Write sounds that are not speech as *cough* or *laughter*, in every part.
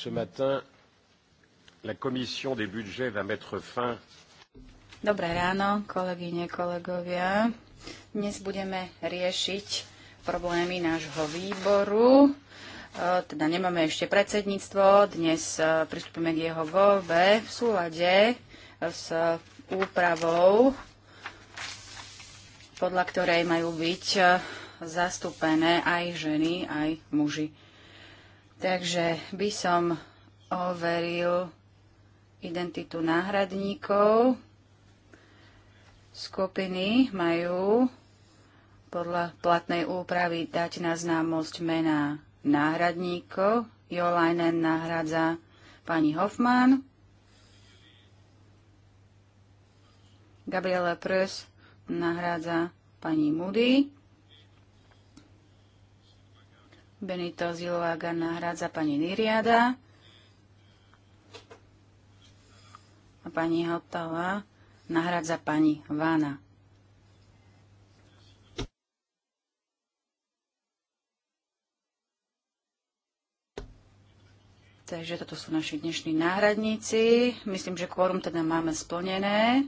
Ce matin, la commission des budgets va mettre fin. Dobré ráno, kolegyne, kolegovia. Dnes budeme riešiť problémy nášho výboru. E, teda nemáme ešte predsedníctvo, dnes e, pristúpime k jeho voľbe v súlade e, s úpravou, podľa ktorej majú byť zastúpené aj ženy, aj muži Takže by som overil identitu náhradníkov. Skupiny majú podľa platnej úpravy dať na známosť mená náhradníkov. Jolajnen nahradza pani Hoffman. Gabriela Prös nahradza pani Moody. Benito Ziloaga nahrádza pani Niriada a pani Hotová nahrádza pani Vána. Takže toto sú naši dnešní náhradníci. Myslím, že kvórum teda máme splnené.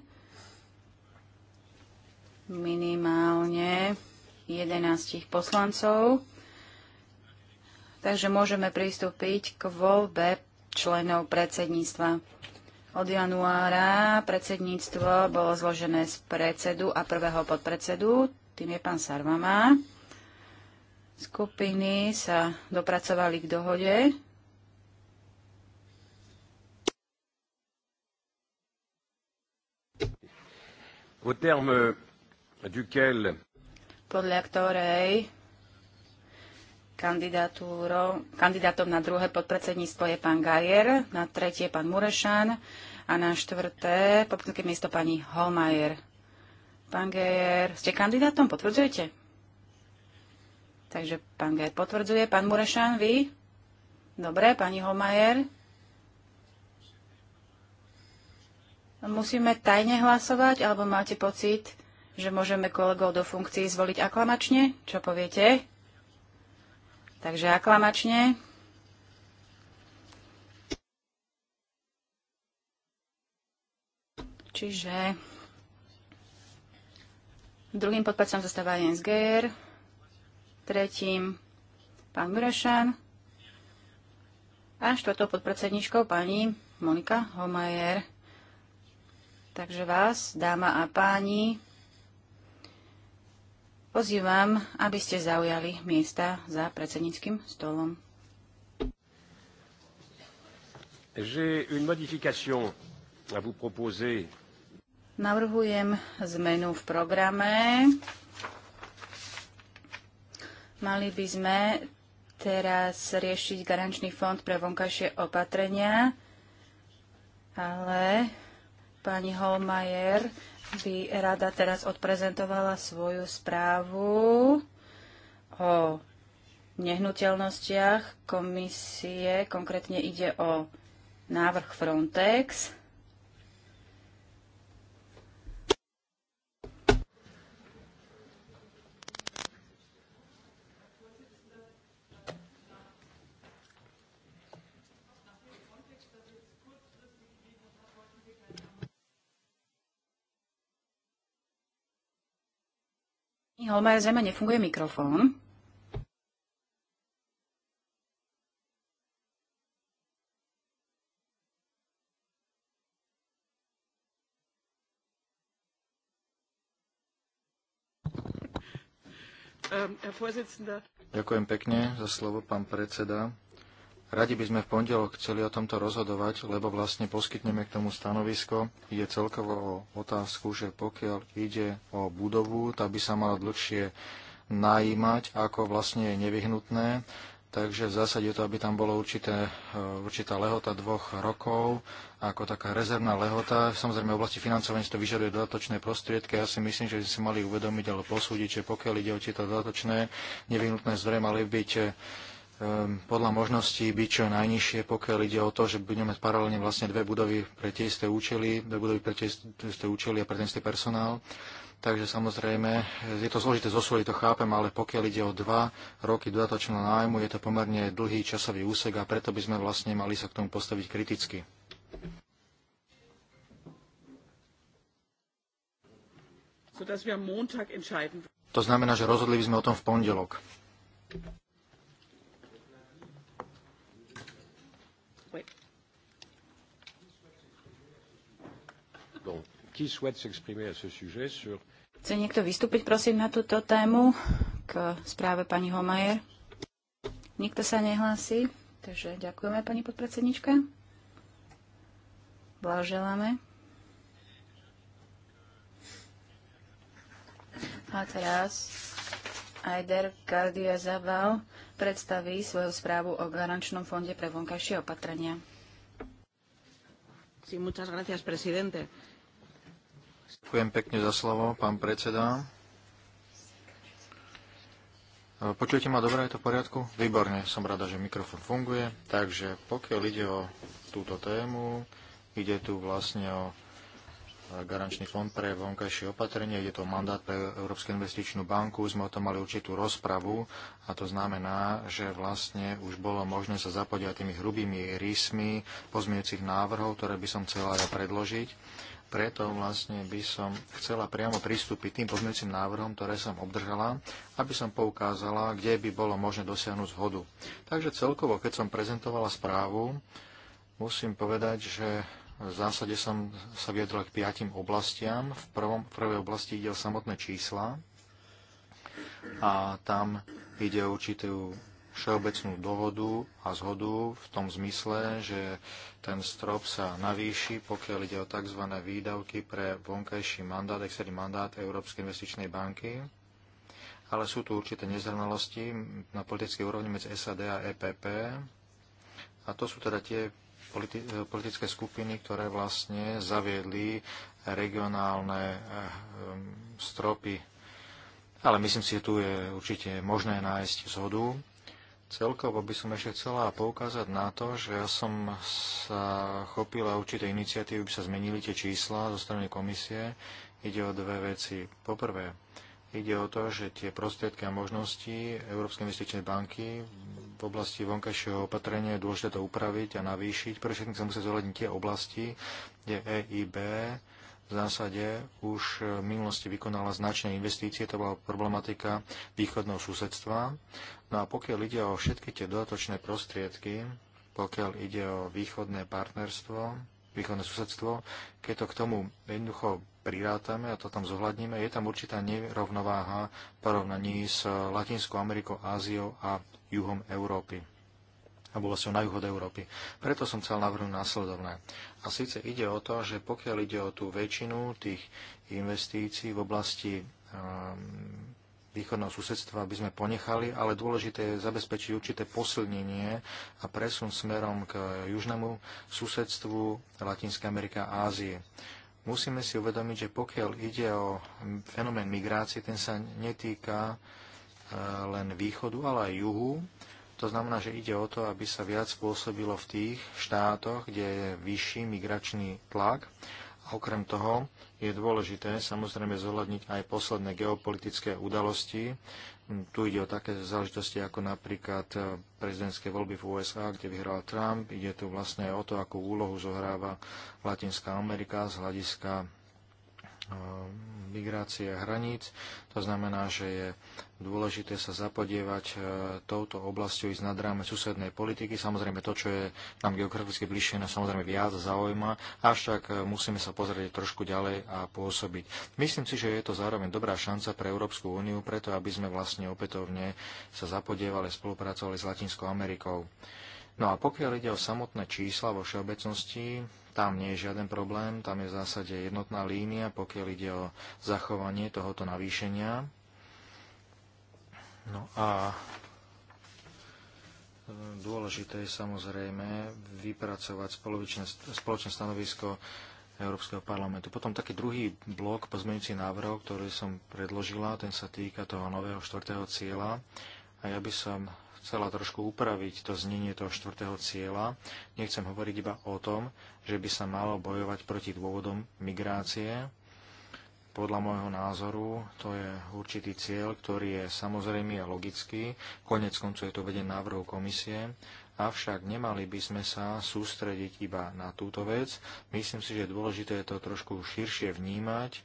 Minimálne 11 poslancov takže môžeme pristúpiť k voľbe členov predsedníctva. Od januára predsedníctvo bolo zložené z predsedu a prvého podpredsedu, tým je pán Sarvama. Skupiny sa dopracovali k dohode, podľa ktorej Kandidátom na druhé podpredsedníctvo je pán Gajer, na tretie pán Murešan a na štvrté podpredsedníctvo miesto pani Holmajer. Pán Gajer, ste kandidátom? Potvrdzujete? Takže pán Gajer potvrdzuje. Pán Murešan, vy? Dobre, pani Holmajer. Musíme tajne hlasovať, alebo máte pocit, že môžeme kolegov do funkcií zvoliť aklamačne? Čo poviete? Takže aklamačne. Čiže druhým podpacom zostáva Jens Geier, tretím pán Murešan a štvrtou podpredsedničkou pani Monika Homajer. Takže vás, dáma a páni, Pozývam, aby ste zaujali miesta za predsedníckým stolom. Navrhujem zmenu v programe. Mali by sme teraz riešiť garančný fond pre vonkajšie opatrenia, ale pani Holmajer by rada teraz odprezentovala svoju správu o nehnuteľnostiach komisie. Konkrétne ide o návrh Frontex. Pani Holmajer, zrejme nefunguje mikrofón. Um, Ďakujem pekne za slovo, pán predseda. Radi by sme v pondelok chceli o tomto rozhodovať, lebo vlastne poskytneme k tomu stanovisko. Ide celkovo o otázku, že pokiaľ ide o budovu, tá by sa mala dlhšie najímať, ako vlastne je nevyhnutné. Takže v zásade to, aby tam bolo určité, eh, určitá lehota dvoch rokov, ako taká rezervná lehota. Samozrejme, v oblasti financovania to vyžaduje dodatočné prostriedky. Ja si myslím, že by si mali uvedomiť alebo posúdiť, že pokiaľ ide o tieto dodatočné nevyhnutné zdroje, mali byť eh, Ehm, podľa možností byť čo najnižšie, pokiaľ ide o to, že budeme mať paralelne vlastne dve budovy pre tie isté účely, dve budovy pre tie isté účely a pre ten istý personál. Takže samozrejme, je to zložité zosúdiť, to chápem, ale pokiaľ ide o dva roky dodatočného nájmu, je to pomerne dlhý časový úsek a preto by sme vlastne mali sa k tomu postaviť kriticky. To znamená, že rozhodli by sme o tom v pondelok. Chce niekto vystúpiť, prosím, na túto tému k správe pani Homajer? Nikto sa nehlási, takže ďakujeme pani podpredsednička. Blahoželáme. A teraz Ajder Kardia Zabal predstaví svoju správu o garančnom fonde pre vonkajšie opatrenia. Sí, muchas gracias, presidente. Ďakujem pekne za slovo, pán predseda. E, počujete ma dobre, je to v poriadku? Výborne, som rada, že mikrofon funguje. Takže pokiaľ ide o túto tému, ide tu vlastne o e, garančný fond pre vonkajšie opatrenie, ide to mandát pre Európsku investičnú banku, sme o tom mali určitú rozpravu a to znamená, že vlastne už bolo možné sa zapodiať tými hrubými rysmi pozmiecich návrhov, ktoré by som chcela ja predložiť. Preto vlastne by som chcela priamo pristúpiť tým pozmeňujúcim návrhom, ktoré som obdržala, aby som poukázala, kde by bolo možné dosiahnuť zhodu. Takže celkovo, keď som prezentovala správu, musím povedať, že v zásade som sa viedla k piatim oblastiam. V, prvom, v prvej oblasti ide o samotné čísla a tam ide o určitú všeobecnú dohodu a zhodu v tom zmysle, že ten strop sa navýši, pokiaľ ide o tzv. výdavky pre vonkajší mandát, externý mandát Európskej investičnej banky. Ale sú tu určité nezrovnalosti na politickej úrovni medzi SAD a EPP. A to sú teda tie politi- eh, politické skupiny, ktoré vlastne zaviedli regionálne eh, stropy ale myslím si, že tu je určite možné nájsť zhodu. Celkovo by som ešte chcela poukázať na to, že ja som sa chopila určité iniciatívy, by sa zmenili tie čísla zo strany komisie. Ide o dve veci. Poprvé, ide o to, že tie prostriedky a možnosti Európskej investičnej banky v oblasti vonkajšieho opatrenia je dôležité to upraviť a navýšiť. Pre všetkých sa musia zohľadniť tie oblasti, kde EIB v zásade už e, v minulosti vykonala značné investície, to bola problematika východného susedstva. No a pokiaľ ide o všetky tie dodatočné prostriedky, pokiaľ ide o východné partnerstvo, východné susedstvo, keď to k tomu jednoducho prirátame a to tam zohľadníme, je tam určitá nerovnováha v porovnaní s Latinskou Amerikou, Áziou a juhom Európy alebo vlastne na juh od Európy. Preto som chcel navrhnúť následovné. A síce ide o to, že pokiaľ ide o tú väčšinu tých investícií v oblasti um, východného susedstva by sme ponechali, ale dôležité je zabezpečiť určité posilnenie a presun smerom k južnému susedstvu Latinskej Amerika a Ázie. Musíme si uvedomiť, že pokiaľ ide o fenomén migrácie, ten sa netýka ehm, len východu, ale aj juhu to znamená, že ide o to, aby sa viac pôsobilo v tých štátoch, kde je vyšší migračný tlak. A okrem toho je dôležité samozrejme zohľadniť aj posledné geopolitické udalosti. Tu ide o také záležitosti ako napríklad eh, prezidentské voľby v USA, kde vyhral Trump. Ide tu vlastne o to, akú úlohu zohráva Latinská Amerika z hľadiska migrácie hraníc. To znamená, že je dôležité sa zapodievať e, touto oblasťou ísť nad ráme susednej politiky. Samozrejme to, čo je nám geograficky bližšie, nás samozrejme viac zaujíma, avšak e, musíme sa pozrieť trošku ďalej a pôsobiť. Myslím si, že je to zároveň dobrá šanca pre Európsku úniu, preto aby sme vlastne opätovne sa zapodievali, spolupracovali s Latinskou Amerikou. No a pokiaľ ide o samotné čísla vo všeobecnosti, tam nie je žiaden problém, tam je v zásade jednotná línia, pokiaľ ide o zachovanie tohoto navýšenia. No a e, dôležité je samozrejme vypracovať spoločné stanovisko Európskeho parlamentu. Potom taký druhý blok pozmeňujúci návrhov, ktorý som predložila, ten sa týka toho nového štvrtého cieľa. A ja by som chcela trošku upraviť to znenie toho štvrtého cieľa. Nechcem hovoriť iba o tom, že by sa malo bojovať proti dôvodom migrácie. Podľa môjho názoru to je určitý cieľ, ktorý je samozrejme a logický. Konec koncu je to veden návrhu komisie avšak nemali by sme sa sústrediť iba na túto vec. Myslím si, že dôležité je to trošku širšie vnímať, e,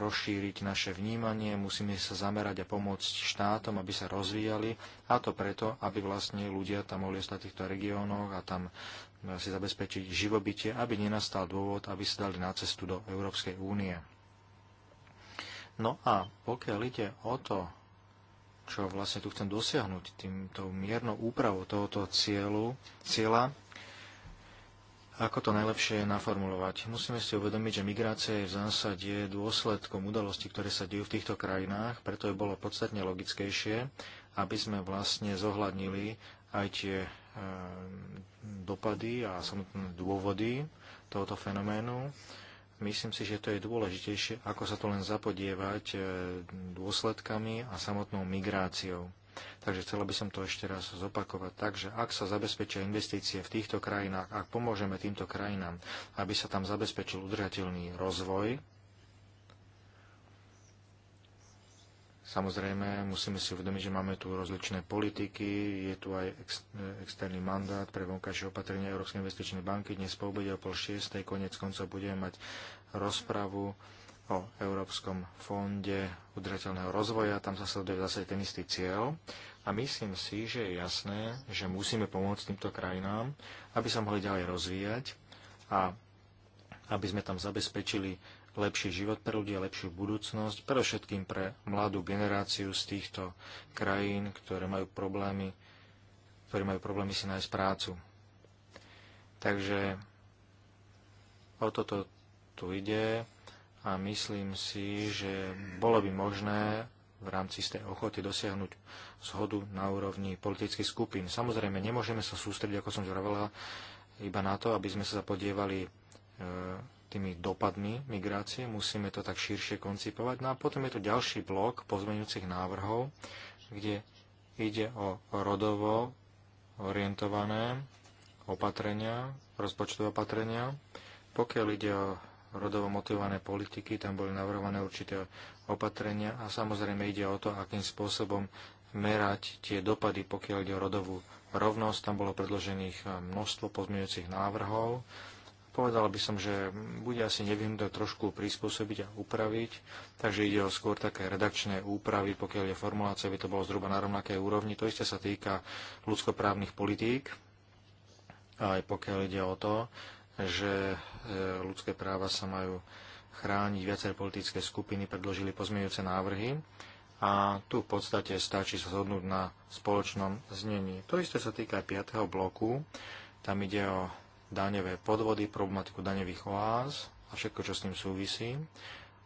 rozšíriť naše vnímanie, musíme sa zamerať a pomôcť štátom, aby sa rozvíjali, a to preto, aby vlastne ľudia tam mohli ostať v týchto regiónoch a tam eh, si zabezpečiť živobytie, aby nenastal dôvod, aby sa dali na cestu do Európskej únie. No a pokiaľ ide o to, čo vlastne tu chcem dosiahnuť týmto miernou úpravou tohoto cieľu, cieľa, ako to najlepšie naformulovať. Musíme si uvedomiť, že migrácia je v zásade dôsledkom udalostí, ktoré sa dejú v týchto krajinách, preto je bolo podstatne logickejšie, aby sme vlastne zohľadnili aj tie e, dopady a samotné dôvody tohoto fenoménu. Myslím si, že to je dôležitejšie, ako sa to len zapodievať e, dôsledkami a samotnou migráciou. Takže chcela by som to ešte raz zopakovať. Takže ak sa zabezpečia investície v týchto krajinách, ak pomôžeme týmto krajinám, aby sa tam zabezpečil udržateľný rozvoj, Samozrejme, musíme si uvedomiť, že máme tu rozličné politiky, je tu aj ex, e, externý mandát pre vonkajšie opatrenie Európskej investičnej banky. Dnes po obede o pol šiestej konec koncov budeme mať rozpravu o Európskom fonde udržateľného rozvoja. Tam sa sleduje zase ten istý cieľ. A myslím si, že je jasné, že musíme pomôcť týmto krajinám, aby sa mohli ďalej rozvíjať a aby sme tam zabezpečili lepší život pre ľudí a lepšiu budúcnosť, predovšetkým pre mladú generáciu z týchto krajín, ktoré majú problémy, ktoré majú problémy si nájsť prácu. Takže o toto tu ide a myslím si, že bolo by možné v rámci tej ochoty dosiahnuť zhodu na úrovni politických skupín. Samozrejme, nemôžeme sa sústrediť, ako som vravela, iba na to, aby sme sa zapodievali e, tými dopadmi migrácie, musíme to tak širšie koncipovať. No a potom je tu ďalší blok pozmeňujúcich návrhov, kde ide o rodovo orientované opatrenia, rozpočtové opatrenia. Pokiaľ ide o rodovo motivované politiky, tam boli navrhované určité opatrenia a samozrejme ide o to, akým spôsobom merať tie dopady, pokiaľ ide o rodovú rovnosť. Tam bolo predložených eh, množstvo pozmeňujúcich návrhov. Povedal by som, že bude asi nevyhnuté trošku prispôsobiť a upraviť, takže ide o skôr také redakčné úpravy, pokiaľ je formulácia, by to bolo zhruba na rovnakej úrovni. To isté sa týka ľudskoprávnych politík, aj pokiaľ ide o to, že e, ľudské práva sa majú chrániť. Viaceré politické skupiny predložili pozmeňujúce návrhy a tu v podstate stačí sa zhodnúť na spoločnom znení. To isté sa týka aj 5. bloku. Tam ide o daňové podvody, problematiku daňových oáz a všetko, čo s tým súvisí.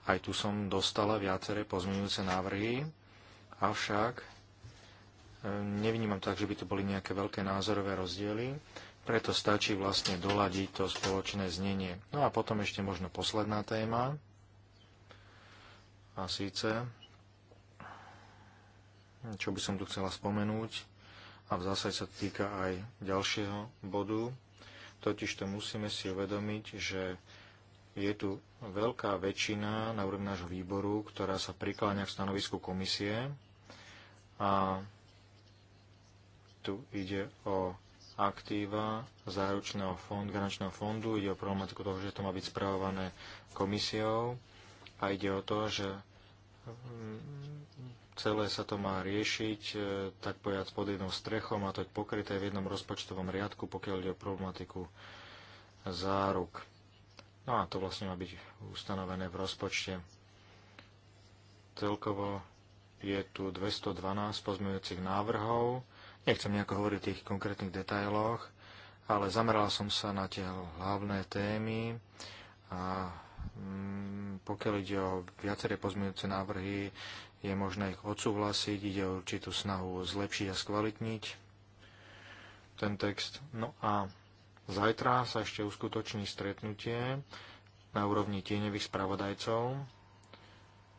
Aj tu som dostala viaceré pozmeňujúce návrhy, avšak e, nevnímam tak, že by tu boli nejaké veľké názorové rozdiely, preto stačí vlastne doladiť to spoločné znenie. No a potom ešte možno posledná téma, a síce, čo by som tu chcela spomenúť, a v zásade sa týka aj ďalšieho bodu, Totižto musíme si uvedomiť, že je tu veľká väčšina na úrovni nášho výboru, ktorá sa prikláňa k stanovisku komisie a tu ide o aktíva záručného fondu, garančného fondu, ide o problematiku toho, že to má byť spravované komisiou a ide o to, že celé sa to má riešiť, e, tak pojať pod jednou strechou, má to pokryté v jednom rozpočtovom riadku, pokiaľ ide o problematiku záruk. No a to vlastne má byť ustanovené v rozpočte. Celkovo je tu 212 pozmeňujúcich návrhov. Nechcem nejako hovoriť o tých konkrétnych detailoch, ale zameral som sa na tie hlavné témy a mm, pokiaľ ide o viaceré pozmeňujúce návrhy, je možné ich odsúhlasiť, ide o určitú snahu zlepšiť a skvalitniť ten text. No a zajtra sa ešte uskutoční stretnutie na úrovni tieňových spravodajcov.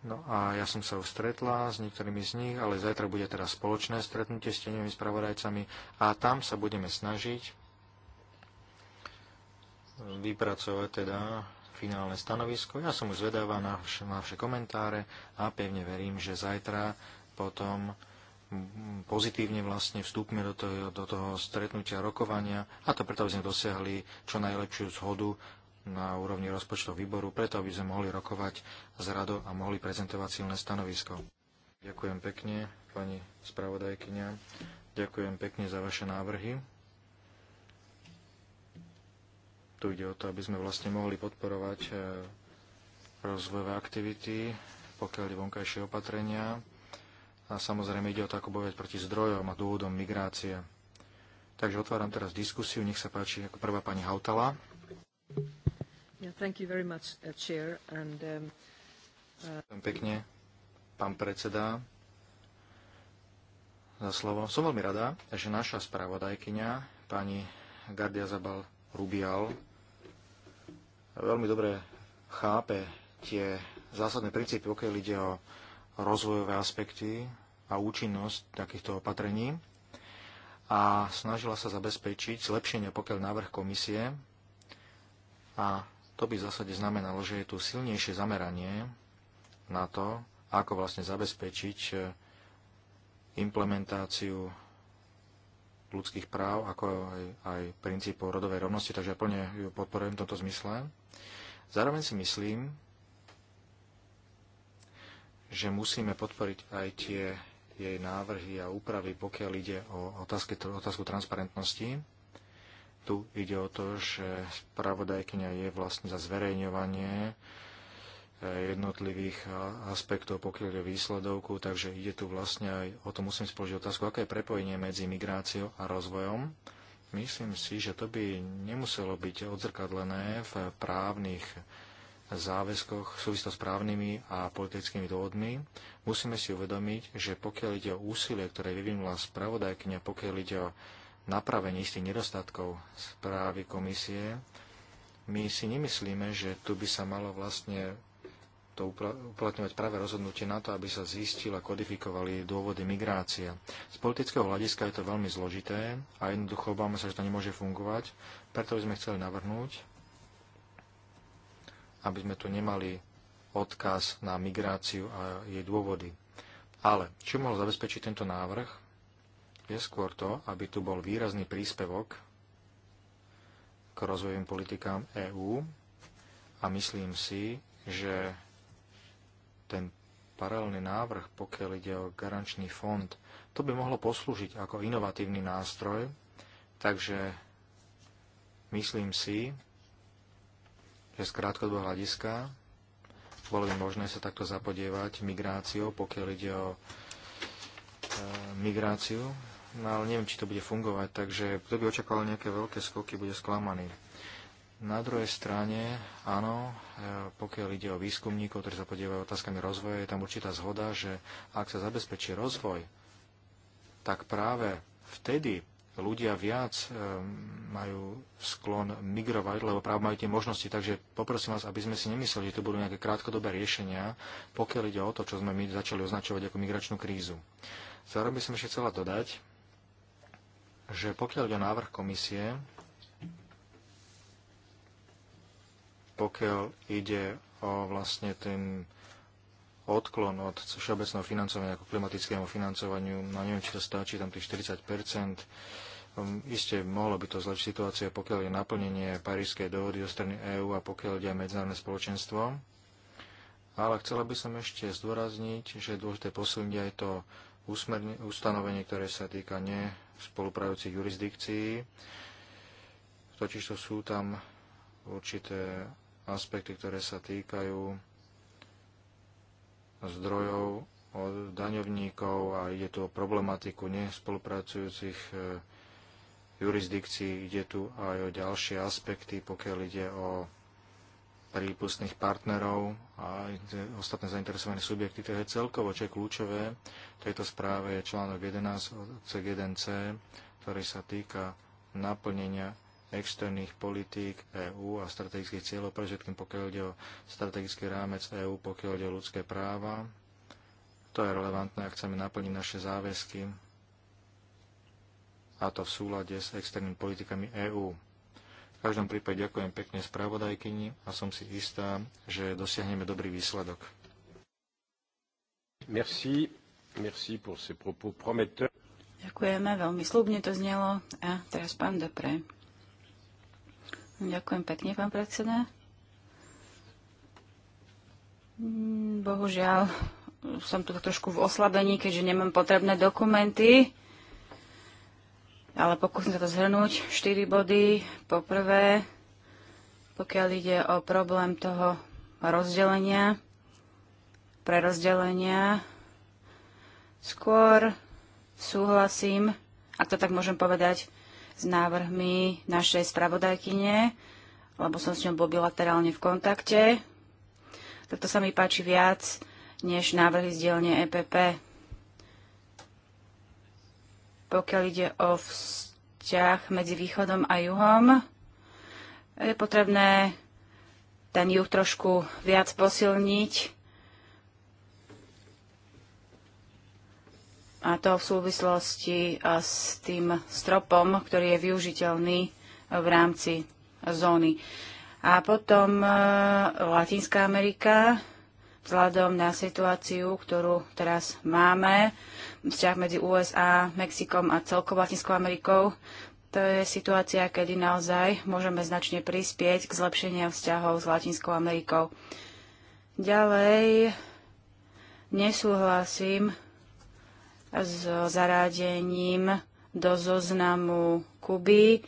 No a ja som sa už stretla s niektorými z nich, ale zajtra bude teda spoločné stretnutie s tieňovými spravodajcami a tam sa budeme snažiť vypracovať teda finálne stanovisko. Ja som už zvedáva na, vš- na vaše komentáre a pevne verím, že zajtra potom pozitívne vlastne vstúpme do toho, do toho stretnutia rokovania a to preto, aby sme dosiahli čo najlepšiu zhodu na úrovni rozpočtov výboru, preto aby sme mohli rokovať s rado a mohli prezentovať silné stanovisko. Ďakujem pekne, pani spravodajkyňa. Ďakujem pekne za vaše návrhy. Tu ide o to, aby sme vlastne mohli podporovať e, rozvojové aktivity, pokiaľ je vonkajšie opatrenia. A samozrejme ide o to, ako bojovať proti zdrojom a dôvodom migrácie. Takže otváram teraz diskusiu. Nech sa páči ako prvá pani Hautala. Uh, um, uh, Ďakujem Pekne, pán predseda, za slovo. Som veľmi rada, že naša spravodajkyňa, pani Gardia Zabal Rubial, veľmi dobre chápe tie zásadné princípy, pokiaľ ide o rozvojové aspekty a účinnosť takýchto opatrení a snažila sa zabezpečiť zlepšenie pokiaľ návrh komisie a to by v zásade znamenalo, že je tu silnejšie zameranie na to, ako vlastne zabezpečiť implementáciu ľudských práv, ako aj, aj princípov rodovej rovnosti, takže ja plne ju podporujem v tomto zmysle. Zároveň si myslím, že musíme podporiť aj tie jej návrhy a úpravy, pokiaľ ide o otázky, otázku transparentnosti. Tu ide o to, že spravodajkynia je vlastne za zverejňovanie jednotlivých aspektov, pokiaľ je výsledovku, takže ide tu vlastne aj, o to musím spoložiť otázku, aké je prepojenie medzi migráciou a rozvojom. Myslím si, že to by nemuselo byť odzrkadlené v právnych záväzkoch súvisto s právnymi a politickými dôvodmi, musíme si uvedomiť, že pokiaľ ide o úsilie, ktoré vyvinula spravodajkňa, pokiaľ ide o napravenie istých nedostatkov správy komisie, my si nemyslíme, že tu by sa malo vlastne to uplatňovať práve rozhodnutie na to, aby sa zistila, kodifikovali dôvody migrácie. Z politického hľadiska je to veľmi zložité a jednoducho obávame sa, že to nemôže fungovať. Preto by sme chceli navrhnúť, aby sme tu nemali odkaz na migráciu a jej dôvody. Ale čo mohol zabezpečiť tento návrh? Je skôr to, aby tu bol výrazný príspevok k rozvojovým politikám EÚ a myslím si, že ten paralelný návrh, pokiaľ ide o garančný fond, to by mohlo poslúžiť ako inovatívny nástroj, takže myslím si, že z krátkodobého hľadiska bolo by možné sa takto zapodievať migráciou, pokiaľ ide o e, migráciu, no ale neviem, či to bude fungovať, takže kto by očakával nejaké veľké skoky, bude sklamaný. Na druhej strane, áno, e, pokiaľ ide o výskumníkov, ktorí sa podievajú otázkami rozvoja, je tam určitá zhoda, že ak sa zabezpečí rozvoj, tak práve vtedy ľudia viac e, majú sklon migrovať, lebo práve majú tie možnosti. Takže poprosím vás, aby sme si nemysleli, že to budú nejaké krátkodobé riešenia, pokiaľ ide o to, čo sme my začali označovať ako migračnú krízu. Zároveň by som ešte chcela dodať, že pokiaľ ide o návrh komisie, pokiaľ ide o vlastne ten odklon od všeobecného financovania ako klimatickému financovaniu, no neviem, či to stačí, tam tých 40 um, Isté mohlo by to zlepšiť situáciu, pokiaľ je naplnenie Parískej dohody zo strany EÚ a pokiaľ ide aj medzinárodné spoločenstvo. Ale chcela by som ešte zdôrazniť, že je dôležité posilniť aj to ustanovenie, ktoré sa týka nespolupravujúcich jurisdikcií. Totiž to sú tam určité aspekty, ktoré sa týkajú zdrojov od daňovníkov a ide tu o problematiku nespolupracujúcich e, jurisdikcií, ide tu aj o ďalšie aspekty, pokiaľ ide o prípustných partnerov a ostatné zainteresované subjekty. To je celkovo, čo je kľúčové. V tejto správe je článok 11 odsek 1c, ktorý sa týka naplnenia externých politík EÚ a strategických cieľov, pre všetkým pokiaľ ide o strategický rámec EÚ, pokiaľ ide o ľudské práva. To je relevantné, ak chceme naplniť naše záväzky a to v súlade s externými politikami EÚ. V každom prípade ďakujem pekne spravodajkyni a som si istá, že dosiahneme dobrý výsledok. Merci. Merci pour ces propos prometteurs. Ďakujeme, veľmi slubne to znelo. A teraz pán Depre. Ďakujem pekne, pán predseda. Mm, bohužiaľ, som tu trošku v oslabení, keďže nemám potrebné dokumenty, ale pokúsim sa to zhrnúť. štyri body. Poprvé, pokiaľ ide o problém toho rozdelenia, prerozdelenia, skôr súhlasím, ak to tak môžem povedať, s návrhmi našej spravodajkyne, lebo som s ňou bol bilaterálne v kontakte. Toto sa mi páči viac než návrhy z dielne EPP. Pokiaľ ide o vzťah medzi východom a juhom, je potrebné ten juh trošku viac posilniť A to v súvislosti s tým stropom, ktorý je využiteľný v rámci zóny. A potom Latinská Amerika, vzhľadom na situáciu, ktorú teraz máme, vzťah medzi USA, Mexikom a celkou Latinskou Amerikou, to je situácia, kedy naozaj môžeme značne prispieť k zlepšeniu vzťahov s Latinskou Amerikou. Ďalej nesúhlasím s zarádením do zoznamu Kuby.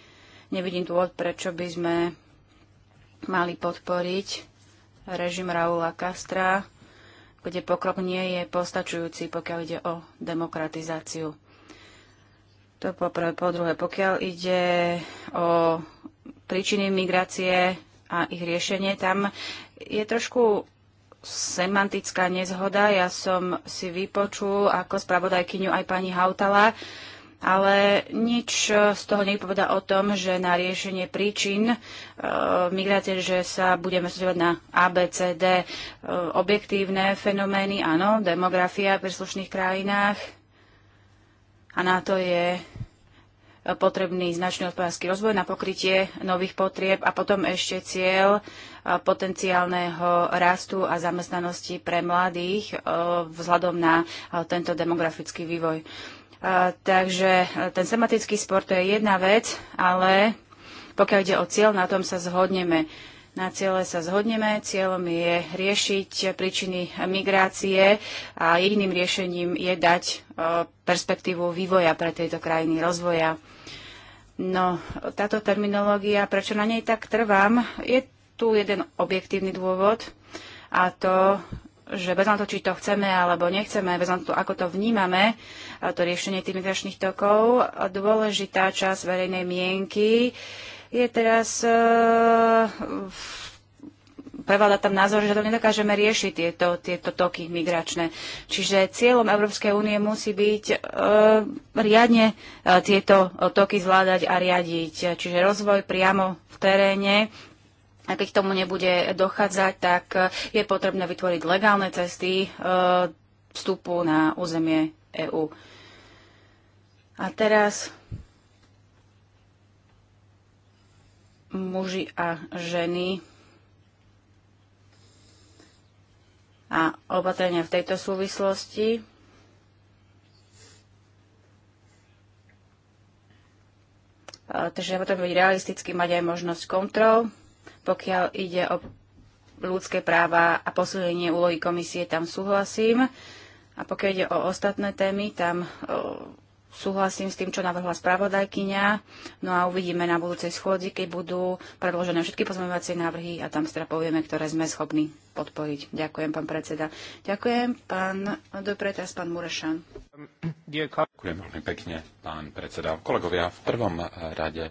Nevidím dôvod, prečo by sme mali podporiť režim Raula Castra, kde pokrok nie je postačujúci, pokiaľ ide o demokratizáciu. To poprvé. Po druhé, pokiaľ ide o príčiny migrácie a ich riešenie, tam je trošku semantická nezhoda. Ja som si vypočul ako spravodajkyňu aj pani Hautala, ale nič z toho nepoveda o tom, že na riešenie príčin e, migrácie, že sa budeme sústredovať na ABCD, e, objektívne fenomény, áno, demografia v príslušných krajinách. A na to je potrebný značný hospodársky rozvoj na pokrytie nových potrieb a potom ešte cieľ e, potenciálneho rastu a zamestnanosti pre mladých e, vzhľadom na e, tento demografický vývoj. Takže ten sematický spor to je jedna vec, ale pokiaľ ide o cieľ, na tom sa zhodneme. Na ciele sa zhodneme. Cieľom je riešiť príčiny migrácie a jediným riešením je dať perspektívu vývoja pre tejto krajiny, rozvoja. No, táto terminológia, prečo na nej tak trvám, je tu jeden objektívny dôvod a to, že bez na to, či to chceme alebo nechceme, bez na to, ako to vnímame, to riešenie tých migračných tokov, dôležitá časť verejnej mienky je teraz uh, v prevláda tam názor, že to nedokážeme riešiť tieto, tieto toky migračné. Čiže cieľom Európskej únie musí byť e, riadne e, tieto toky zvládať a riadiť. Čiže rozvoj priamo v teréne. A keď tomu nebude dochádzať, tak e, je potrebné vytvoriť legálne cesty e, vstupu na územie EÚ. A teraz muži a ženy a opatrenia v tejto súvislosti. Takže potom byť realisticky, mať aj možnosť kontrol, pokiaľ ide o ľudské práva a posúdenie úlohy komisie, tam súhlasím. A pokiaľ ide o ostatné témy, tam súhlasím s tým, čo navrhla spravodajkyňa. No a uvidíme na budúcej schôdzi, keď budú predložené všetky pozmeňovacie návrhy a tam teda povieme, ktoré sme schopní podporiť. Ďakujem, pán predseda. Ďakujem, pán Dobre, teraz pán Murešan. Ďakujem veľmi pekne, pán predseda. Kolegovia, v prvom rade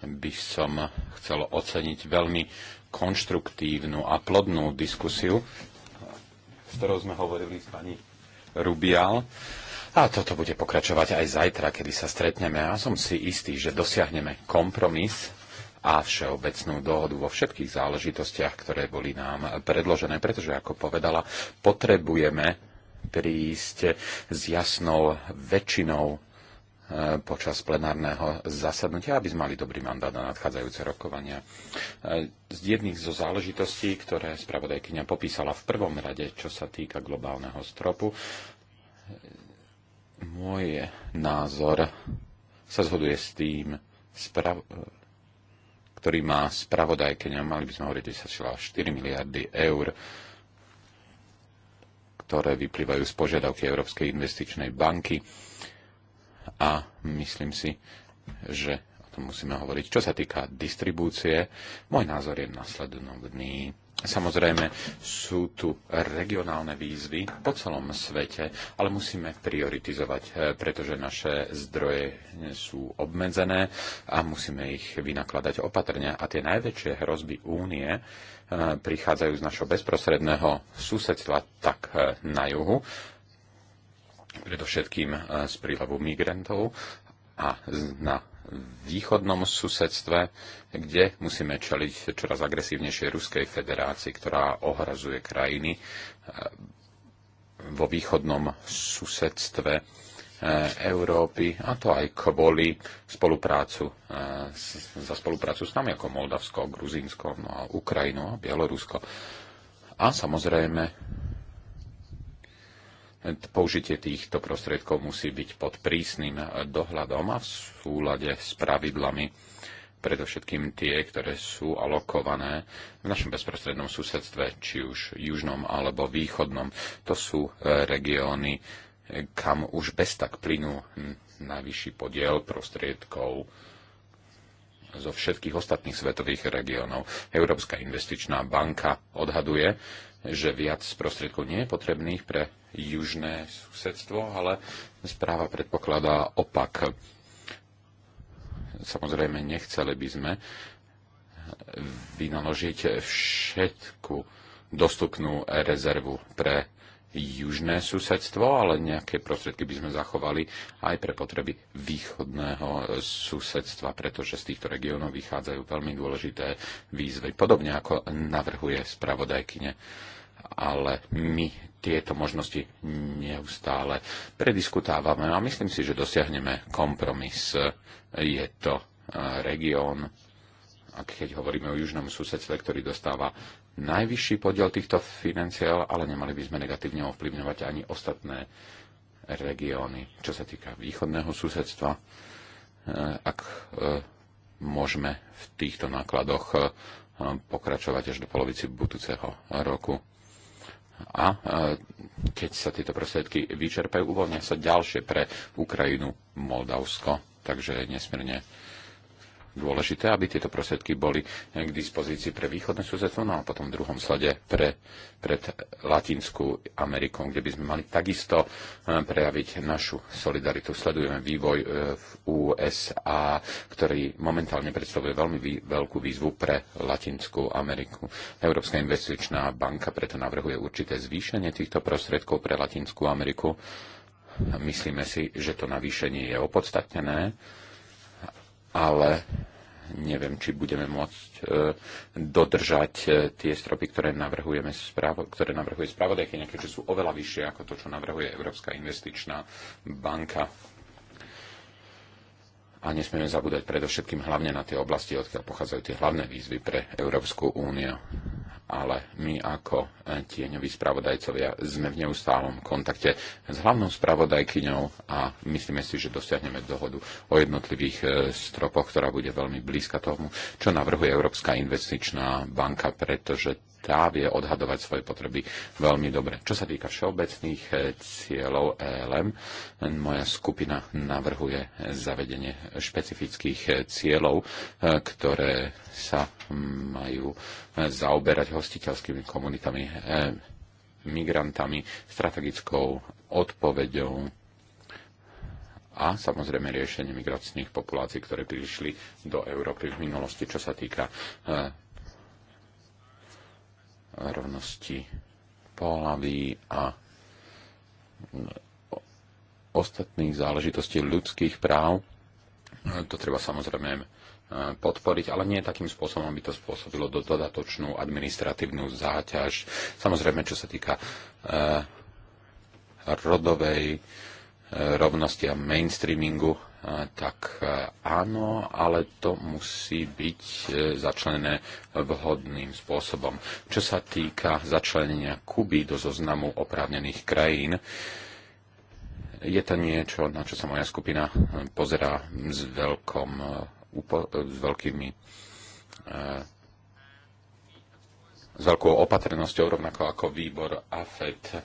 by som chcel oceniť veľmi konštruktívnu a plodnú diskusiu, s ktorou sme hovorili s pani Rubial a toto bude pokračovať aj zajtra, kedy sa stretneme. A som si istý, že dosiahneme kompromis a všeobecnú dohodu vo všetkých záležitostiach, ktoré boli nám predložené, pretože, ako povedala, potrebujeme prísť s jasnou väčšinou e, počas plenárneho zasadnutia, aby sme mali dobrý mandát na nadchádzajúce rokovania. E, z jedných zo záležitostí, ktoré spravodajkynia popísala v prvom rade, čo sa týka globálneho stropu, môj názor sa zhoduje s tým, sprav- ktorý má spravodajkenia, mali by sme hovoriť 4 miliardy eur, ktoré vyplývajú z požiadavky Európskej investičnej banky. A myslím si, že o tom musíme hovoriť. Čo sa týka distribúcie, môj názor je nasledovný Samozrejme, sú tu regionálne výzvy po celom svete, ale musíme prioritizovať, eh, pretože naše zdroje sú obmedzené a musíme ich vynakladať opatrne. A tie najväčšie hrozby únie eh, prichádzajú z našho bezprostredného susedstva, tak eh, na juhu, predovšetkým z prílevu migrantov a na východnom susedstve, kde musíme čeliť čoraz agresívnejšej Ruskej federácii, ktorá ohrazuje krajiny e, vo východnom susedstve e, Európy, a to aj kvôli spoluprácu, e, za spoluprácu s nami ako Moldavsko, Gruzínsko, no a Ukrajinu a Bielorusko. A samozrejme Použitie týchto prostriedkov musí byť pod prísnym dohľadom a v súlade s pravidlami, predovšetkým tie, ktoré sú alokované v našom bezprostrednom susedstve, či už južnom alebo východnom. To sú e, regióny, e, kam už bez tak plynú najvyšší podiel prostriedkov zo všetkých ostatných svetových regiónov. Európska investičná banka odhaduje, že viac prostriedkov nie je potrebných pre južné susedstvo, ale správa predpokladá opak. Samozrejme, nechceli by sme vynaložiť všetku dostupnú rezervu pre južné susedstvo, ale nejaké prostriedky by sme zachovali aj pre potreby východného susedstva, pretože z týchto regiónov vychádzajú veľmi dôležité výzvy, podobne ako navrhuje spravodajkyne ale my tieto možnosti neustále prediskutávame a myslím si, že dosiahneme kompromis. Je to e, región, keď hovoríme o južnom susedstve, ktorý dostáva najvyšší podiel týchto financiál, ale nemali by sme negatívne ovplyvňovať ani ostatné regióny. Čo sa týka východného susedstva, e, ak e, môžeme v týchto nákladoch pokračovať až do polovici budúceho roku a e, keď sa tieto prostriedky vyčerpajú, uvoľnia sa ďalšie pre Ukrajinu, Moldavsko. Takže nesmierne dôležité, aby tieto prostriedky boli k dispozícii pre východné susedstvo, no a potom v druhom slade pre, pred Latinskú Amerikou, kde by sme mali takisto eh, prejaviť našu solidaritu. Sledujeme vývoj eh, v USA, ktorý momentálne predstavuje veľmi vý, veľkú výzvu pre Latinskú Ameriku. Európska investičná banka preto navrhuje určité zvýšenie týchto prostriedkov pre Latinskú Ameriku. Myslíme si, že to navýšenie je opodstatnené ale neviem, či budeme môcť e, dodržať e, tie stropy, ktoré, navrhujeme správo, ktoré navrhuje správodajkyňa, keďže sú oveľa vyššie ako to, čo navrhuje Európska investičná banka a nesmieme zabúdať predovšetkým hlavne na tie oblasti, odkiaľ pochádzajú tie hlavné výzvy pre Európsku úniu. Ale my ako e, tieňoví spravodajcovia sme v neustálom kontakte s hlavnou spravodajkyňou a myslíme si, že dosiahneme dohodu o jednotlivých e, stropoch, ktorá bude veľmi blízka tomu, čo navrhuje Európska investičná banka, pretože tá vie odhadovať svoje potreby veľmi dobre. Čo sa týka všeobecných eh, cieľov ELM, eh, e moja skupina navrhuje zavedenie špecifických eh, cieľov, ktoré sa majú zaoberať hostiteľskými komunitami, migrantami, strategickou odpoveďou a samozrejme riešenie migračných populácií, ktoré prišli do Európy v minulosti, čo sa týka rovnosti pohlaví a ostatných záležitostí ľudských práv. To treba samozrejme eh, podporiť, ale nie takým spôsobom, aby to spôsobilo dodatočnú administratívnu záťaž. Samozrejme, čo sa týka eh, rodovej eh, rovnosti a mainstreamingu, tak e, áno, ale to musí byť e, začlenené vhodným spôsobom. Čo sa týka začlenenia Kuby do zoznamu oprávnených krajín, je to niečo, na čo sa moja skupina e, pozerá s, veľkom, s veľkými s veľkou opatrnosťou, rovnako ako výbor AFET.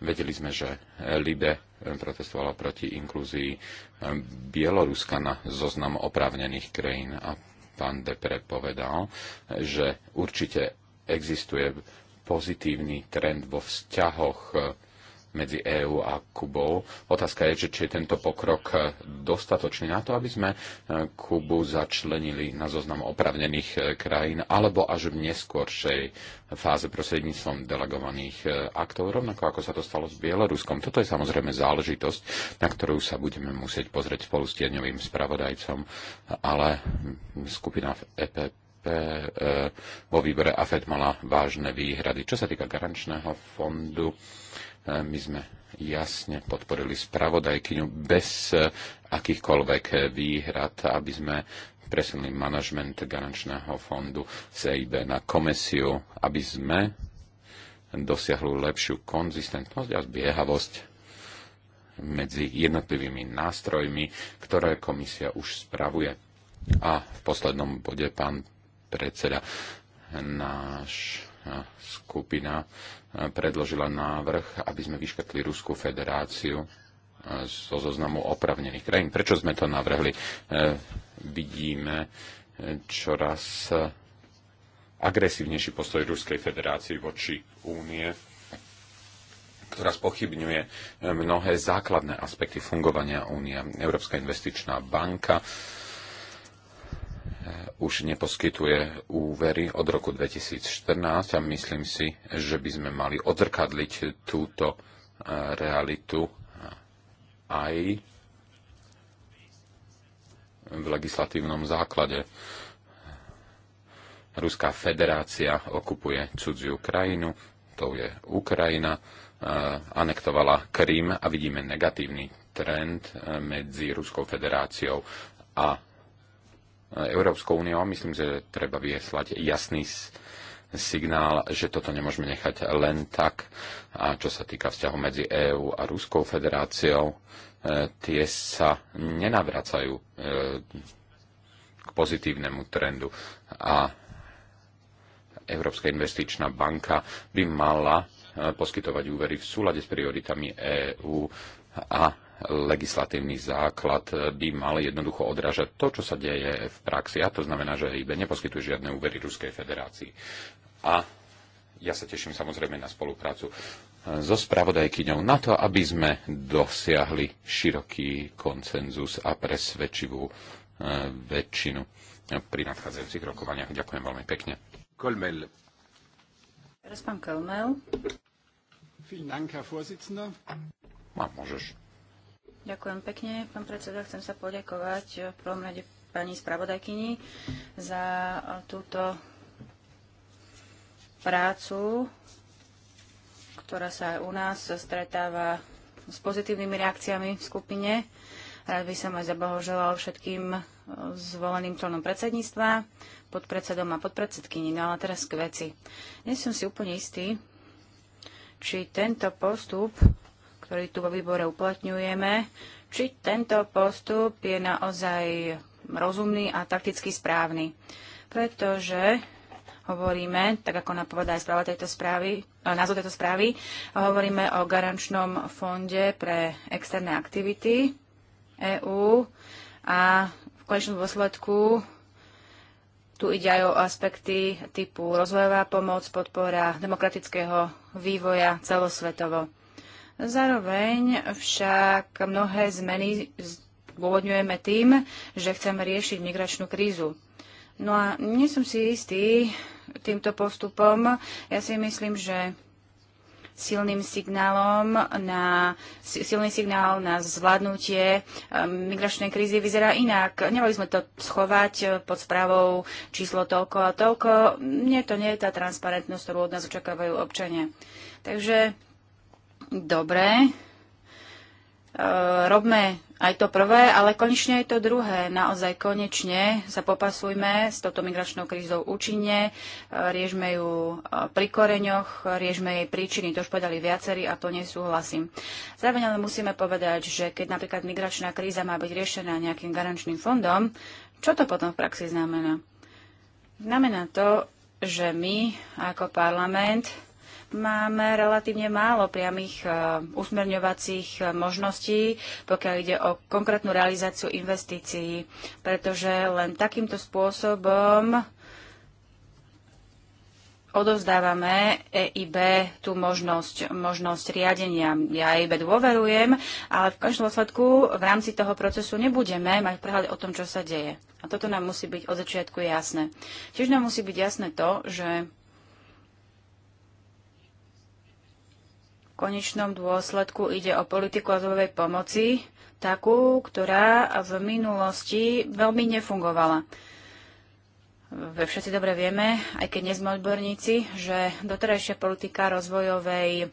Vedeli sme, že LIBE protestovala proti inklúzii Bieloruska na zoznam oprávnených krajín. A pán Depre povedal, že určite existuje pozitívny trend vo vzťahoch medzi EÚ a Kubou. Otázka je, že či je tento pokrok dostatočný na to, aby sme e, Kubu začlenili na zoznam opravnených e, krajín, alebo až v neskôršej fáze prostredníctvom delegovaných e, aktov, rovnako ako sa to stalo s Bieloruskom. Toto je samozrejme záležitosť, na ktorú sa budeme musieť pozrieť spolu s tieňovým spravodajcom, ale skupina v EPP vo výbore AFED mala vážne výhrady. Čo sa týka garančného fondu, my sme jasne podporili spravodajkyňu bez eh, akýchkoľvek eh, výhrad, aby sme presunuli manažment garančného fondu CIB na komisiu, aby sme dosiahli lepšiu konzistentnosť a zbiehavosť medzi jednotlivými nástrojmi, ktoré komisia už spravuje. A v poslednom bode pán predseda náš skupina eh, predložila návrh, aby sme vyškrtli Ruskú federáciu eh, zo zoznamu opravnených krajín. Prečo sme to navrhli? Eh, vidíme čoraz agresívnejší postoj Ruskej federácie voči únie, ktorá spochybňuje mnohé základné aspekty fungovania únia. Európska investičná banka, Eh, už neposkytuje úvery od roku 2014 a myslím si, že by sme mali odzrkadliť túto eh, realitu aj v legislatívnom základe. Ruská federácia okupuje cudziu krajinu, to je Ukrajina, eh, anektovala Krym a vidíme negatívny trend medzi Ruskou federáciou a Európskou úniou. Myslím, že treba vyslať jasný signál, že toto nemôžeme nechať len tak. A čo sa týka vzťahu medzi EÚ a Ruskou federáciou, e, tie sa nenavracajú e, k pozitívnemu trendu. A Európska investičná banka by mala e, poskytovať úvery v súlade s prioritami EÚ a legislatívny základ by mal jednoducho odrážať to, čo sa deje v praxi. A to znamená, že IB neposkytuje žiadne úvery Ruskej federácii. A ja sa teším samozrejme na spoluprácu so spravodajkyňou na to, aby sme dosiahli široký koncenzus a presvedčivú e, väčšinu pri nadchádzajúcich rokovaniach. Ďakujem veľmi pekne. Kolmel. Teraz pán Kolmel. Vielen Dank, Herr Vorsitzender. Ma, môžeš. Ďakujem pekne, pán predseda. Chcem sa poďakovať eh, v prvom rade pani spravodajkyni za eh, túto prácu, ktorá sa aj u nás stretáva s pozitívnymi reakciami v skupine. Rád by som aj zablahoželal všetkým eh, zvoleným členom predsedníctva, podpredsedom a podpredsedkyni. No ale teraz k veci. Nie som si úplne istý, či tento postup ktorý tu vo výbore uplatňujeme, či tento postup je naozaj rozumný a takticky správny. Pretože hovoríme, tak ako napovedá aj správa tejto správy, e, názov tejto správy, hovoríme o garančnom fonde pre externé aktivity EÚ a v konečnom dôsledku tu ide aj o aspekty typu rozvojová pomoc, podpora demokratického vývoja celosvetovo. Zároveň však mnohé zmeny zdôvodňujeme tým, že chceme riešiť migračnú krízu. No a nie som si istý týmto postupom. Ja si myslím, že silným signálom na, silný signál na zvládnutie um, migračnej krízy vyzerá inak. Nemali sme to schovať uh, pod správou číslo toľko a toľko. Nie, to nie je tá transparentnosť, ktorú od nás očakávajú občania. Takže dobre, e, robme aj to prvé, ale konečne aj to druhé. Naozaj konečne sa popasujme s touto migračnou krízou účinne, e, riešme ju e, pri koreňoch, riežme jej príčiny, to už povedali viacerí a to nesúhlasím. Zároveň ale musíme povedať, že keď napríklad migračná kríza má byť riešená nejakým garančným fondom, čo to potom v praxi znamená? Znamená to, že my ako parlament máme relatívne málo priamých e, usmerňovacích e, možností, pokiaľ ide o konkrétnu realizáciu investícií, pretože len takýmto spôsobom odovzdávame EIB tú možnosť, možnosť riadenia. Ja EIB dôverujem, ale v končnom dôsledku v rámci toho procesu nebudeme mať prehľad o tom, čo sa deje. A toto nám musí byť od začiatku jasné. Tiež nám musí byť jasné to, že konečnom dôsledku ide o politiku azylovej pomoci, takú, ktorá v minulosti veľmi nefungovala. Všetci dobre vieme, aj keď nie sme odborníci, že doterajšia politika rozvojovej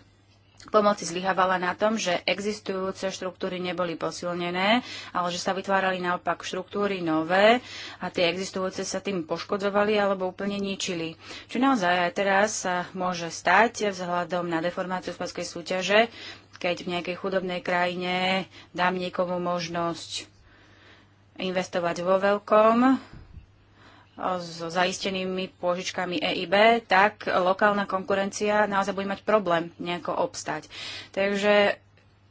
pomoci zlyhávala na tom, že existujúce štruktúry neboli posilnené, ale že sa vytvárali naopak štruktúry nové a tie existujúce sa tým poškodzovali alebo úplne ničili. Čo naozaj aj teraz sa môže stať vzhľadom na deformáciu spadskej súťaže, keď v nejakej chudobnej krajine dám niekomu možnosť investovať vo veľkom, so zaistenými pôžičkami EIB, tak lokálna konkurencia naozaj bude mať problém nejako obstať. Takže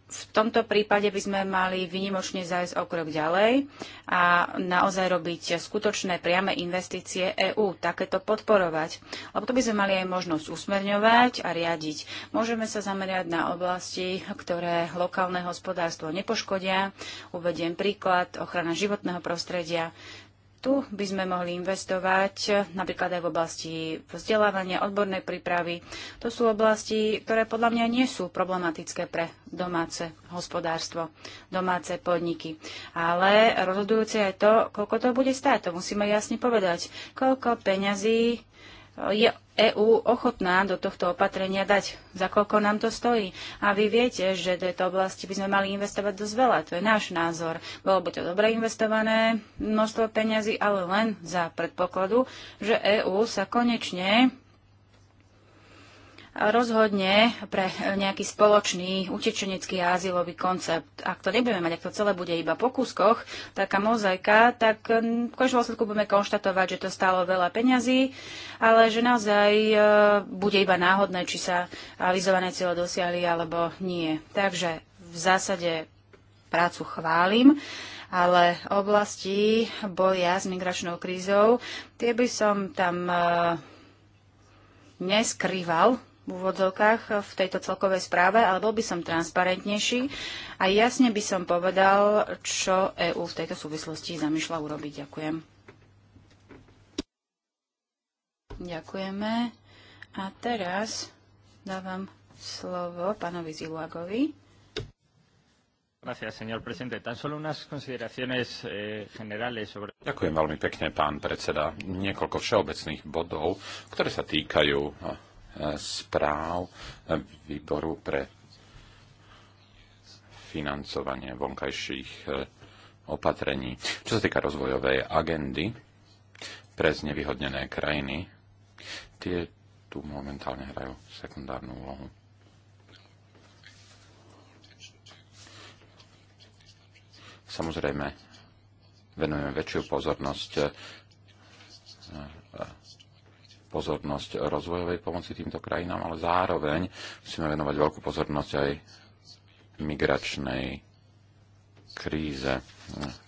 v tomto prípade by sme mali vynimočne zájsť o krok ďalej a naozaj robiť skutočné priame investície EÚ, takéto podporovať. Lebo to by sme mali aj možnosť usmerňovať a riadiť. Môžeme sa zamerať na oblasti, ktoré lokálne hospodárstvo nepoškodia. Uvediem príklad, ochrana životného prostredia, tu by sme mohli investovať eh, napríklad aj v oblasti vzdelávania, odbornej prípravy. To sú oblasti, ktoré podľa mňa nie sú problematické pre domáce hospodárstvo, domáce podniky. Ale rozhodujúce je to, koľko to bude stáť. To musíme jasne povedať. Koľko peňazí eh, je EÚ ochotná do tohto opatrenia dať, za koľko nám to stojí. A vy viete, že do tejto oblasti by sme mali investovať dosť veľa, to je náš názor. Bolo by to dobre investované množstvo peňazí, ale len za predpokladu, že EÚ sa konečne rozhodne pre nejaký spoločný utečenecký a azylový koncept. Ak to nebudeme mať, ak to celé bude iba po kúskoch, taká mozaika, tak mm, v končnom dôsledku budeme konštatovať, že to stálo veľa peňazí, ale že naozaj e, bude iba náhodné, či sa avizované cieľe dosiahli alebo nie. Takže v zásade prácu chválim ale oblasti boja s migračnou krízou, tie by som tam e, neskrýval, v úvodzovkách v tejto celkovej správe, ale bol by som transparentnejší a jasne by som povedal, čo EÚ v tejto súvislosti zamýšľa urobiť. Ďakujem. Ďakujeme. A teraz dávam slovo pánovi Ziluagovi. Eh, Ďakujem veľmi pekne, pán predseda. Niekoľko všeobecných bodov, ktoré sa týkajú no, správ výboru pre financovanie vonkajších eh, opatrení. Čo sa týka rozvojovej agendy pre znevýhodnené krajiny, tie tu momentálne hrajú sekundárnu úlohu. Samozrejme, venujeme väčšiu pozornosť eh, pozornosť rozvojovej pomoci týmto krajinám, ale zároveň musíme venovať veľkú pozornosť aj migračnej kríze,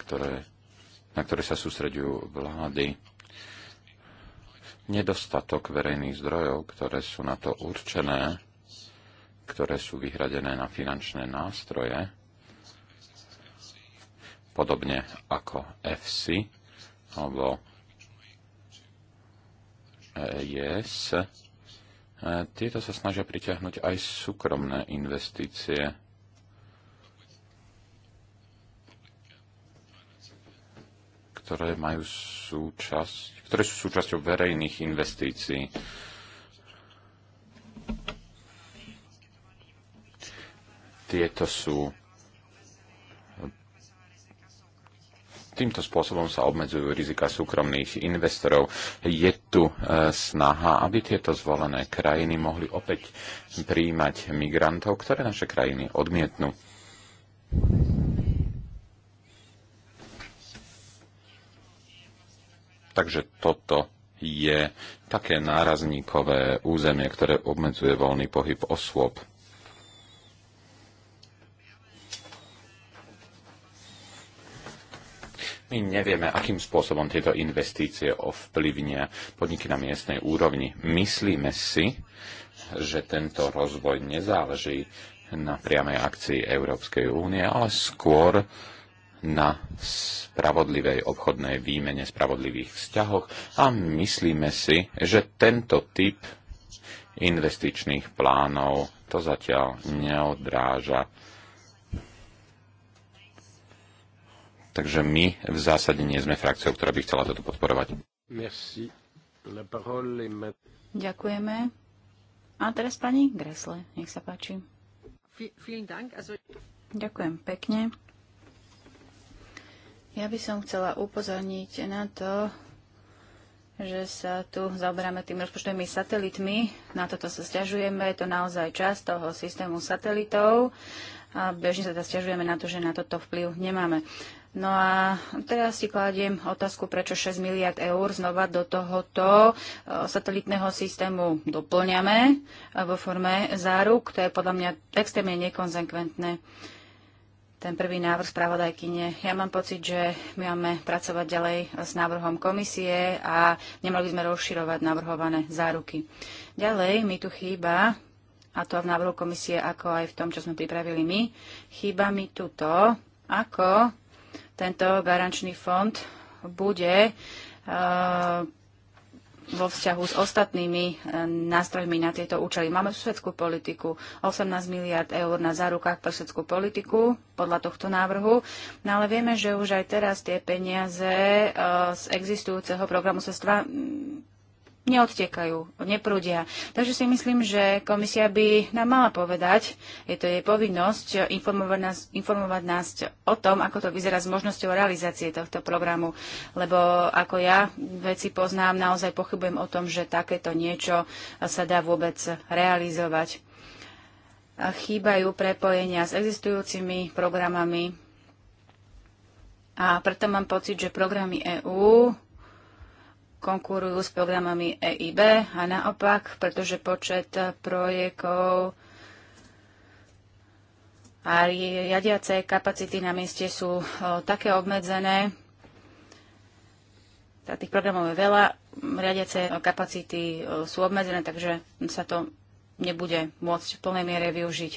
ktoré, na ktoré sa sústreďujú vlády. Nedostatok verejných zdrojov, ktoré sú na to určené, ktoré sú vyhradené na finančné nástroje, podobne ako FC alebo EIS, e e, tieto sa snažia pritiahnuť aj súkromné investície. ktoré majú súčasť, ktoré sú súčasťou verejných investícií. Tieto sú Týmto spôsobom sa obmedzujú rizika súkromných investorov. Je tu e, snaha, aby tieto zvolené krajiny mohli opäť príjmať migrantov, ktoré naše krajiny odmietnú. Takže toto je také nárazníkové územie, ktoré obmedzuje voľný pohyb osôb. My nevieme, akým spôsobom tieto investície ovplyvnia podniky na miestnej úrovni. Myslíme si, že tento rozvoj nezáleží na priamej akcii Európskej únie, ale skôr na spravodlivej obchodnej výmene, spravodlivých vzťahoch a myslíme si, že tento typ investičných plánov to zatiaľ neodráža Takže my v zásade nie sme frakciou, ktorá by chcela toto podporovať. Merci. Ďakujeme. A teraz pani Gresle, nech sa páči. Ďakujem pekne. Ja by som chcela upozorniť na to, že sa tu zaoberáme tým rozpočtovými satelitmi. Na toto sa stiažujeme, je to naozaj časť toho systému satelitov. A bežne sa teda stiažujeme na to, že na toto vplyv nemáme. No a teraz si kladiem otázku, prečo 6 miliard eur znova do tohoto e, satelitného systému doplňame e, vo forme záruk. To je podľa mňa extrémne nekonzekventné ten prvý návrh spravodajkyne. Ja mám pocit, že my máme pracovať ďalej s návrhom komisie a nemali by sme rozširovať navrhované záruky. Ďalej mi tu chýba, a to v návrhu komisie, ako aj v tom, čo sme pripravili my, chýba mi tu to, ako tento garančný fond bude eh, vo vzťahu s ostatnými eh, nástrojmi na tieto účely. Máme susedskú politiku 18 miliard eur na zárukách pre susedskú politiku podľa tohto návrhu, no ale vieme, že už aj teraz tie peniaze eh, z existujúceho programu stvá neodtekajú, neprúdia. Takže si myslím, že komisia by nám mala povedať, je to jej povinnosť eh, informovať nás, informovať nás o tom, ako to vyzerá s možnosťou realizácie tohto programu. Lebo ako ja veci poznám, naozaj pochybujem o tom, že takéto niečo eh, sa dá vôbec realizovať. Chýbajú prepojenia s existujúcimi programami a preto mám pocit, že programy EÚ konkurujú s programami EIB a naopak, pretože počet projektov a riadiace kapacity na mieste sú také obmedzené, tých programov je veľa, riadiace kapacity sú obmedzené, takže sa to nebude môcť v plnej miere využiť.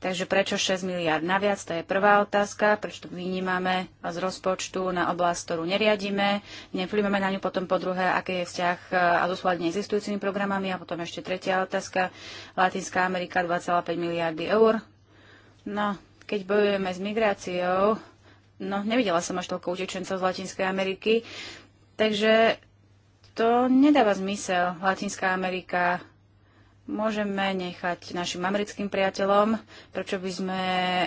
Takže prečo 6 miliard naviac? To je prvá otázka. Prečo to vynímame z rozpočtu na oblasť, ktorú neriadíme? Nevplyvame na ňu potom po druhé, aký je vzťah e, a zosúladenie existujúcimi programami. A potom ešte tretia otázka. Latinská Amerika 2,5 miliardy eur. No, keď bojujeme s migráciou, no nevidela som až toľko utečencov z Latinskej Ameriky, takže to nedáva zmysel. Latinská Amerika môžeme nechať našim americkým priateľom, prečo by sme e,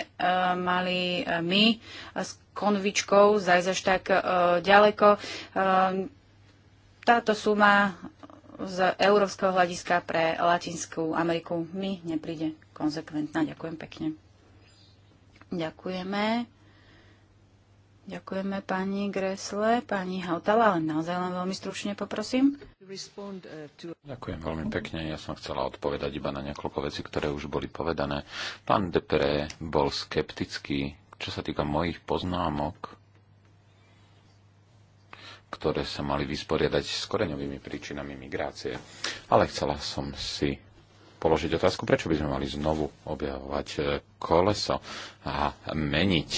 mali e, my e, s konvičkou zajsť až tak e, ďaleko. E, táto suma z európskeho hľadiska pre Latinskú Ameriku mi nepríde konzekventná. Ďakujem pekne. Ďakujeme. Ďakujeme pani Gresle, pani Hautala, ale naozaj len veľmi stručne poprosím. Ďakujem veľmi pekne. Ja som chcela odpovedať iba na niekoľko vecí, ktoré už boli povedané. Pán Depré bol skeptický, čo sa týka mojich poznámok, ktoré sa mali vysporiadať s koreňovými príčinami migrácie. Ale chcela som si položiť otázku, prečo by sme mali znovu objavovať eh, koleso a meniť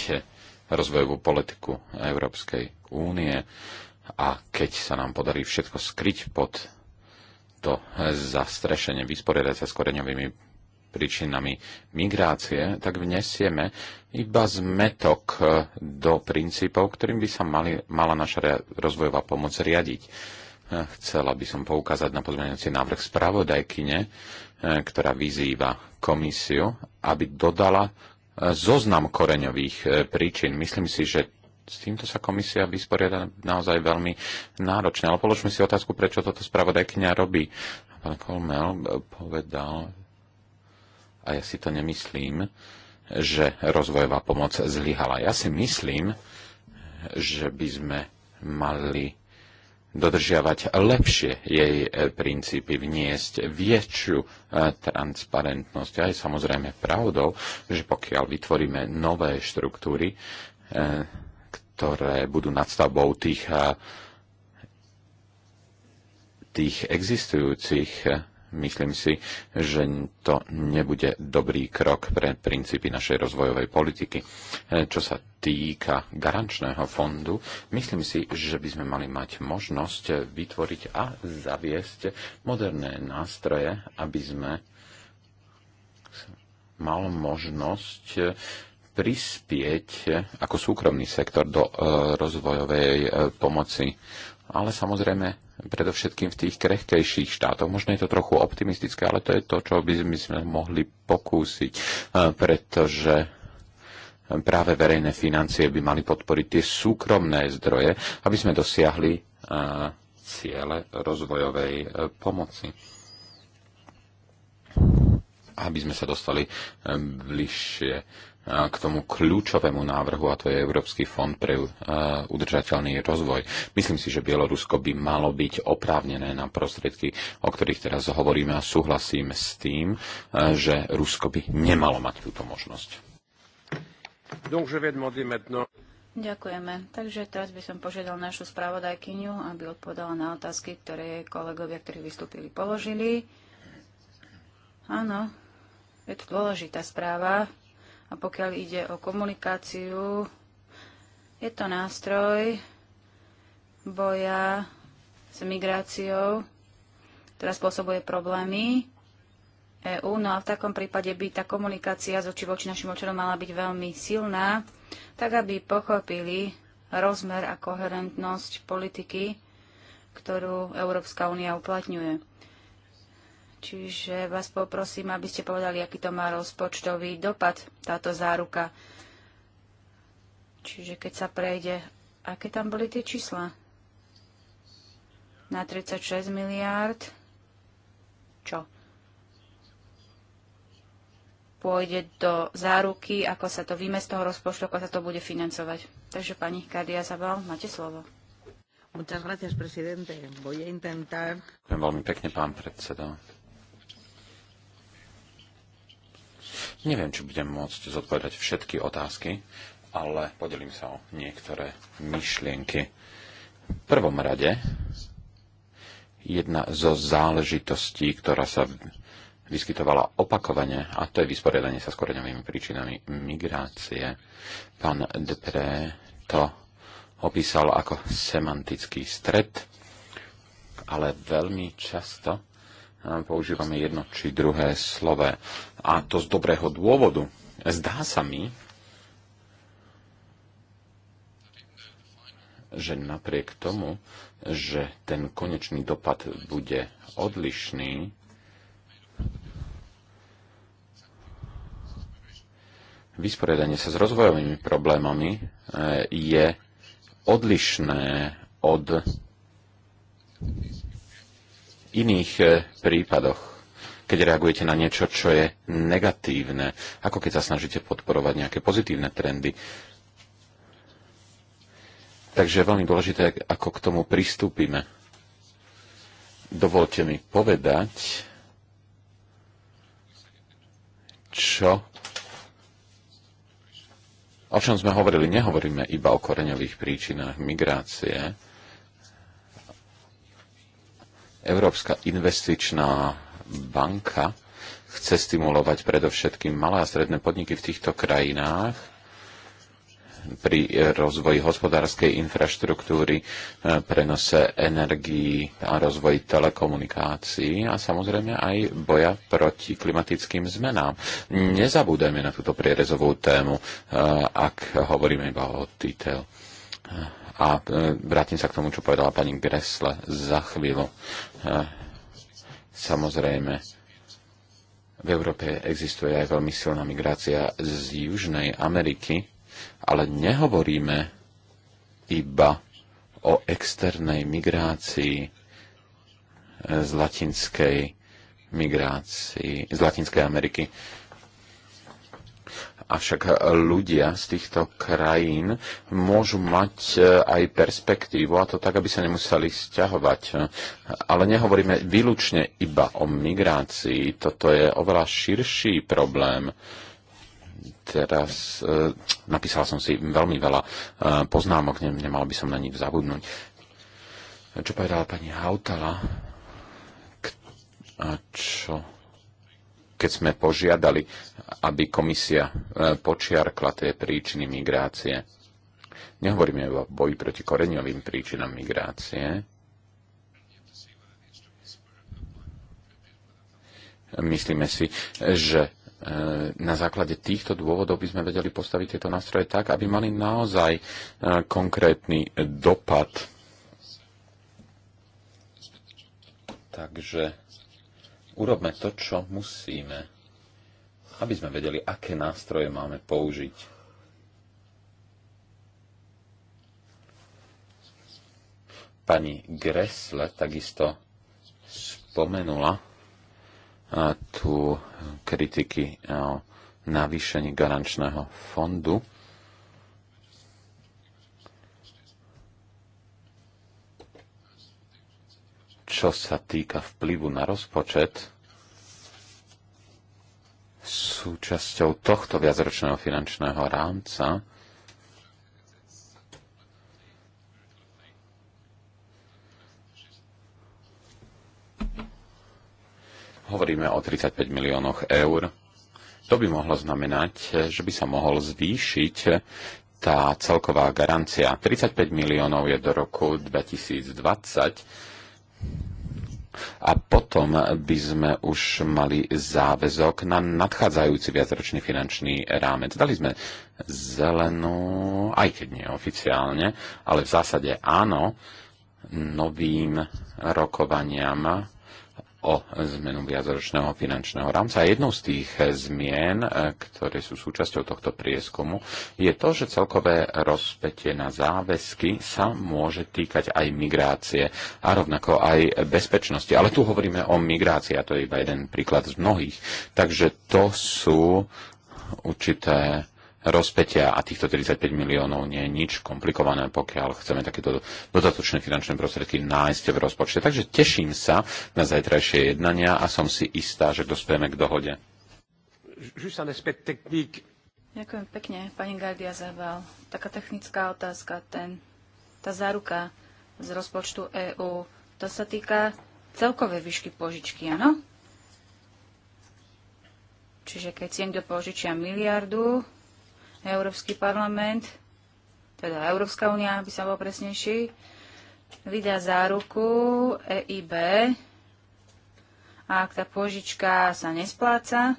rozvojovú politiku Európskej únie a keď sa nám podarí všetko skryť pod to zastrešenie, vysporiadať sa s koreňovými príčinami migrácie, tak vnesieme iba zmetok eh, do princípov, ktorým by sa mali, mala naša rozvojová pomoc riadiť. Eh, chcela by som poukázať na pozmeňujúci návrh spravodajkyne, eh, ktorá vyzýva komisiu, aby dodala zoznam koreňových e, príčin. Myslím si, že s týmto sa komisia vysporiada naozaj veľmi náročne. Ale položme si otázku, prečo toto spravodajkynia robí. Pán Kolmel e, povedal, a ja si to nemyslím, že rozvojová pomoc zlyhala. Ja si myslím, že by sme mali dodržiavať lepšie jej e, princípy, vniesť väčšiu e, transparentnosť. A je samozrejme pravdou, že pokiaľ vytvoríme nové štruktúry, e, ktoré budú nadstavbou tých, tých existujúcich, myslím si, že to nebude dobrý krok pre princípy našej rozvojovej politiky. E, čo sa týka garančného fondu, myslím si, že by sme mali mať možnosť vytvoriť a zaviesť moderné nástroje, aby sme mal možnosť prispieť ako súkromný sektor do e, rozvojovej e, pomoci ale samozrejme predovšetkým v tých krehkejších štátoch. Možno je to trochu optimistické, ale to je to, čo by sme mohli pokúsiť, e, pretože práve verejné financie by mali podporiť tie súkromné zdroje, aby sme dosiahli e, ciele rozvojovej e, pomoci. Aby sme sa dostali bližšie k tomu kľúčovému návrhu, a to je Európsky fond pre e, udržateľný rozvoj. Myslím si, že Bielorusko by malo byť oprávnené na prostriedky, o ktorých teraz hovoríme a súhlasím s tým, e, že Rusko by nemalo mať túto možnosť. Ďakujeme. Takže teraz by som požiadal našu spravodajkyňu, aby odpovedala na otázky, ktoré kolegovia, ktorí vystúpili, položili. Áno, je to dôležitá správa a pokiaľ ide o komunikáciu, je to nástroj boja s migráciou, ktorá spôsobuje problémy EÚ. No a v takom prípade by tá komunikácia z očí voči našim občanom mala byť veľmi silná, tak aby pochopili rozmer a koherentnosť politiky, ktorú Európska únia uplatňuje. Čiže vás poprosím, aby ste povedali, aký to má rozpočtový dopad, táto záruka. Čiže keď sa prejde, aké tam boli tie čísla? Na 36 miliárd. Čo? Pôjde do záruky, ako sa to víme z toho rozpočtu, ako sa to bude financovať. Takže pani Kadia Zabal, máte slovo. Muchas gracias, presidente. Voy a intentar... veľmi pekne, pán predseda Neviem, či budem môcť zodpovedať všetky otázky, ale podelím sa o niektoré myšlienky. V prvom rade, jedna zo záležitostí, ktorá sa vyskytovala opakovane, a to je vysporiadanie sa s koreňovými príčinami migrácie. Pán Depré to opísal ako semantický stred, ale veľmi často používame jedno či druhé slove. A to z dobrého dôvodu. Zdá sa mi, že napriek tomu, že ten konečný dopad bude odlišný, vysporiadanie sa s rozvojovými problémami eh, je odlišné od iných e, prípadoch, keď reagujete na niečo, čo je negatívne, ako keď sa snažíte podporovať nejaké pozitívne trendy. Takže je veľmi dôležité, ako k tomu pristúpime. Dovolte mi povedať, čo o čom sme hovorili, nehovoríme iba o koreňových príčinách migrácie, Európska investičná banka chce stimulovať predovšetkým malé a stredné podniky v týchto krajinách pri rozvoji hospodárskej infraštruktúry, e, prenose energií a rozvoji telekomunikácií a samozrejme aj boja proti klimatickým zmenám. Nezabúdajme na túto prierezovú tému, e, ak hovoríme iba o TTIP. A e, vrátim sa k tomu, čo povedala pani Gresle za chvíľu. E, samozrejme, v Európe existuje aj veľmi silná migrácia z Južnej Ameriky, ale nehovoríme iba o externej migrácii e, z latinskej migrácii, z Latinskej Ameriky Avšak ľudia z týchto krajín môžu mať e, aj perspektívu, a to tak, aby sa nemuseli sťahovať. Ale nehovoríme výlučne iba o migrácii, toto je oveľa širší problém. Teraz e, napísal som si veľmi veľa e, poznámok, ne, nemal by som na nich zabudnúť. Čo povedala pani Hautala? K, a čo? keď sme požiadali, aby komisia e, počiarkla tie príčiny migrácie. Nehovoríme o boji proti koreňovým príčinám migrácie. Myslíme si, že e, na základe týchto dôvodov by sme vedeli postaviť tieto nástroje tak, aby mali naozaj e, konkrétny dopad. Takže urobme to, čo musíme, aby sme vedeli, aké nástroje máme použiť. Pani Gresle takisto spomenula tu kritiky o navýšení garančného fondu čo sa týka vplyvu na rozpočet, súčasťou tohto viacročného finančného rámca hovoríme o 35 miliónoch eur. To by mohlo znamenať, že by sa mohol zvýšiť tá celková garancia. 35 miliónov je do roku 2020 a potom by sme už mali záväzok na nadchádzajúci viacročný finančný rámec. Dali sme zelenú, aj keď nie oficiálne, ale v zásade áno, novým rokovaniam o zmenu viacročného finančného rámca. Jednou z tých eh, zmien, eh, ktoré sú súčasťou tohto prieskumu, je to, že celkové rozpätie na záväzky sa môže týkať aj migrácie a rovnako aj bezpečnosti. Ale tu hovoríme o migrácii a to je iba jeden príklad z mnohých. Takže to sú určité rozpetia a týchto 35 miliónov nie je nič komplikované, pokiaľ chceme takéto dodatočné finančné prostriedky nájsť v rozpočte. Takže teším sa na zajtrajšie jednania a som si istá, že dospieme k dohode. Ďakujem pekne, pani Gardia Zabal. Taká technická otázka, ten, tá záruka z rozpočtu EÚ, to sa týka celkovej výšky požičky, áno? Čiže keď si niekto požičia miliardu, Európsky parlament, teda Európska únia, aby sa bol presnejší, vydá záruku EIB a ak tá požička sa nespláca,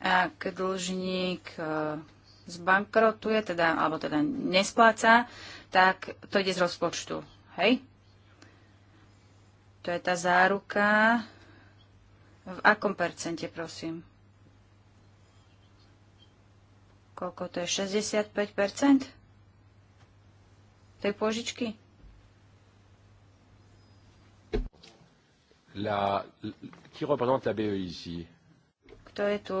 ak dlžník e, zbankrotuje, teda, alebo teda nespláca, tak to ide z rozpočtu. Hej? To je tá záruka. V akom percente, prosím? koľko to je, 65% tej pôžičky? La, qui représente la BE ici? Kto je tu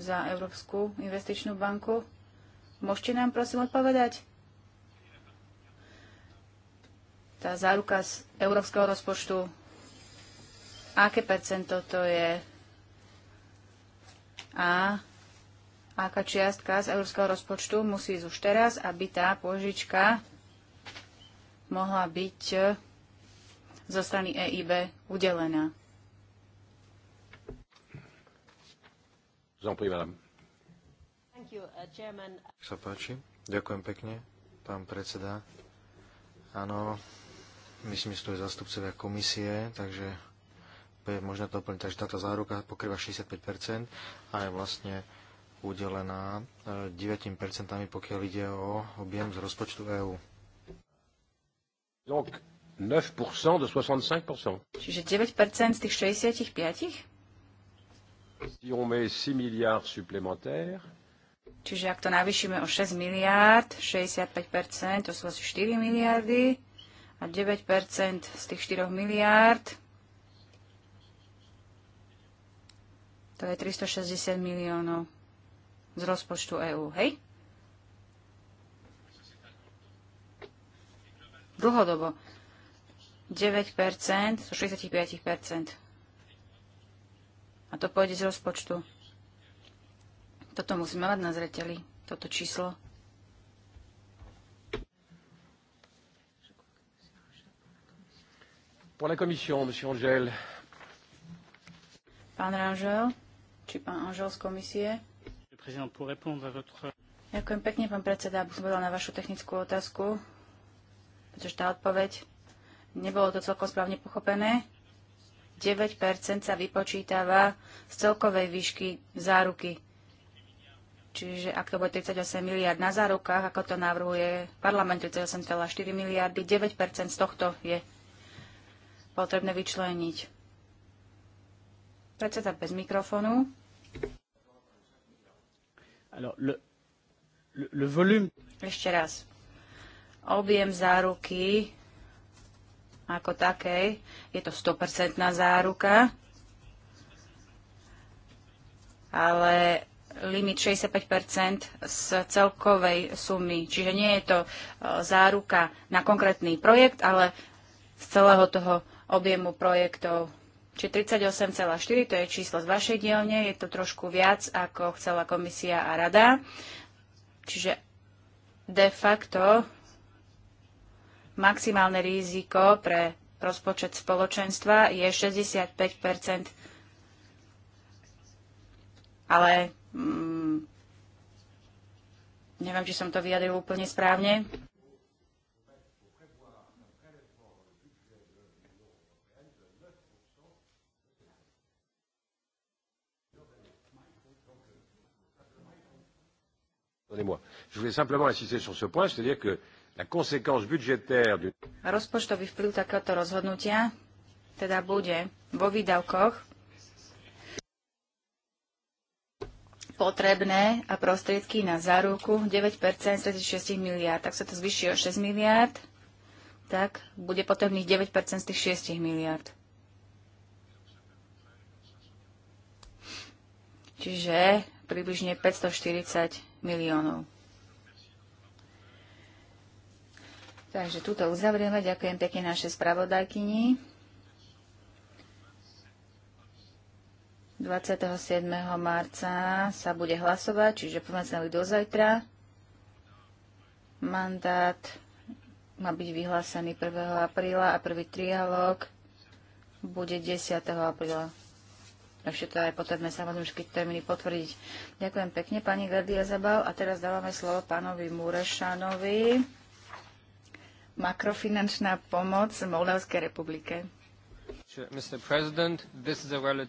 za Európsku investičnú banku? Môžete nám prosím odpovedať? Tá záruka z európskeho rozpočtu, aké percento to je? A aká čiastka z európskeho rozpočtu musí ísť už teraz, aby tá požička mohla byť e, zo strany EIB udelená. Uh, sa páči. Ďakujem pekne, pán predseda. Áno, myslím, že sú tu zastupcovia komisie, takže je možné to úplne, Takže táto záruka pokrýva 65% a je vlastne udelená 9%, e, pokiaľ ide o objem z rozpočtu EÚ. Donc 9% de 65%. Čiže 9% z tých 65? Si on met 6 milliards supplémentaires, Čiže ak to navýšime o 6 miliard, 65%, to sú asi 4 miliardy a 9% z tých 4 miliárd, to je 360 miliónov z rozpočtu EÚ, hej? Dlhodobo. 9% zo 65%. A to pôjde z rozpočtu. Toto musíme mať na zreteli, toto číslo. Pour la commission, monsieur Angel. Pán Rangel, či pán Angel z komisie? Ďakujem pekne, pán predseda, aby som povedala na vašu technickú otázku, pretože tá odpoveď nebolo to celkom správne pochopené. 9 sa vypočítava z celkovej výšky záruky. Čiže ak to bude 38 miliard na zárukách, ako to navrhuje parlament 38,4 miliardy, 9 z tohto je potrebné vyčleniť. Predseda bez mikrofónu. Alors, le, le, le volume... Ešte raz. Objem záruky ako takej, je to 100% záruka, ale limit 65 z celkovej sumy. Čiže nie je to e, záruka na konkrétny projekt, ale z celého toho objemu projektov Čiže 38,4 to je číslo z vašej dielne, je to trošku viac, ako chcela komisia a rada. Čiže de facto maximálne riziko pre rozpočet spoločenstva je 65 ale mm, neviem, či som to vyjadril úplne správne. Pardonnez-moi. Je voulais simplement insister sur ce point, c'est-à-dire que la conséquence budgétaire du... Rozpočtový vplyv takéhoto rozhodnutia teda bude vo výdavkoch potrebné a prostriedky na záruku 9% z 6 miliard. Tak sa to zvyšuje o 6 miliard, tak bude potrebných 9% z tých 6 miliard. Čiže približne 540 miliónov. Takže túto uzavrieme. Ďakujem pekne naše spravodajkyni. 27. marca sa bude hlasovať, čiže povedzme do zajtra. Mandát má byť vyhlásený 1. apríla a prvý trialog bude 10. apríla. Takže to je potrebné samozrejme všetky termíny potvrdiť. Ďakujem pekne, pani Gardia Zabal. A teraz dávame slovo pánovi Murešanovi. Makrofinančná pomoc Moldavskej republike.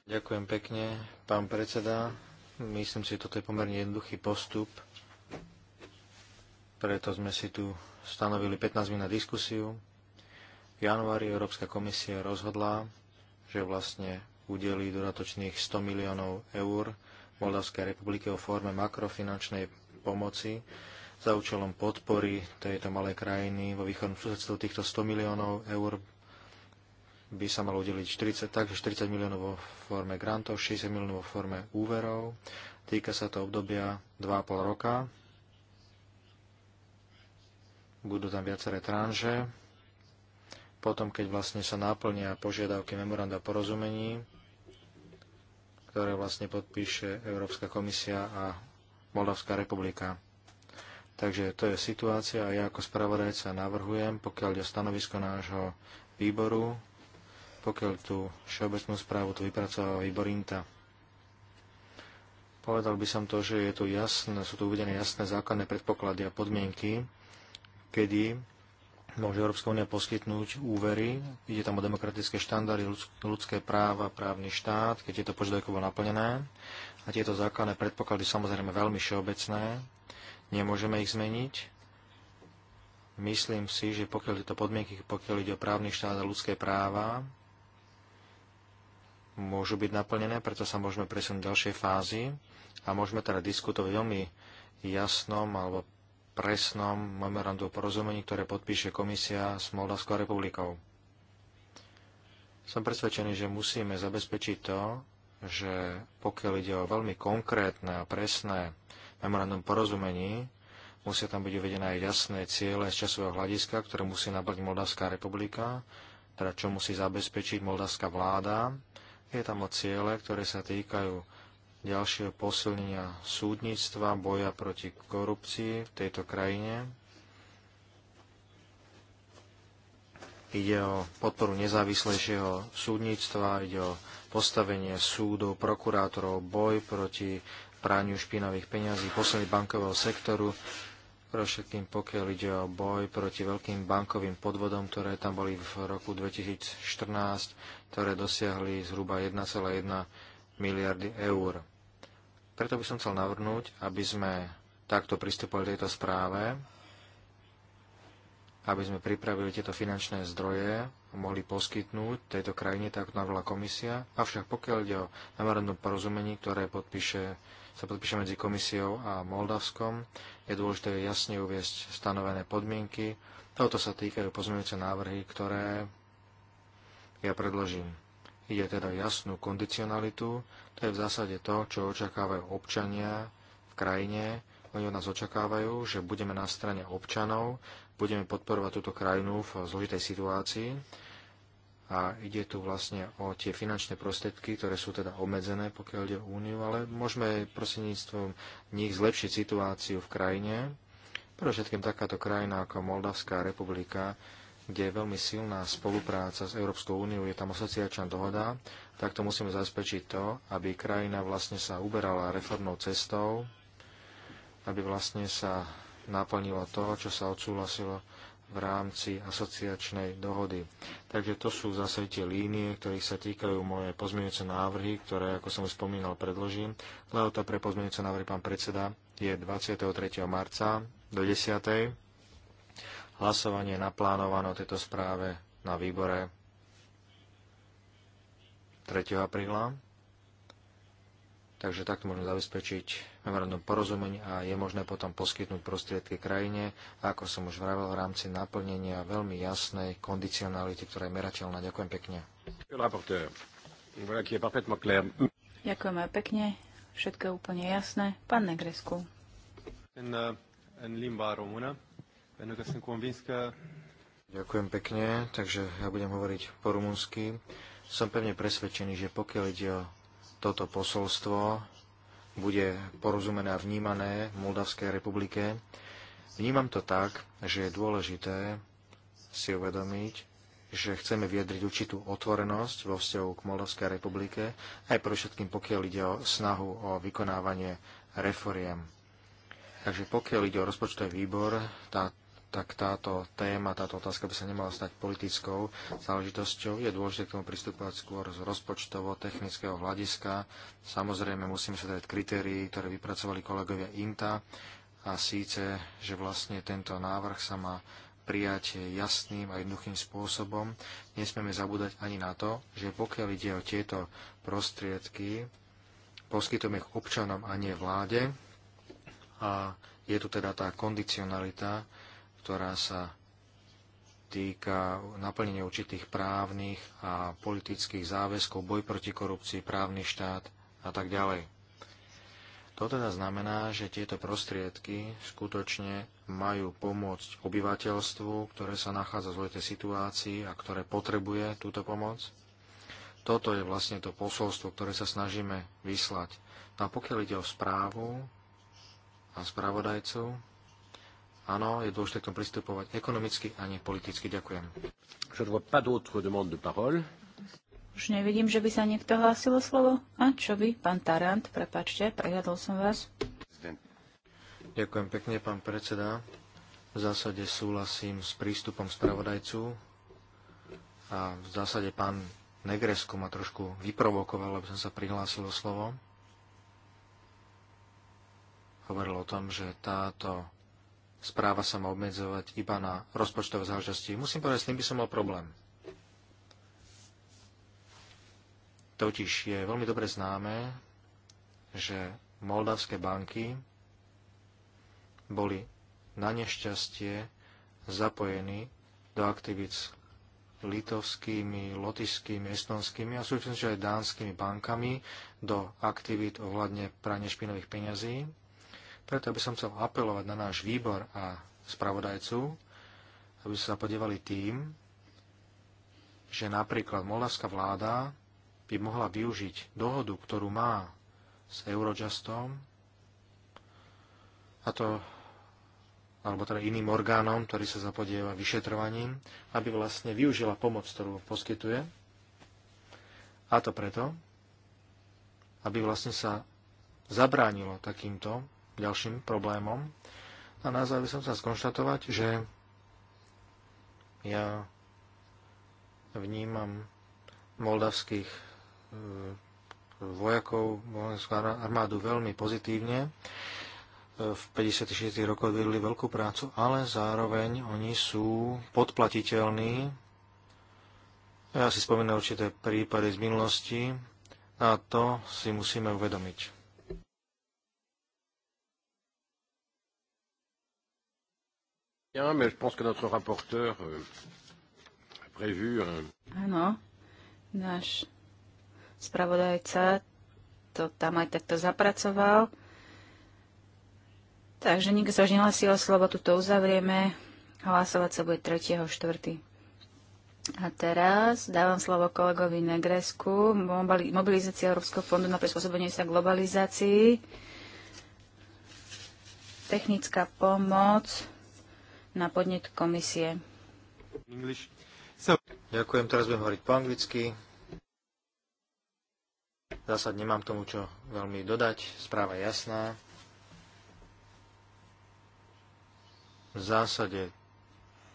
Ďakujem pekne, pán predseda. Myslím si, že toto je pomerne jednoduchý postup. Preto sme si tu stanovili 15 minút na diskusiu. V januári Európska komisia rozhodla, že vlastne udeli dodatočných 100 miliónov eur Moldavskej republike o forme makrofinančnej pomoci za účelom podpory tejto malej krajiny vo východnom susedstve týchto 100 miliónov eur by sa malo udeliť 40, takže 40 miliónov vo forme grantov, 60 miliónov vo forme úverov. Týka sa to obdobia 2,5 roka. Budú tam viaceré tranže. Potom, keď vlastne sa náplnia požiadavky memoranda porozumení, ktoré vlastne podpíše Európska komisia a Moldavská republika. Takže to je situácia a ja ako spravodajca navrhujem, pokiaľ je stanovisko nášho výboru, pokiaľ tú všeobecnú správu tu vypracováva výbor INTA. Povedal by som to, že je tu jasné, sú tu uvedené jasné základné predpoklady a podmienky, kedy môže Európska únia poskytnúť úvery. Ide tam o demokratické štandardy, ľudské práva, právny štát, keď tieto požiadavky bolo naplnené. A tieto základné predpoklady samozrejme veľmi všeobecné. Nemôžeme ich zmeniť. Myslím si, že pokiaľ tieto podmienky, pokiaľ ide o právny štát a ľudské práva, môžu byť naplnené, preto sa môžeme presunúť do ďalšej fázy a môžeme teda diskutovať veľmi jasnom alebo presnom memorandu o porozumení, ktoré podpíše komisia s Moldavskou republikou. Som presvedčený, že musíme zabezpečiť to, že pokiaľ ide o veľmi konkrétne a presné memorandum porozumení, musia tam byť uvedené aj jasné ciele z časového hľadiska, ktoré musí nabrať Moldavská republika, teda čo musí zabezpečiť moldavská vláda. Je tam o ciele, ktoré sa týkajú ďalšieho posilnenia súdnictva, boja proti korupcii v tejto krajine. Ide o podporu nezávislejšieho súdnictva, ide o postavenie súdov, prokurátorov, boj proti praniu špinavých peňazí, posilnenie bankového sektoru, pre všetkým pokiaľ ide o boj proti veľkým bankovým podvodom, ktoré tam boli v roku 2014, ktoré dosiahli zhruba 1,1 miliardy eur. Preto by som chcel navrhnúť, aby sme takto pristupovali tejto správe, aby sme pripravili tieto finančné zdroje a mohli poskytnúť tejto krajine, tak ako navrhla komisia. Avšak pokiaľ ide o memorandum porozumení, ktoré podpíše, sa podpíše medzi komisiou a Moldavskom, je dôležité jasne uviesť stanovené podmienky. Toto sa týkajú pozmeňujúce návrhy, ktoré ja predložím. Ide teda jasnú kondicionalitu, to je v zásade to, čo očakávajú občania v krajine. Oni od nás očakávajú, že budeme na strane občanov, budeme podporovať túto krajinu v zložitej situácii a ide tu vlastne o tie finančné prostriedky, ktoré sú teda obmedzené, pokiaľ ide o úniu, ale môžeme prostredníctvom nich zlepšiť situáciu v krajine. Pre všetkým takáto krajina ako Moldavská republika kde je veľmi silná spolupráca s Európskou úniou, je tam asociačná dohoda, tak to musíme zabezpečiť to, aby krajina vlastne sa uberala reformnou cestou, aby vlastne sa naplnilo to, čo sa odsúhlasilo v rámci asociačnej dohody. Takže to sú zase tie línie, ktorých sa týkajú moje pozmeňujúce návrhy, ktoré, ako som už spomínal, predložím. Lehota pre pozmeňujúce návrhy, pán predseda, je 23. marca do 10. Hlasovanie je naplánované o tejto správe na výbore 3. apríla. Takže takto môžeme zabezpečiť memorandum porozumenie a je možné potom poskytnúť prostriedky krajine, ako som už vravil, v rámci naplnenia veľmi jasnej kondicionality, ktorá je merateľná. Ďakujem pekne. Ďakujeme pekne. Všetko je úplne jasné. Pán Negresku. În, limba Ďakujem pekne, takže ja budem hovoriť po rumunsky. Som pevne presvedčený, že pokiaľ ide o toto posolstvo, bude porozumené a vnímané v Moldavskej republike. Vnímam to tak, že je dôležité si uvedomiť, že chceme vyjadriť určitú otvorenosť vo vzťahu k Moldavskej republike, aj pre všetkým, pokiaľ ide o snahu o vykonávanie reforiem. Takže pokiaľ ide o rozpočtový výbor, tá, tak táto téma, táto otázka by sa nemala stať politickou záležitosťou. Je dôležité k tomu pristúpať skôr z rozpočtovo-technického hľadiska. Samozrejme, musíme sa dať kritérií, ktoré vypracovali kolegovia INTA, a síce, že vlastne tento návrh sa má prijať jasným a jednoduchým spôsobom. Nesmieme zabúdať ani na to, že pokiaľ ide o tieto prostriedky, poskytujeme ich občanom a nie vláde. A je tu teda tá kondicionalita, ktorá sa týka naplnenia určitých právnych a politických záväzkov, boj proti korupcii, právny štát a tak ďalej. To teda znamená, že tieto prostriedky skutočne majú pomôcť obyvateľstvu, ktoré sa nachádza v zložitej situácii a ktoré potrebuje túto pomoc. Toto je vlastne to posolstvo, ktoré sa snažíme vyslať. No a pokiaľ ide o správu a spravodajcov, Áno, je dôležité k tomu pristupovať ekonomicky a nie politicky. Ďakujem. Už nevidím, že by sa niekto hlásilo slovo. A čo by? Pán Tarant, prepačte, prehľadol som vás. Ďakujem pekne, pán predseda. V zásade súhlasím s prístupom spravodajcu a v zásade pán Negresko ma trošku vyprovokoval, aby som sa prihlásil o slovo. Hovoril o tom, že táto správa sa má obmedzovať iba na rozpočtové záležitosti. Musím povedať, s tým by som mal problém. Totiž je veľmi dobre známe, že moldavské banky boli na nešťastie zapojení do aktivít s litovskými, lotišskými, estonskými a súčasne aj dánskymi bankami do aktivít ohľadne prania špinových peňazí. Preto by som chcel apelovať na náš výbor a spravodajcu, aby sa podievali tým, že napríklad moldavská vláda by mohla využiť dohodu, ktorú má s Eurojustom, a to alebo teda iným orgánom, ktorý sa zapodieva vyšetrovaním, aby vlastne využila pomoc, ktorú poskytuje. A to preto, aby vlastne sa zabránilo takýmto ďalším problémom. A na záver som sa skonštatovať, že ja vnímam moldavských e, vojakov, vojenskú armádu veľmi pozitívne. E, v 56. rokoch vedli veľkú prácu, ale zároveň oni sú podplatiteľní. Ja si spomínam určité prípady z minulosti a to si musíme uvedomiť. Bien, mais je pense que notre rapporteur euh, a prévu... Áno, náš spravodajca to tam aj takto zapracoval. Takže nikto sa už nehlasí o slovo, tu to uzavrieme. Hlasovať sa bude 3. 4. A teraz dávam slovo kolegovi Negresku. Mobilizácia Európskeho fondu na prispôsobenie sa globalizácii. Technická pomoc na podnet komisie. Ďakujem, teraz budem hovoriť po anglicky. Zásad nemám tomu, čo veľmi dodať. Správa je jasná. V zásade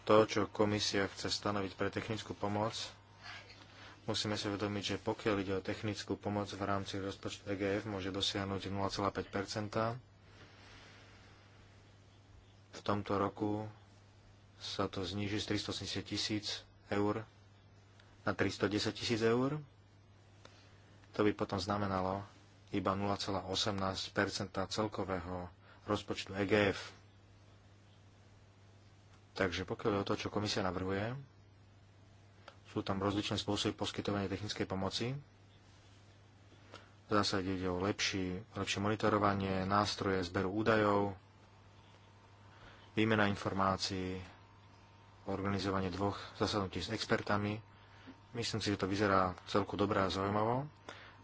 to, čo komisia chce stanoviť pre technickú pomoc, musíme si uvedomiť, že pokiaľ ide o technickú pomoc v rámci rozpočtu EGF, môže dosiahnuť 0,5 V tomto roku sa to zniží z 380 tisíc eur na 310 tisíc eur. To by potom znamenalo iba 0,18 celkového rozpočtu EGF. Takže pokiaľ je o to, čo komisia navrhuje, sú tam rozličné spôsoby poskytovania technickej pomoci. V zásade ide o lepší, lepšie monitorovanie, nástroje zberu údajov, výmena informácií, organizovanie dvoch zasadnutí s expertami. Myslím si, že to vyzerá celku dobré a zaujímavo.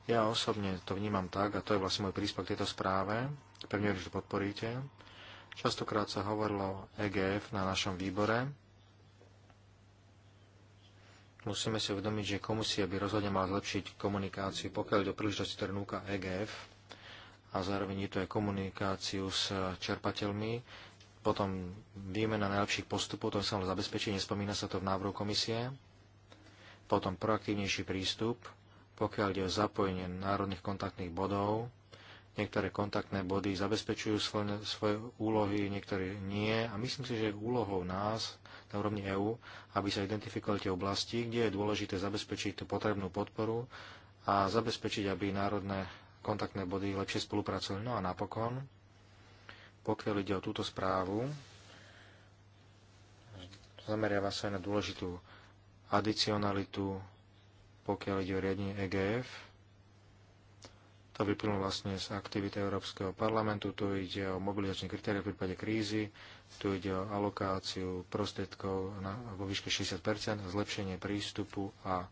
Ja osobne to vnímam tak, a to je vlastne môj príspevok k tejto správe, pevne že to podporíte. Častokrát sa hovorilo o EGF na našom výbore. Musíme si uvedomiť, že komisia by rozhodne mala zlepšiť komunikáciu, pokiaľ ide o príležitosti, ktoré núka EGF, a zároveň je to aj komunikáciu s čerpateľmi. Potom výmena najlepších postupov, to som zabezpečiť, nespomína sa to v návrhu komisie. Potom proaktívnejší prístup, pokiaľ ide o zapojenie národných kontaktných bodov. Niektoré kontaktné body zabezpečujú svoje, svoje úlohy, niektoré nie. A myslím si, že úlohou nás na úrovni EÚ, aby sa identifikovali tie oblasti, kde je dôležité zabezpečiť tú potrebnú podporu a zabezpečiť, aby národné kontaktné body lepšie spolupracovali. No a napokon pokiaľ ide o túto správu, zameriava sa aj na dôležitú adicionalitu, pokiaľ ide o riadenie EGF. To vyplnulo vlastne z aktivity Európskeho parlamentu. Tu ide o mobilizačné kritéria v prípade krízy, tu ide o alokáciu prostriedkov na, vo výške 60 zlepšenie prístupu a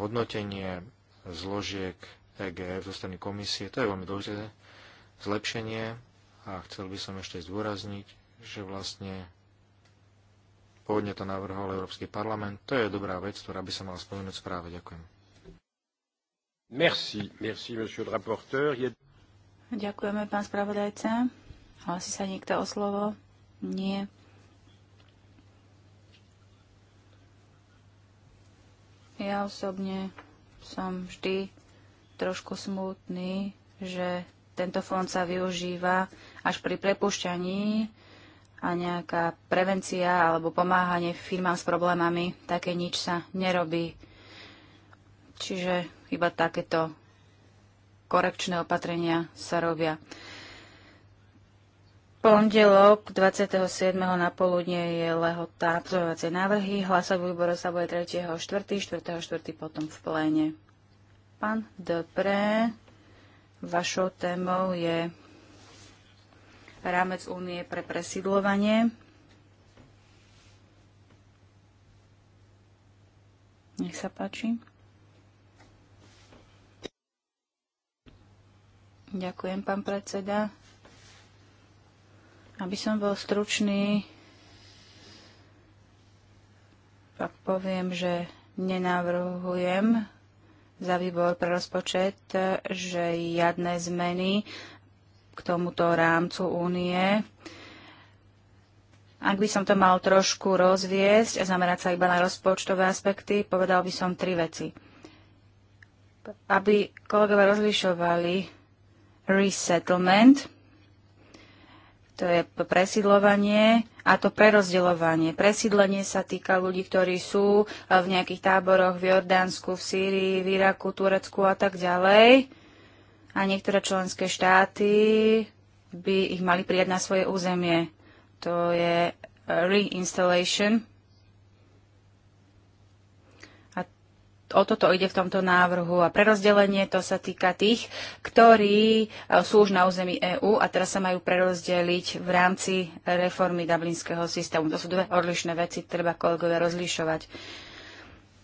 hodnotenie zložiek EGF zo strany komisie. To je veľmi dôležité zlepšenie a chcel by som ešte zdôrazniť, že vlastne pôvodne to navrhol Európsky parlament. To je dobrá vec, ktorá by sa mala spomenúť správe. Ďakujem. Merci, merci, monsieur le rapporteur. Je... Ďakujeme, pán spravodajca. Hlasí sa niekto o slovo? Nie. Ja osobne som vždy trošku smutný, že tento fond sa využíva až pri prepušťaní a nejaká prevencia alebo pomáhanie firmám s problémami, také nič sa nerobí. Čiže iba takéto korekčné opatrenia sa robia. Pondelok 27. na poludne je lehota obzorovacie návrhy. Hlasov výbor výboru sa bude 3. 4. 4. 4. potom v pléne. Pán Dobre, vašou témou je rámec únie pre presídlovanie. Nech sa páči. Ďakujem, pán predseda. Aby som bol stručný, tak poviem, že nenavrhujem za výbor pre rozpočet, že žiadne zmeny k tomuto rámcu únie. Ak by som to mal trošku rozviesť a zamerať sa iba na rozpočtové aspekty, povedal by som tri veci. Aby kolegovia rozlišovali resettlement, to je presídlovanie a to prerozdeľovanie. Presídlenie sa týka ľudí, ktorí sú v nejakých táboroch v Jordánsku, v Sýrii, v Iraku, Turecku a tak ďalej a niektoré členské štáty by ich mali prijať na svoje územie. To je eh, reinstallation. A o toto ide v tomto návrhu. A prerozdelenie to sa týka tých, ktorí eh, sú už na území EÚ a teraz sa majú prerozdeliť v rámci reformy dublinského systému. To sú dve odlišné veci, treba kolegovia rozlišovať.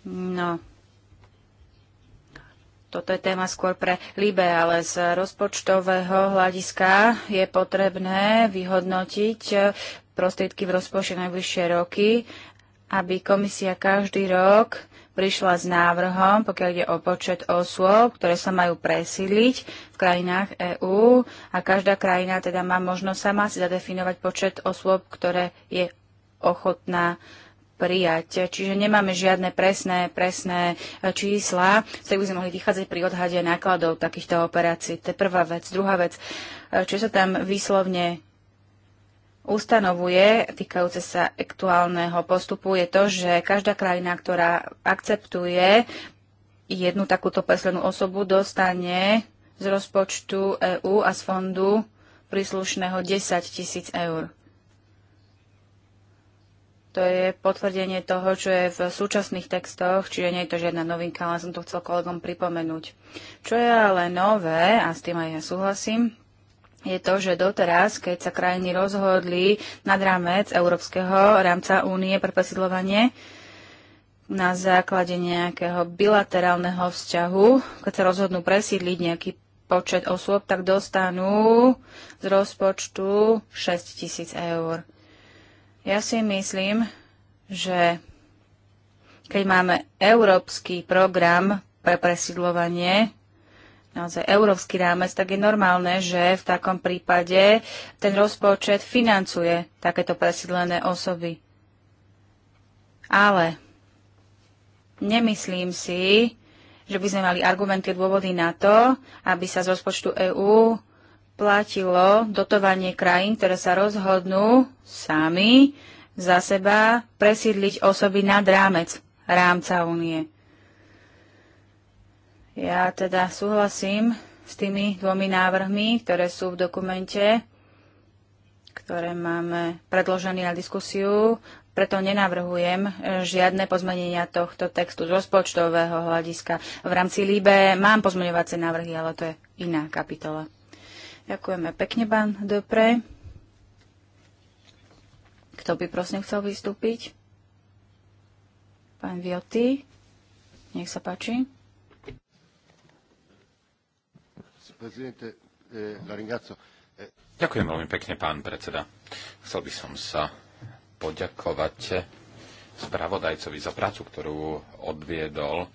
No, toto je téma skôr pre Libe, ale z rozpočtového hľadiska je potrebné vyhodnotiť e, prostriedky v rozpočte najbližšie roky, aby komisia každý rok prišla s návrhom, pokiaľ ide o počet osôb, ktoré sa majú presíliť v krajinách EÚ a každá krajina teda má možnosť sama si zadefinovať počet osôb, ktoré je ochotná uh, prijať. Čiže nemáme žiadne presné, presné e, čísla, z by sme mohli vychádzať pri odhade nákladov takýchto operácií. To je prvá vec. Druhá vec, e, čo sa tam výslovne ustanovuje týkajúce sa aktuálneho postupu je to, že každá krajina, ktorá akceptuje jednu takúto preslenú osobu, dostane z rozpočtu EÚ a z fondu príslušného 10 tisíc eur to je potvrdenie toho, čo je v súčasných textoch, čiže nie je to žiadna novinka, len som to chcel kolegom pripomenúť. Čo je ale nové, a s tým aj ja súhlasím, je to, že doteraz, keď sa krajiny rozhodli nad rámec Európskeho rámca únie pre presidlovanie na základe nejakého bilaterálneho vzťahu, keď sa rozhodnú presídliť nejaký počet osôb, tak dostanú z rozpočtu 6 tisíc eur. Ja si myslím, že keď máme európsky program pre presidlovanie, naozaj európsky rámec, tak je normálne, že v takom prípade ten rozpočet financuje takéto presídlené osoby. Ale nemyslím si, že by sme mali argumenty dôvody na to, aby sa z rozpočtu EÚ platilo dotovanie krajín, ktoré sa rozhodnú sami za seba presídliť osoby nad rámec rámca únie. Ja teda súhlasím s tými dvomi návrhmi, ktoré sú v dokumente, ktoré máme predložené na diskusiu, preto nenavrhujem žiadne pozmenenia tohto textu z rozpočtového hľadiska. V rámci LIBE mám pozmeňovacie návrhy, ale to je iná kapitola. Ďakujeme pekne, pán Dopre. Kto by prosím chcel vystúpiť? Pán Vioty, nech sa páči. Eh, eh, Ďakujem veľmi pekne, pán predseda. Chcel by som sa poďakovať spravodajcovi za prácu, ktorú odviedol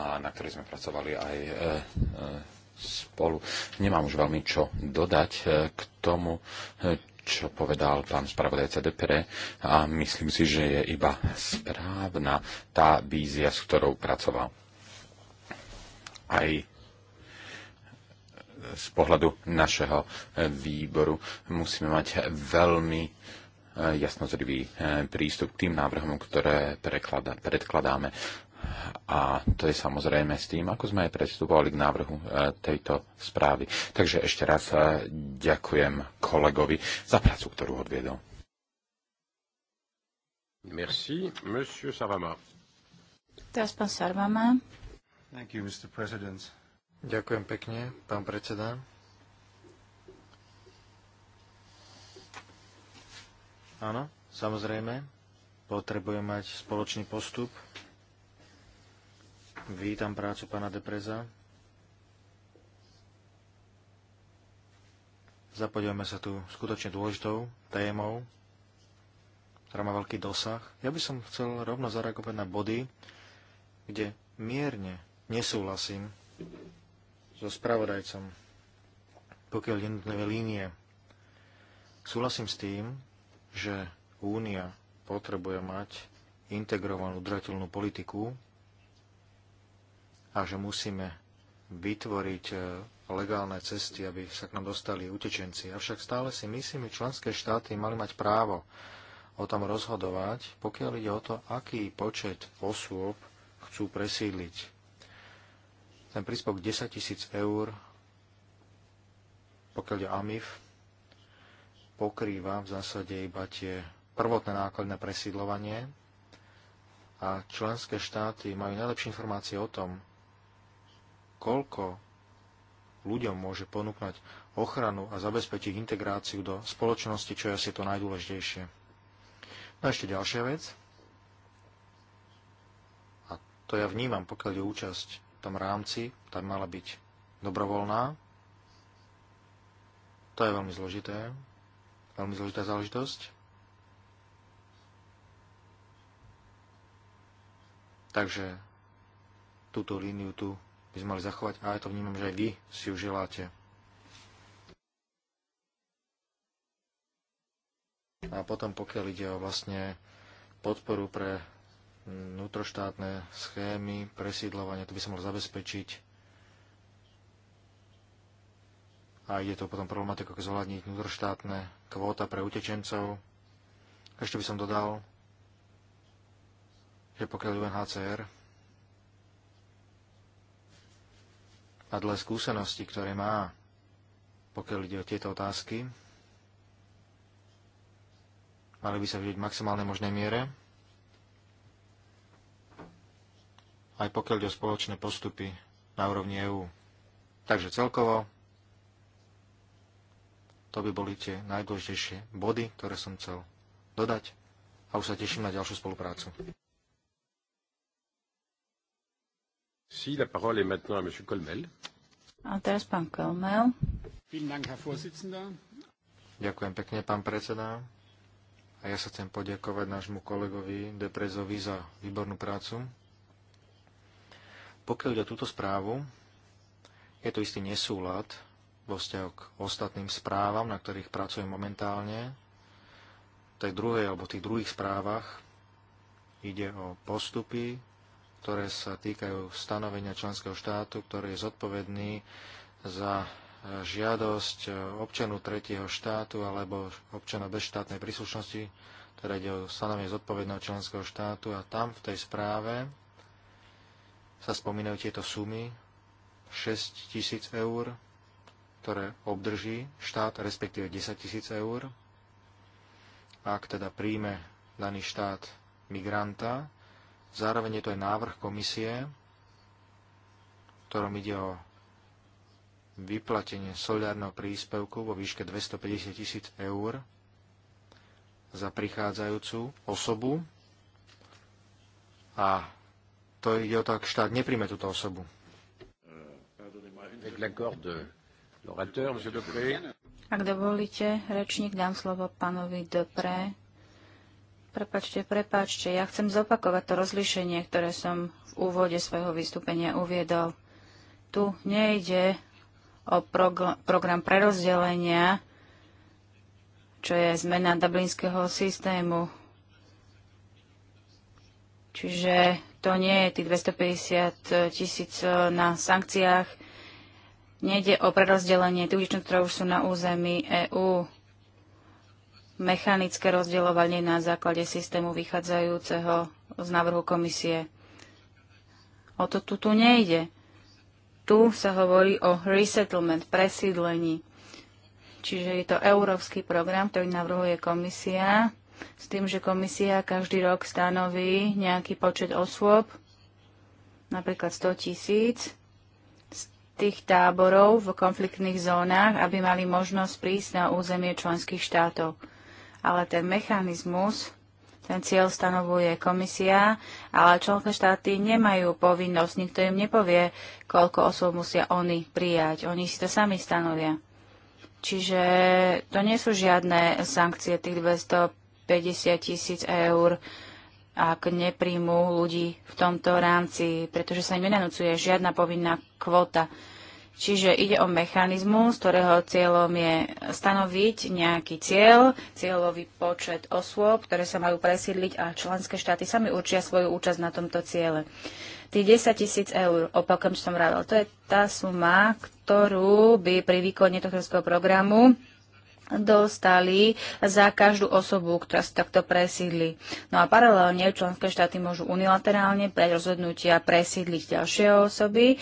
a na ktorej sme pracovali aj eh, spolu. Nemám už veľmi čo dodať e, k tomu, e, čo povedal pán spravodajca Depere a myslím si, že je iba správna tá vízia, s ktorou pracoval. Aj e, z pohľadu našeho výboru musíme mať veľmi jasnozrivý prístup k tým návrhom, ktoré predkladáme. A to je samozrejme s tým, ako sme aj predstupovali k návrhu e, tejto správy. Takže ešte raz e, ďakujem kolegovi za prácu, ktorú odviedol. Merci, monsieur Savama. Teraz pán Sarvama. Thank you, Mr. President. Ďakujem pekne, pán predseda. Áno, samozrejme, potrebujem mať spoločný postup Vítam prácu pána Depreza. Zapodívame sa tu skutočne dôležitou témou, ktorá má veľký dosah. Ja by som chcel rovno zareagovať na body, kde mierne nesúhlasím so spravodajcom, pokiaľ jednotlivé línie. Súhlasím s tým, že Únia potrebuje mať integrovanú držateľnú politiku a že musíme vytvoriť e, legálne cesty, aby sa k nám dostali utečenci. Avšak stále si myslím, že členské štáty mali mať právo o tom rozhodovať, pokiaľ ide o to, aký počet osôb chcú presídliť. Ten príspevok 10 tisíc eur, pokiaľ ide AMIF, pokrýva v zásade iba tie prvotné nákladné presídlovanie a členské štáty majú najlepšie informácie o tom, koľko ľuďom môže ponúknuť ochranu a zabezpečiť integráciu do spoločnosti, čo je asi to najdôležitejšie. No a ešte ďalšia vec. A to ja vnímam, pokiaľ je účasť v tom rámci, tak mala byť dobrovoľná. To je veľmi zložité. Veľmi zložitá záležitosť. Takže túto líniu tu by sme mali zachovať a aj to vnímam, že aj vy si ju želáte. A potom pokiaľ ide o vlastne podporu pre vnútroštátne schémy, presídlovanie, to by sa mal zabezpečiť. A ide to potom problematiku, ako zvládniť vnútroštátne kvóta pre utečencov. Ešte by som dodal, že pokiaľ UNHCR a dle skúsenosti, ktoré má, pokiaľ ide o tieto otázky, mali by sa vidieť v maximálnej možnej miere, aj pokiaľ ide o spoločné postupy na úrovni EÚ. Takže celkovo to by boli tie najdôležitejšie body, ktoré som chcel dodať a už sa teším na ďalšiu spoluprácu. Si, la parole est maintenant à M. Kolmel. teraz pán Kolmel. Ďakujem pekne, pán predseda. A ja sa chcem poďakovať nášmu kolegovi Deprezovi za výbornú prácu. Pokiaľ ide o túto správu, je to istý nesúlad vo vzťahu k ostatným správam, na ktorých pracujem momentálne. V tej druhej alebo tých druhých správach ide o postupy ktoré sa týkajú stanovenia členského štátu, ktorý je zodpovedný za e, žiadosť e, občanu tretieho štátu alebo občana bez štátnej príslušnosti, teda ide o stanovenie zodpovedného členského štátu a tam v tej správe sa spomínajú tieto sumy 6 tisíc eur, ktoré obdrží štát, respektíve 10 tisíc eur, ak teda príjme daný štát migranta, Zároveň je to aj návrh komisie, ktorom ide o vyplatenie solidárneho príspevku vo výške 250 tisíc eur za prichádzajúcu osobu a to ide o to, ak štát nepríjme túto osobu. Ak dovolíte, rečník dám slovo pánovi Depre, Prepačte, prepačte, ja chcem zopakovať to rozlišenie, ktoré som v úvode svojho vystúpenia uviedol. Tu nejde o prog- program prerozdelenia, čo je zmena dublinského systému. Čiže to nie je tých 250 tisíc na sankciách. Nejde o prerozdelenie tých, ktoré už sú na území EÚ mechanické rozdeľovanie na základe systému vychádzajúceho z návrhu komisie. O to tu, tu nejde. Tu sa hovorí o resettlement, presídlení. Čiže je to európsky program, ktorý navrhuje komisia, s tým, že komisia každý rok stanoví nejaký počet osôb, napríklad 100 tisíc, z tých táborov v konfliktných zónach, aby mali možnosť prísť na územie členských štátov ale ten mechanizmus, ten cieľ stanovuje komisia, ale členské štáty nemajú povinnosť, nikto im nepovie, koľko osôb musia oni prijať. Oni si to sami stanovia. Čiže to nie sú žiadne sankcie tých 250 tisíc eur, ak nepríjmú ľudí v tomto rámci, pretože sa im nenanúcuje žiadna povinná kvota. Čiže ide o mechanizmus, ktorého cieľom je stanoviť nejaký cieľ, cieľový počet osôb, ktoré sa majú presídliť a členské štáty sami určia svoju účasť na tomto ciele. Tých 10 tisíc eur, opakom, čo som rával, to je tá suma, ktorú by pri výkone tohto programu dostali za každú osobu, ktorá sa takto presídli. No a paralelne členské štáty môžu unilaterálne pre rozhodnutia presídliť ďalšie osoby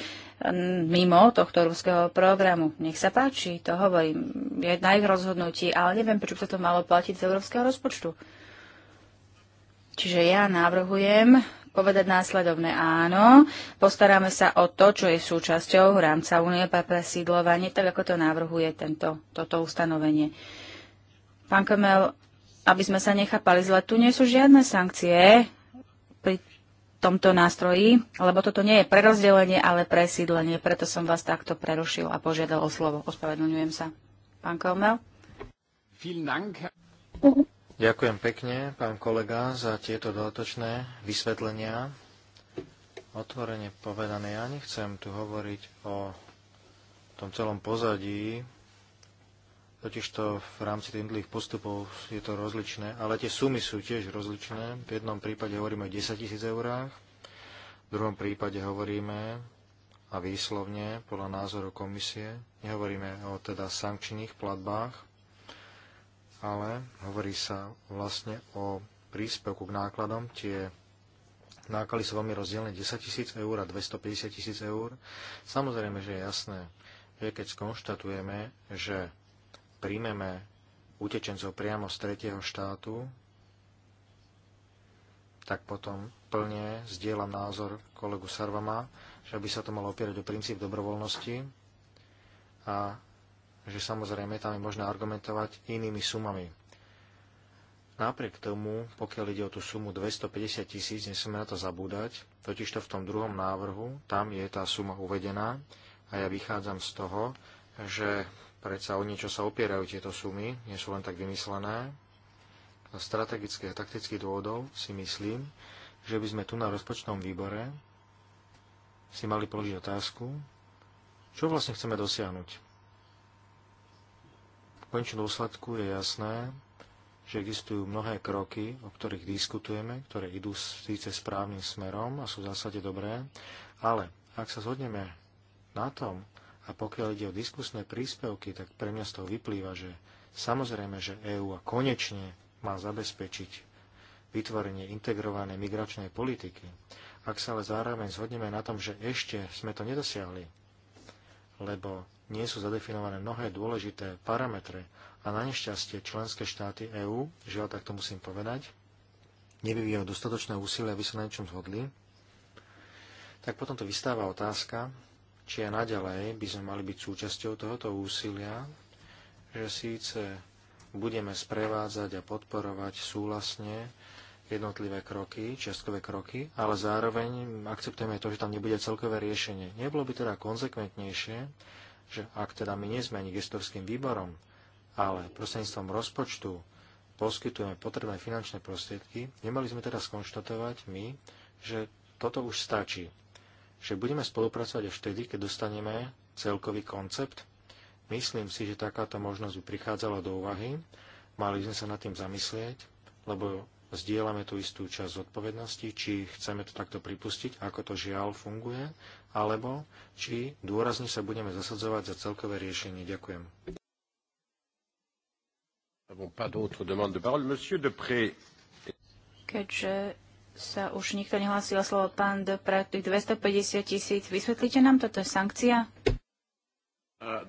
mimo tohto ruského programu. Nech sa páči, to hovorím. Je na ich rozhodnutí, ale neviem, prečo sa to malo platiť z európskeho rozpočtu. Čiže ja navrhujem povedať následovné áno, postaráme sa o to, čo je súčasťou rámca únie pre presídlovanie, tak ako to navrhuje tento, toto ustanovenie. Pán Kamel, aby sme sa nechápali zle, tu nie sú žiadne sankcie tomto nástroji, lebo toto nie je prerozdelenie, ale presídlenie. Preto som vás takto prerušil a požiadal o slovo. Ospravedlňujem sa. Pán Kolmel? Ďakujem pekne, pán kolega, za tieto dodatočné vysvetlenia. Otvorene povedané, ja nechcem tu hovoriť o tom celom pozadí Totižto v rámci tých jednotlivých postupov je to rozličné, ale tie sumy sú tiež rozličné. V jednom prípade hovoríme o 10 tisíc eurách, v druhom prípade hovoríme a výslovne podľa názoru komisie, nehovoríme o teda sankčných platbách, ale hovorí sa vlastne o príspevku k nákladom. Tie náklady sú veľmi rozdielne, 10 tisíc eur a 250 tisíc eur. Samozrejme, že je jasné, že keď skonštatujeme, že príjmeme utečencov priamo z tretieho štátu, tak potom plne zdieľam názor kolegu Sarvama, že by sa to malo opierať o princíp dobrovoľnosti a že samozrejme tam je možné argumentovať inými sumami. Napriek tomu, pokiaľ ide o tú sumu 250 tisíc, nesme na to zabúdať, totižto v tom druhom návrhu, tam je tá suma uvedená a ja vychádzam z toho, že Predsa o niečo sa opierajú tieto sumy, nie sú len tak vymyslené. Z strategických a taktických dôvodov si myslím, že by sme tu na rozpočnom výbore si mali položiť otázku, čo vlastne chceme dosiahnuť. V končnom dôsledku je jasné, že existujú mnohé kroky, o ktorých diskutujeme, ktoré idú síce správnym smerom a sú v zásade dobré, ale ak sa zhodneme na tom, a pokiaľ ide o diskusné príspevky, tak pre mňa z toho vyplýva, že samozrejme, že EÚ a konečne má zabezpečiť vytvorenie integrovanej migračnej politiky, ak sa ale zároveň zhodneme na tom, že ešte sme to nedosiahli, lebo nie sú zadefinované mnohé dôležité parametre a na nešťastie členské štáty EÚ, žiaľ tak to musím povedať, nevyvíjajú dostatočné úsilie, aby sa na niečom zhodli, tak potom to vystáva otázka, či aj naďalej by sme mali byť súčasťou tohoto úsilia, že síce budeme sprevádzať a podporovať súhlasne jednotlivé kroky, čiastkové kroky, ale zároveň akceptujeme to, že tam nebude celkové riešenie. Nebolo by teda konzekventnejšie, že ak teda my nie sme ani gestorským výborom, ale prostredníctvom rozpočtu poskytujeme potrebné finančné prostriedky, nemali sme teda skonštatovať my, že toto už stačí že budeme spolupracovať až vtedy, keď dostaneme celkový koncept. Myslím si, že takáto možnosť by prichádzala do úvahy. Mali sme sa nad tým zamyslieť, lebo zdieľame tú istú časť zodpovednosti, či chceme to takto pripustiť, ako to žiaľ funguje, alebo či dôrazne sa budeme zasadzovať za celkové riešenie. Ďakujem. Keďže sa už nikto nehlásil o slovo pán prak, tých 250 tisíc. Vysvetlíte nám, toto je sankcia? Ah,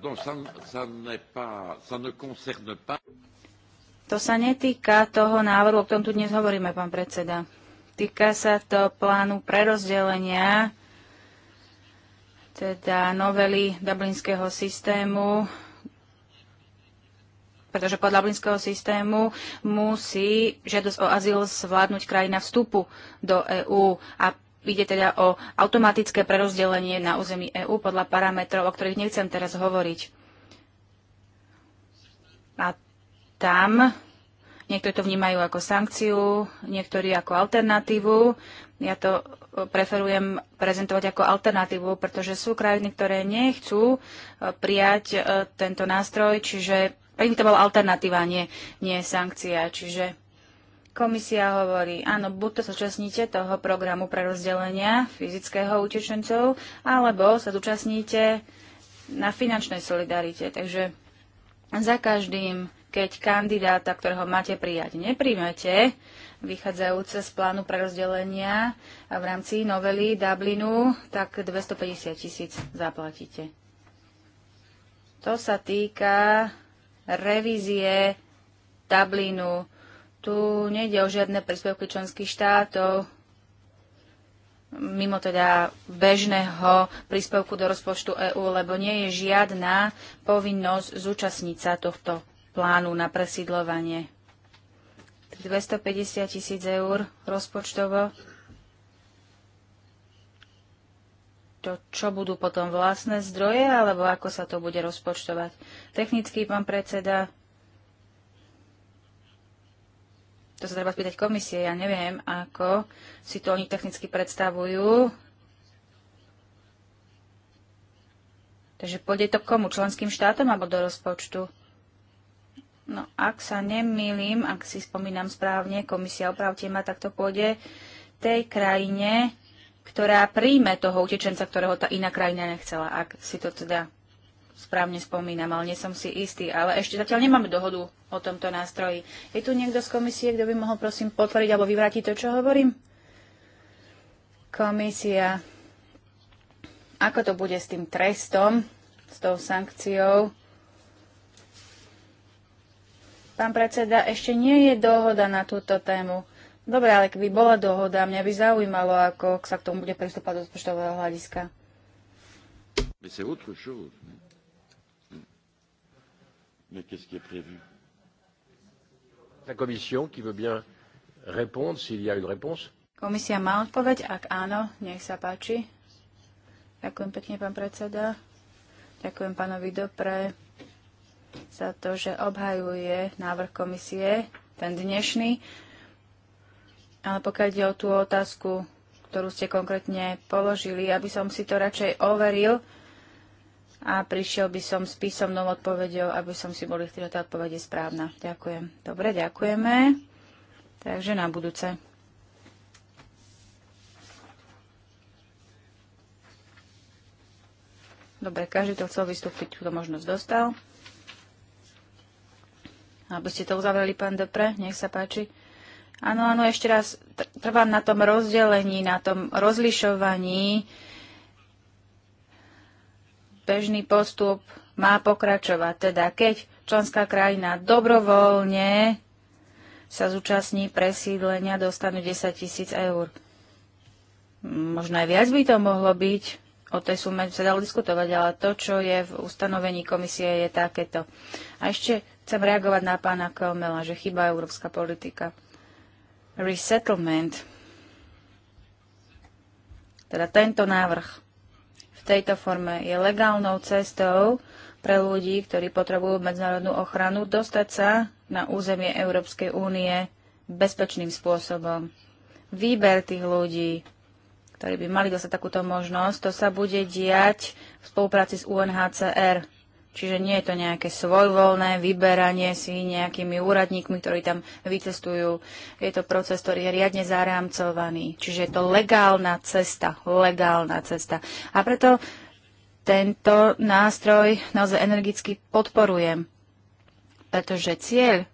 to sa netýka toho návrhu, o ktorom tu dnes hovoríme, pán predseda. Týka sa to plánu prerozdelenia, teda novely dublinského systému pretože podľa blinského systému musí žiadosť o azyl zvládnuť krajina vstupu do EÚ a Ide teda o automatické prerozdelenie na území EÚ podľa parametrov, o ktorých nechcem teraz hovoriť. A tam niektorí to vnímajú ako sankciu, niektorí ako alternatívu. Ja to preferujem prezentovať ako alternatívu, pretože sú krajiny, ktoré nechcú eh, prijať eh, tento nástroj, čiže pre nich to bola alternatíva, nie, nie sankcia. Čiže komisia hovorí, áno, buď to súčasníte toho programu pre rozdelenia fyzického utečencov, alebo sa zúčastníte na finančnej solidarite. Takže za každým, keď kandidáta, ktorého máte prijať, nepríjmete, vychádzajúce z plánu prerozdelenia v rámci novely Dublinu, tak 250 tisíc zaplatíte. To sa týka revízie Dublinu. Tu nejde o žiadne príspevky členských štátov, mimo teda bežného príspevku do rozpočtu EÚ, lebo nie je žiadna povinnosť zúčastniť sa tohto plánu na presídlovanie. 250 tisíc eur rozpočtovo to čo budú potom vlastné zdroje, alebo ako sa to bude rozpočtovať. Technicky, pán predseda, to sa treba spýtať komisie, ja neviem, ako si to oni technicky predstavujú. Takže pôjde to komu? Členským štátom alebo do rozpočtu? No, ak sa nemýlim, ak si spomínam správne, komisia opravte ma, tak to pôjde tej krajine, ktorá príjme toho utečenca, ktorého tá iná krajina nechcela, ak si to teda správne spomínam, ale nie som si istý. Ale ešte zatiaľ nemáme dohodu o tomto nástroji. Je tu niekto z komisie, kto by mohol prosím potvrdiť alebo vyvrátiť to, čo hovorím? Komisia. Ako to bude s tým trestom, s tou sankciou? Pán predseda, ešte nie je dohoda na túto tému. Dobre, ale keby bola dohoda, mňa by zaujímalo, ako sa k tomu bude pristúpať do rozpočtového hľadiska. Komisia má odpoveď? Ak áno, nech sa páči. Ďakujem pekne, pán predseda. Ďakujem pánovi Dopre za to, že obhajuje návrh komisie, ten dnešný. Ale pokiaľ ide o tú otázku, ktorú ste konkrétne položili, aby som si to radšej overil a prišiel by som s písomnou odpovedou, aby som si boli chceli, tá odpoveď je správna. Ďakujem. Dobre, ďakujeme. Takže na budúce. Dobre, každý to chcel vystúpiť, túto možnosť dostal. Aby ste to uzavreli, pán Depre, nech sa páči. Áno, áno, ešte raz trvám na tom rozdelení, na tom rozlišovaní. Bežný postup má pokračovať. Teda keď členská krajina dobrovoľne sa zúčastní presídlenia, dostanú 10 tisíc eur. Možno aj viac by to mohlo byť. O tej sume sa dalo diskutovať, ale to, čo je v ustanovení komisie, je takéto. A ešte chcem reagovať na pána Kelmela, že chýba európska politika resettlement, teda tento návrh v tejto forme je legálnou cestou pre ľudí, ktorí potrebujú medzinárodnú ochranu, dostať sa na územie Európskej únie bezpečným spôsobom. Výber tých ľudí, ktorí by mali dostať takúto možnosť, to sa bude diať v spolupráci s UNHCR. Čiže nie je to nejaké svojvoľné vyberanie si nejakými úradníkmi, ktorí tam vycestujú. Je to proces, ktorý je riadne zarámcovaný. Čiže je to legálna cesta. Legálna cesta. A preto tento nástroj naozaj energicky podporujem. Pretože cieľ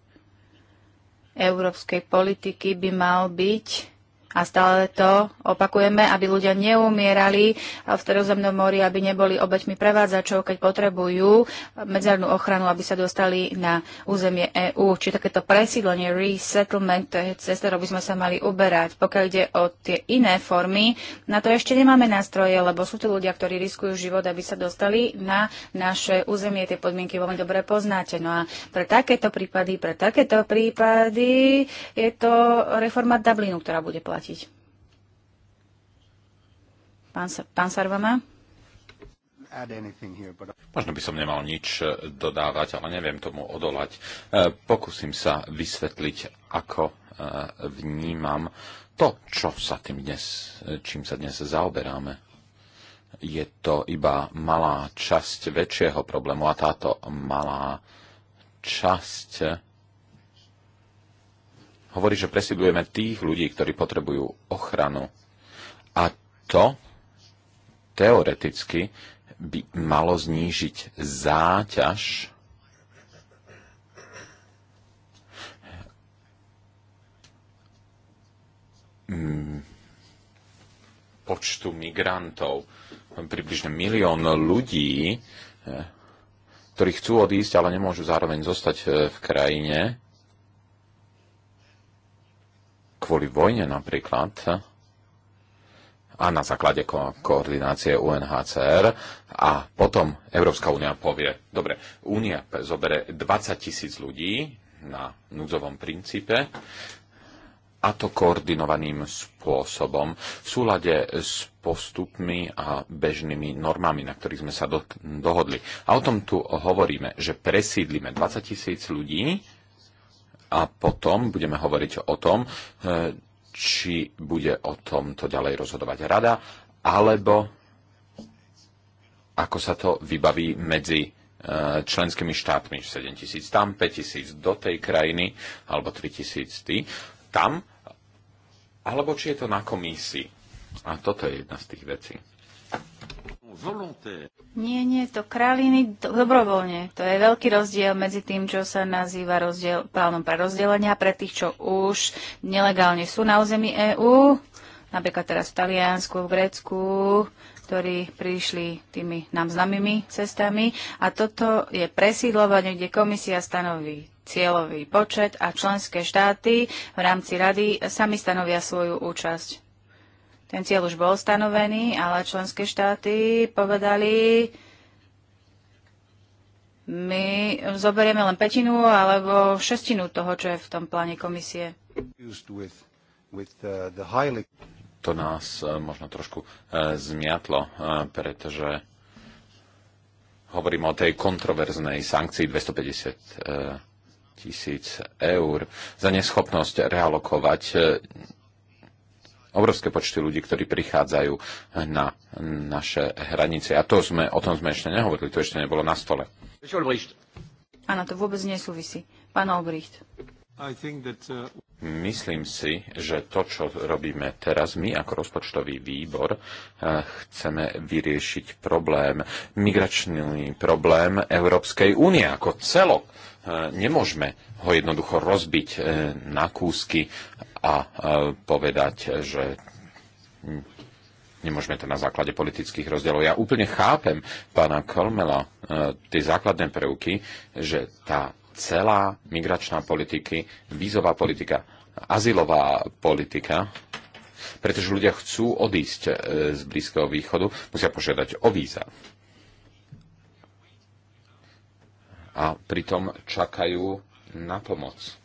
európskej politiky by mal byť a stále to opakujeme, aby ľudia neumierali v Stredozemnom mori, aby neboli obeťmi prevádzačov, keď potrebujú medzinárodnú ochranu, aby sa dostali na územie EÚ. Čiže takéto presídlenie, resettlement, to je cesta, ktorou by sme sa mali uberať. Pokiaľ ide o tie iné formy, na to ešte nemáme nástroje, lebo sú to ľudia, ktorí riskujú život, aby sa dostali na naše územie. Tie podmienky veľmi dobre poznáte. No a pre takéto prípady, pre takéto prípady je to reforma Dublinu, ktorá bude platiť zaplatiť. Pán, pán Sarvama? Možno by som nemal nič eh, dodávať, ale neviem tomu odolať. Eh, pokúsim sa vysvetliť, ako eh, vnímam to, čo sa tým dnes, čím sa dnes zaoberáme je to iba malá časť väčšieho problému a táto malá časť hovorí, že presidujeme tých ľudí, ktorí potrebujú ochranu. A to teoreticky by malo znížiť záťaž počtu migrantov, približne milión ľudí, eh, ktorí chcú odísť, ale nemôžu zároveň zostať eh, v krajine kvôli vojne napríklad eh, a na základe ko- koordinácie UNHCR a potom Európska únia povie, dobre, únia zobere 20 tisíc ľudí na núdzovom princípe a to koordinovaným spôsobom v súlade s postupmi a bežnými normami, na ktorých sme sa do- dohodli. A o tom tu hovoríme, že presídlime 20 tisíc ľudí a potom budeme hovoriť o tom, e, či bude o tomto ďalej rozhodovať rada, alebo ako sa to vybaví medzi e, členskými štátmi, 7 tisíc tam, 5 tisíc do tej krajiny, alebo 3 tisíc ty, tam, alebo či je to na komisii. A toto je jedna z tých vecí. Nie, nie, to králiny dobrovoľne. To je veľký rozdiel medzi tým, čo sa nazýva rozdiel, plánom pre rozdelenia pre tých, čo už nelegálne sú na území EÚ, napríklad teraz v Taliansku, v Grécku, ktorí prišli tými nám známymi cestami. A toto je presídlovanie, kde komisia stanoví cieľový počet a členské štáty v rámci rady sami stanovia svoju účasť. Ten cieľ už bol stanovený, ale členské štáty povedali, my zoberieme len petinu alebo šestinu toho, čo je v tom pláne komisie. Uh, to nás uh, možno trošku uh, zmiatlo, pretože hovorím o tej kontroverznej sankcii 250 tisíc eur za neschopnosť realokovať obrovské počty ľudí, ktorí prichádzajú na naše hranice. A to sme, o tom sme ešte nehovorili, to ešte nebolo na stole. Áno, to vôbec nesúvisí. Pán Olbricht. Uh, Myslím si, že to, čo robíme teraz my ako rozpočtový výbor, uh, chceme vyriešiť problém, migračný problém Európskej únie ako celok. Uh, nemôžeme ho jednoducho rozbiť na kúsky a povedať, že nemôžeme to na základe politických rozdielov. Ja úplne chápem pána Kolmela, e, tie základné prvky, že tá celá migračná politika, vízová politika, azylová politika, pretože ľudia chcú odísť e, z Blízkeho východu, musia požiadať o víza. A pritom čakajú na pomoc.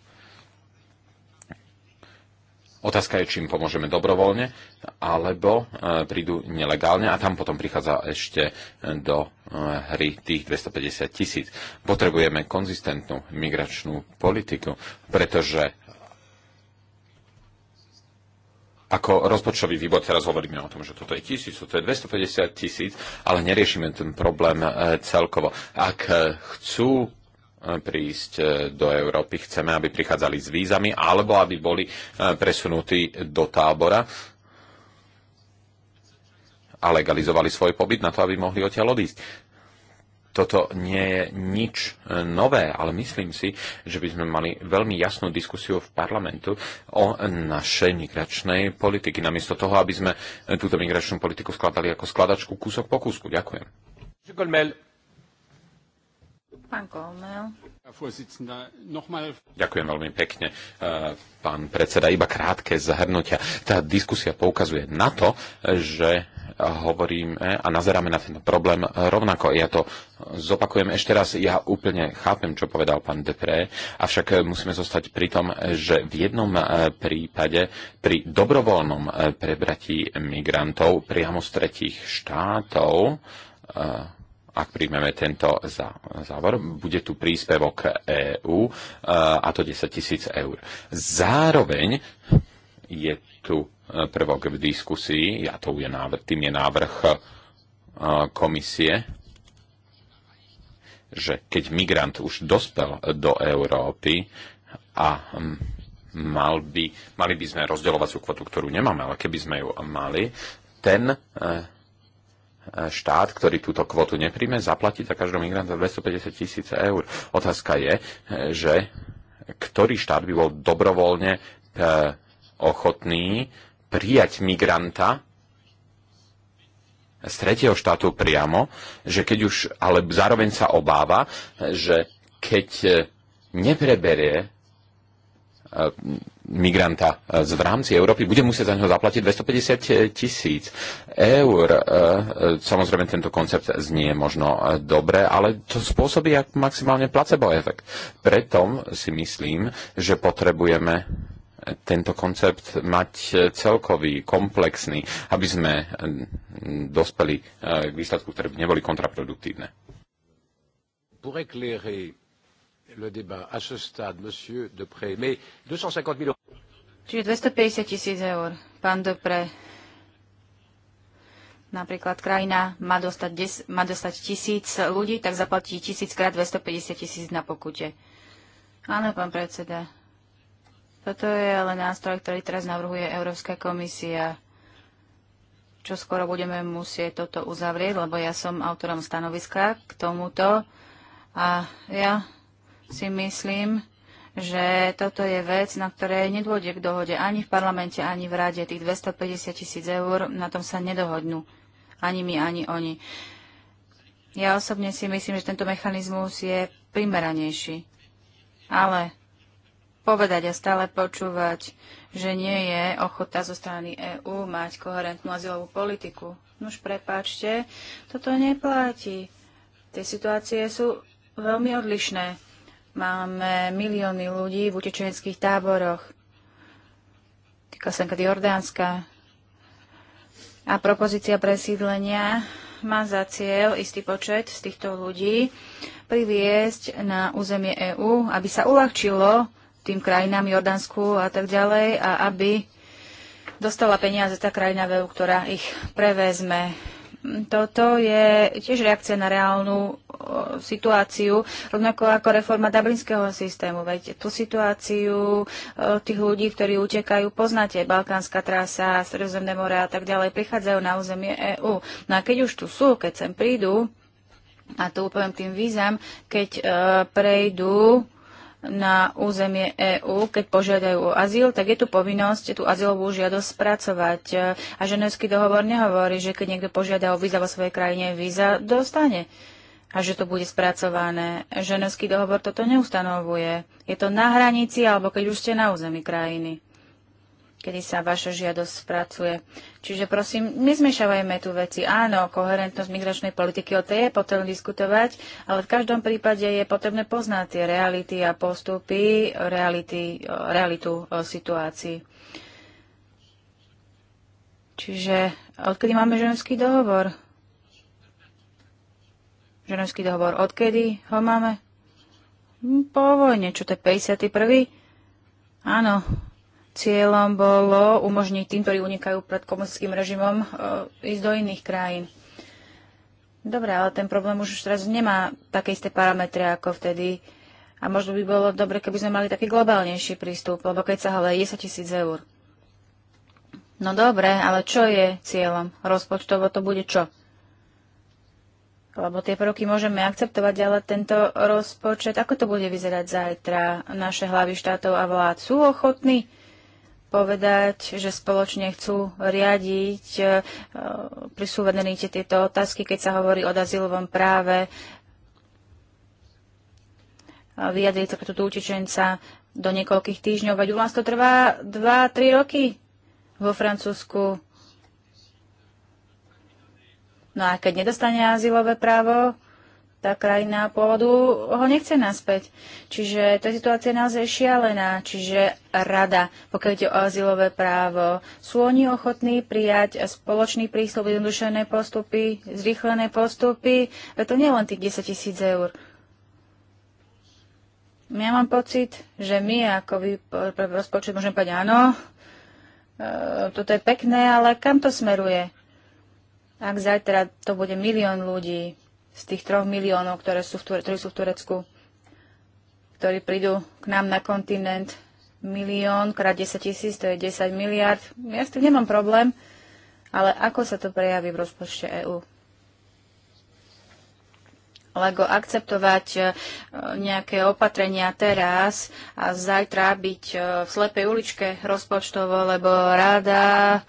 Otázka je, či im pomôžeme dobrovoľne, alebo e, prídu nelegálne a tam potom prichádza ešte do e, hry tých 250 tisíc. Potrebujeme konzistentnú migračnú politiku, pretože ako rozpočtový výbor teraz hovoríme o tom, že toto je tisíc, toto je 250 tisíc, ale neriešime ten problém e, celkovo. Ak chcú prísť e, do Európy. Chceme, aby prichádzali s vízami alebo aby boli e, presunutí do tábora a legalizovali svoj pobyt na to, aby mohli odtiaľ odísť. Toto nie je nič e, nové, ale myslím si, že by sme mali veľmi jasnú diskusiu v parlamentu o našej migračnej politiky, namiesto toho, aby sme túto migračnú politiku skladali ako skladačku kúsok po kúsku. Ďakujem. Pán Kolmel. Ďakujem veľmi pekne, e, pán predseda. Iba krátke zahrnutia. Tá diskusia poukazuje na to, že hovoríme a nazeráme na ten problém rovnako. Ja to zopakujem ešte raz. Ja úplne chápem, čo povedal pán Depré, avšak musíme zostať pri tom, že v jednom e, prípade pri dobrovoľnom e, prebratí migrantov priamo z tretích štátov ak príjmeme tento závor, bude tu príspevok EÚ e, a to 10 tisíc eur. Zároveň je tu e, prvok v diskusii, ja to je návrh, tým je návrh e, komisie, že keď migrant už dospel do Európy a mal by, mali by sme rozdeľovaciu kvotu, ktorú nemáme, ale keby sme ju mali, ten štát, ktorý túto kvotu nepríjme, zaplatí za každého migranta 250 tisíc eur. Otázka je, že ktorý štát by bol dobrovoľne e, ochotný prijať migranta z tretieho štátu priamo, že keď už, ale zároveň sa obáva, že keď e, nepreberie E, migranta e, v rámci Európy bude musieť za neho zaplatiť 250 tisíc eur. E, samozrejme, tento koncept znie možno dobre, ale to spôsobí jak maximálne placebo efekt. Preto si myslím, že potrebujeme tento koncept mať celkový, komplexný, aby sme dospeli k výsledku, ktoré by neboli kontraproduktívne. Pour éclairer le débat à ce stade, monsieur Depré. Mais 250 000 euros. Čiže 250 tisíc eur. Pán Depré, napríklad krajina má dostať, má dostať tisíc ľudí, tak zaplatí tisíckrát 250 tisíc na pokute. Áno, pán predseda. Toto je ale nástroj, ktorý teraz navrhuje Európska komisia. Čo skoro budeme musieť toto uzavrieť, lebo ja som autorom stanoviska k tomuto. A ja si myslím, že toto je vec, na ktorej nedôjde k dohode ani v parlamente, ani v rade. Tých 250 tisíc eur na tom sa nedohodnú. Ani my, ani oni. Ja osobne si myslím, že tento mechanizmus je primeranejší. Ale povedať a stále počúvať, že nie je ochota zo strany EÚ mať koherentnú azylovú politiku. Už prepáčte, toto neplatí. Tie situácie sú veľmi odlišné. Máme milióny ľudí v utečeneckých táboroch. Týka sa Jordánska. A propozícia presídlenia má za cieľ istý počet z týchto ľudí priviesť na územie EÚ, aby sa uľahčilo tým krajinám Jordánsku a tak ďalej a aby dostala peniaze tá krajina v ktorá ich prevezme. Toto je tiež reakcia na reálnu situáciu, rovnako ako reforma dublinského systému. Veď tú situáciu tých ľudí, ktorí utekajú, poznáte, Balkánska trasa, Stredozemné more a tak ďalej, prichádzajú na územie EÚ. No a keď už tu sú, keď sem prídu, a to úplne tým vízam, keď e, prejdú na územie EÚ, keď požiadajú o azyl, tak je tu povinnosť tú azylovú žiadosť spracovať. A ženevský dohovor nehovorí, že keď niekto požiada o víza vo svojej krajine, víza dostane a že to bude spracované. Ženevský dohovor toto neustanovuje. Je to na hranici, alebo keď už ste na území krajiny kedy sa vaša žiadosť spracuje. Čiže prosím, nezmešavajme tu veci. Áno, koherentnosť migračnej politiky, o tej je potrebné diskutovať, ale v každom prípade je potrebné poznať tie reality a postupy, reality, realitu e, situácií. Čiže odkedy máme ženský dohovor? Ženevský dohovor odkedy ho máme? Hm, po vojne, čo to je 51. Áno, Cieľom bolo umožniť tým, ktorí unikajú pred komunistickým režimom, e, ísť do iných krajín. Dobre, ale ten problém už teraz nemá také isté parametre ako vtedy. A možno by bolo dobre, keby sme mali taký globálnejší prístup, lebo keď sa hovorí 10 tisíc eur. No dobre, ale čo je cieľom? Rozpočtovo to bude čo? Lebo tie prvky môžeme akceptovať, ale tento rozpočet, ako to bude vyzerať zajtra? Naše hlavy štátov a vlád sú ochotní povedať, že spoločne chcú riadiť e, pri suverenite tieto otázky, keď sa hovorí o azylovom práve vyjadriť sa túto utečenca do niekoľkých týždňov. Veď u nás to trvá 2-3 roky vo Francúzsku. No a keď nedostane azylové právo, tá krajina pôvodu ho nechce naspäť. Čiže tá situácia je naozaj šialená. Čiže rada, pokiaľ ide o azylové právo, sú oni ochotní prijať spoločný prístup, jednodušené postupy, zrýchlené postupy, to nie len tých 10 tisíc eur. Ja mám pocit, že my ako vy rozpočet môžeme povedať áno, e, toto je pekné, ale kam to smeruje? Ak zajtra to bude milión ľudí, z tých troch miliónov, ktoré sú v, ktorí sú v Turecku, ktorí prídu k nám na kontinent, milión krát 10 tisíc, to je 10 miliard. Ja s tým nemám problém, ale ako sa to prejaví v rozpočte EÚ? Lebo akceptovať e, nejaké opatrenia teraz a zajtra byť e, v slepej uličke rozpočtovo, lebo rada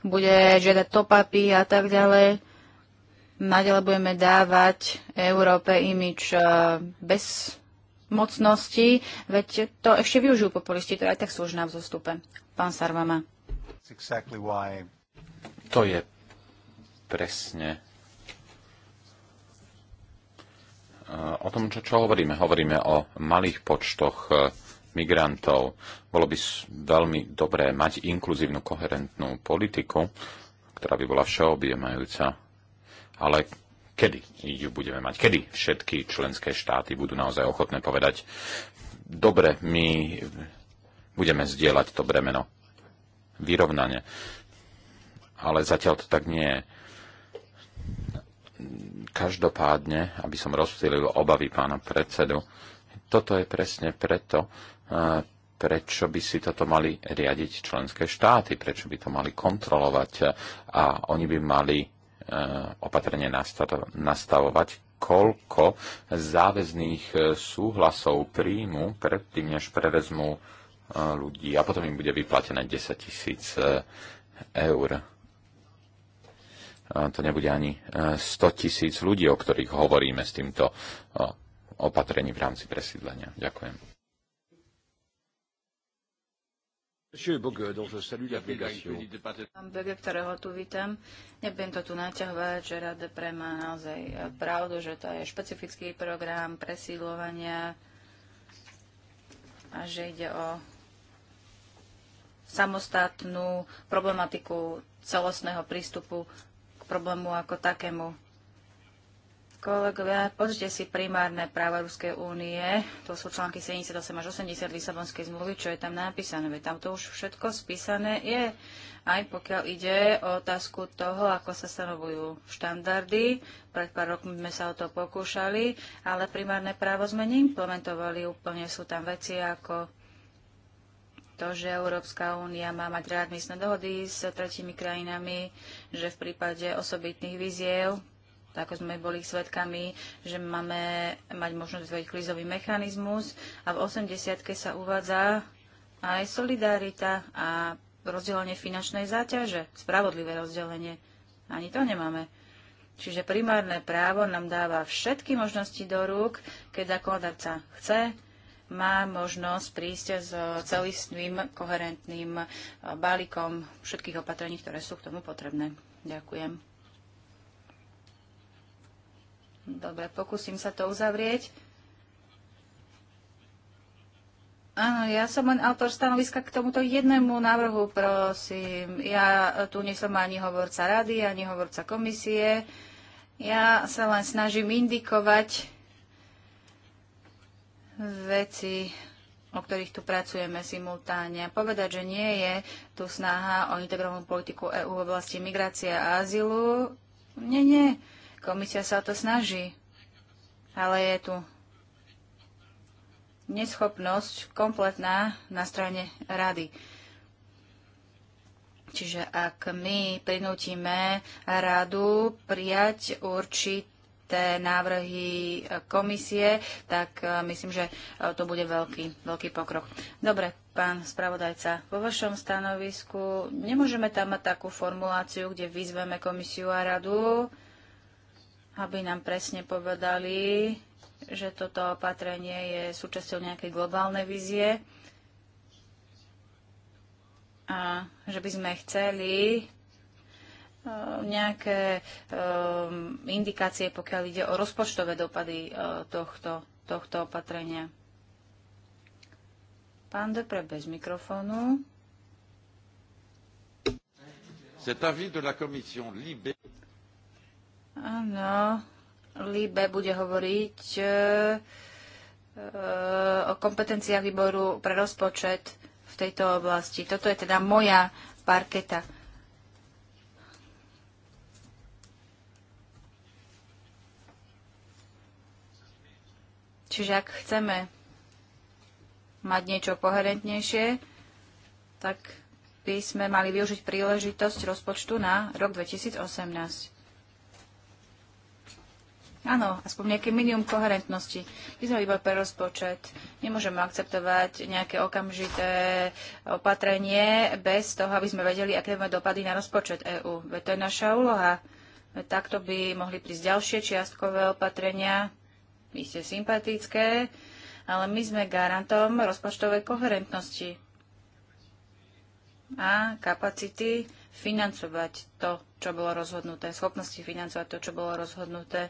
bude žiadať topapy a tak ďalej naďalej budeme dávať Európe imič e, bez mocnosti, veď to ešte využijú populisti, to aj tak sú už na vzostupe. Pán Sarvama. To je presne e, o tom, čo, čo hovoríme. Hovoríme o malých počtoch e, migrantov. Bolo by veľmi dobré mať inkluzívnu, koherentnú politiku, ktorá by bola všeobjemajúca ale kedy ju budeme mať, kedy všetky členské štáty budú naozaj ochotné povedať, dobre, my budeme zdieľať to bremeno vyrovnane. Ale zatiaľ to tak nie je. Každopádne, aby som rozptýlil obavy pána predsedu, toto je presne preto, prečo by si toto mali riadiť členské štáty, prečo by to mali kontrolovať a oni by mali E, opatrne nastavovať, koľko záväzných e, súhlasov príjmu predtým, než prevezmu e, ľudí a potom im bude vyplatené 10 tisíc eur. To nebude ani 100 tisíc ľudí, o ktorých hovoríme s týmto opatrením v rámci presídlenia. Ďakujem. Pán ktorého tu vítam, nebudem to tu naťahovať, že Rada pre má naozaj pravdu, že to je špecifický program presídlovania a že ide o samostatnú problematiku celostného prístupu k problému ako takému. Kolegovia, pozrite si primárne práva Ruskej únie, to sú články 78 až 80 Lisabonskej zmluvy, čo je tam napísané, veď tam to už všetko spísané je, aj pokiaľ ide o otázku toho, ako sa stanovujú štandardy. Pred pár rokmi sme sa o to pokúšali, ale primárne právo sme neimplementovali úplne. Sú tam veci ako to, že Európska únia má mať readmisné dohody s tretimi krajinami, že v prípade osobitných víziev ako sme boli svedkami, že máme mať možnosť zvojiť krízový mechanizmus a v 80. sa uvádza aj solidarita a rozdelenie finančnej záťaže, spravodlivé rozdelenie. Ani to nemáme. Čiže primárne právo nám dáva všetky možnosti do rúk, keď sa chce, má možnosť prísť s celistným, koherentným balíkom všetkých opatrení, ktoré sú k tomu potrebné. Ďakujem. Dobre, pokúsim sa to uzavrieť. Áno, ja som len autor stanoviska k tomuto jednému návrhu, prosím. Ja tu nie som ani hovorca rady, ani hovorca komisie. Ja sa len snažím indikovať veci, o ktorých tu pracujeme simultáne. A povedať, že nie je tu snaha o integrovanú politiku EÚ v oblasti migrácie a azylu. Nie, nie. Komisia sa o to snaží, ale je tu neschopnosť kompletná na strane rady. Čiže ak my prinútime radu prijať určité návrhy komisie, tak e, myslím, že e, to bude veľký, veľký pokrok. Dobre, pán spravodajca, vo vašom stanovisku nemôžeme tam mať takú formuláciu, kde vyzveme komisiu a radu, aby nám presne povedali, že toto opatrenie je súčasťou nejakej globálnej vízie a že by sme chceli eh, nejaké eh, indikácie, pokiaľ ide o rozpočtové dopady eh, tohto, tohto opatrenia. Pán Depre bez mikrofónu. Cet avis de la commission Libé Áno, Líbe bude hovoriť e, e, o kompetenciách výboru pre rozpočet v tejto oblasti. Toto je teda moja parketa. Čiže ak chceme mať niečo koherentnejšie, tak by sme mali využiť príležitosť rozpočtu na rok 2018. Áno, aspoň nejaké minimum koherentnosti. My sme iba pre rozpočet. Nemôžeme akceptovať nejaké okamžité opatrenie bez toho, aby sme vedeli, aké máme dopady na rozpočet EÚ. Veď to je naša úloha. Veď takto by mohli prísť ďalšie čiastkové opatrenia, ste sympatické, ale my sme garantom rozpočtovej koherentnosti a kapacity financovať to, čo bolo rozhodnuté, schopnosti financovať to, čo bolo rozhodnuté.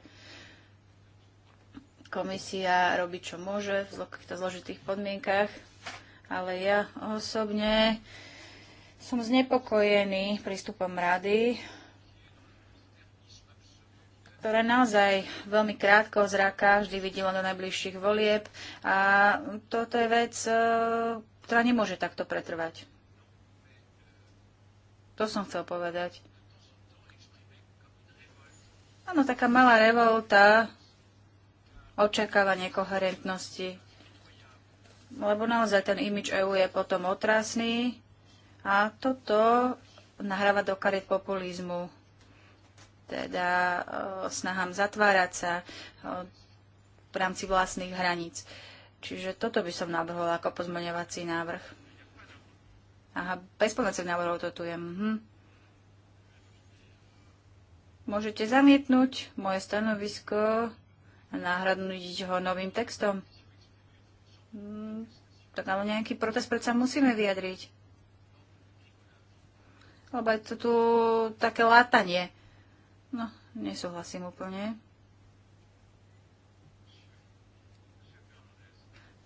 Komisia robí, čo môže v takýchto zložitých podmienkach, ale ja osobne som znepokojený prístupom rady, ktorá naozaj veľmi krátko zraka, vždy videla do najbližších volieb a toto je vec, e, ktorá nemôže takto pretrvať. To som chcel povedať. Áno, taká malá revolta očakávanie koherentnosti. Lebo naozaj ten imič EÚ je potom otrasný a toto nahráva do karet populizmu. Teda e, snahám zatvárať sa e, v rámci vlastných hraníc. Čiže toto by som navrhol ako pozmeňovací návrh. Aha, bez pomocných návrhov to tu je. Mhm. Môžete zamietnúť moje stanovisko náhradnúť ho novým textom. Mm, tak ale nejaký protest predsa musíme vyjadriť. Lebo je to tu také látanie. No, nesúhlasím úplne.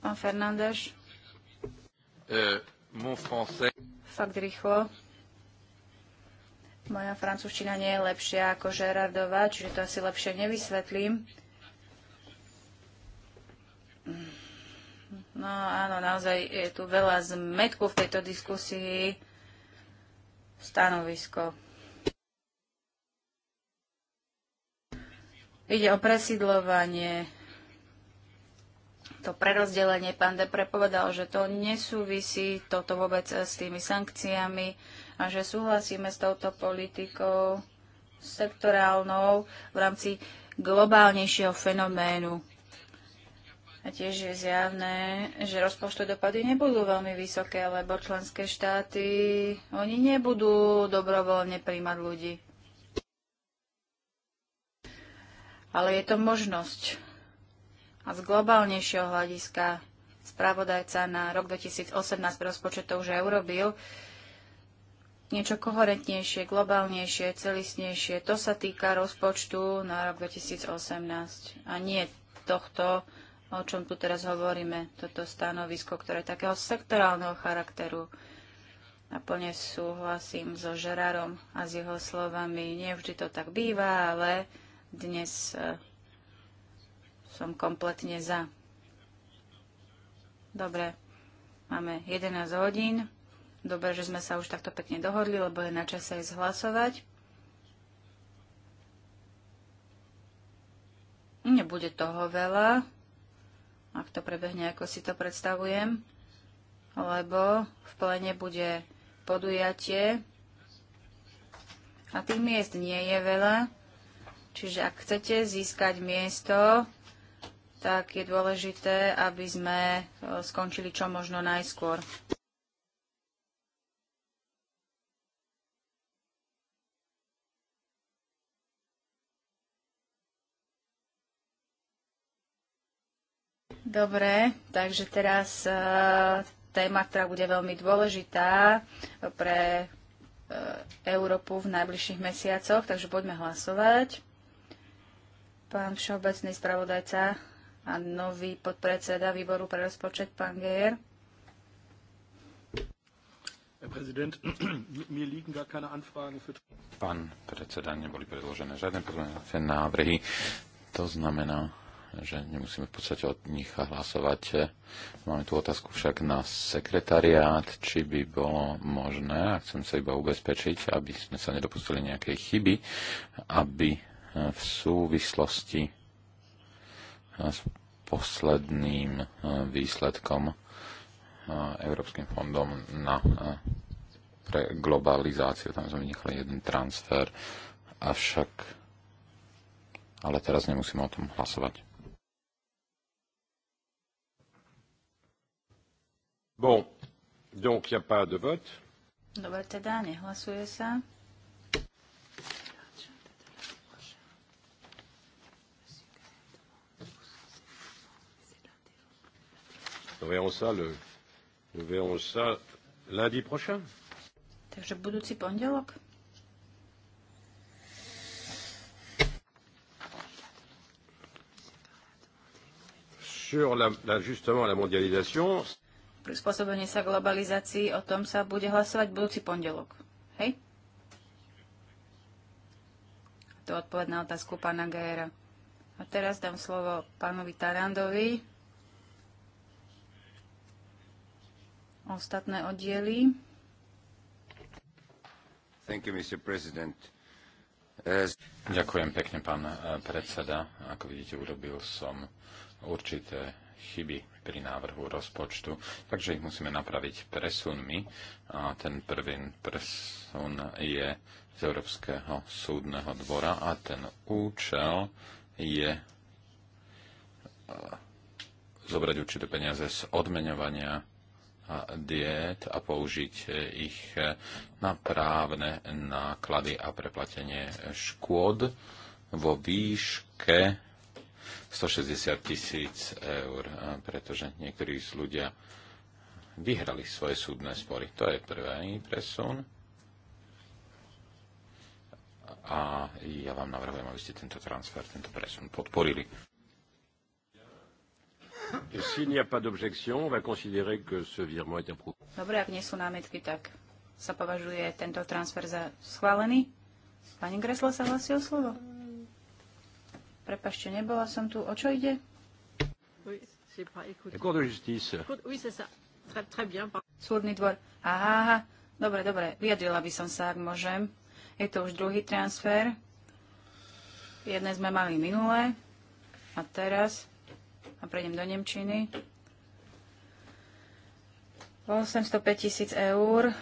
Pán Fernández. Uh, Fakt rýchlo. Moja francúzština nie je lepšia ako Gerardova, čiže to asi lepšie nevysvetlím. No áno, naozaj je tu veľa zmetku v tejto diskusii. Stanovisko. Ide o presídlovanie, to prerozdelenie. Pán Depre povedal, že to nesúvisí toto vôbec s tými sankciami a že súhlasíme s touto politikou sektorálnou v rámci globálnejšieho fenoménu a tiež je zjavné, že rozpočtové dopady nebudú veľmi vysoké, lebo členské štáty, oni nebudú dobrovoľne príjmať ľudí. Ale je to možnosť. A z globálnejšieho hľadiska spravodajca na rok 2018 rozpočet to už aj urobil, niečo koherentnejšie, globálnejšie, celistnejšie. To sa týka rozpočtu na rok 2018 a nie tohto o čom tu teraz hovoríme, toto stanovisko, ktoré je takého sektorálneho charakteru. A plne súhlasím so Žerárom a s jeho slovami. Nie vždy to tak býva, ale dnes e, som kompletne za. Dobre, máme 11 hodín. Dobre, že sme sa už takto pekne dohodli, lebo je na čase aj zhlasovať. Nebude toho veľa ak to prebehne, ako si to predstavujem, lebo v plene bude podujatie a tých miest nie je veľa. Čiže ak chcete získať miesto, tak je dôležité, aby sme e, skončili čo možno najskôr. Dobre, takže teraz e, téma, ktorá bude veľmi dôležitá pre e, Európu v najbližších mesiacoch, takže poďme hlasovať. Pán všeobecný spravodajca a nový podpredseda výboru pre rozpočet, pán Gejer. *clears throat* Pán predseda, neboli predložené žiadne pozmeňovacie návrhy. To znamená, že nemusíme v podstate od nich hlasovať. Máme tu otázku však na sekretariát, či by bolo možné, a chcem sa iba ubezpečiť, aby sme sa nedopustili nejakej chyby, aby e, v súvislosti e, s posledným e, výsledkom Európskym fondom na, pre globalizáciu. Tam sme vynechali jeden transfer, avšak ale teraz nemusíme o tom hlasovať. Bon, donc il n'y a pas de vote. Dobre, teda nehlasuje sa. Nous verrons ça, le, nous verrons ça lundi prochain. Takže budúci pondelok. Sur la, la, justement la mondialisation prispôsobenie sa globalizácii, o tom sa bude hlasovať budúci pondelok. Hej? To je odpoved na otázku pána Gajera. A teraz dám slovo pánovi Tarandovi. Ostatné oddiely. Thank you, Mr. President. Ďakujem pekne, pán eh, predseda. Ako vidíte, urobil som určité chyby pri návrhu rozpočtu, takže ich musíme napraviť presunmi. A ten prvý presun je z Európskeho súdneho dvora a ten účel je e, zobrať určité peniaze z odmeňovania e, diet a použiť e, ich na právne náklady a preplatenie škôd vo výške 160 tisíc eur, pretože niektorí ľudia vyhrali svoje súdne spory. To je prvý presun. A ja vám navrhujem, aby ste tento transfer, tento presun podporili. Dobre, ak nie sú námietky, tak sa považuje tento transfer za schválený. Pani Gresla sa hlasí o slovo. Prepašte, nebola som tu. O čo ide? Súdny dvor. Aha, aha. Dobre, dobre. Vyjadrila by som sa, ak môžem. Je to už druhý transfer. Jedné sme mali minulé. A teraz. A prejdem do Nemčiny. 805 tisíc eur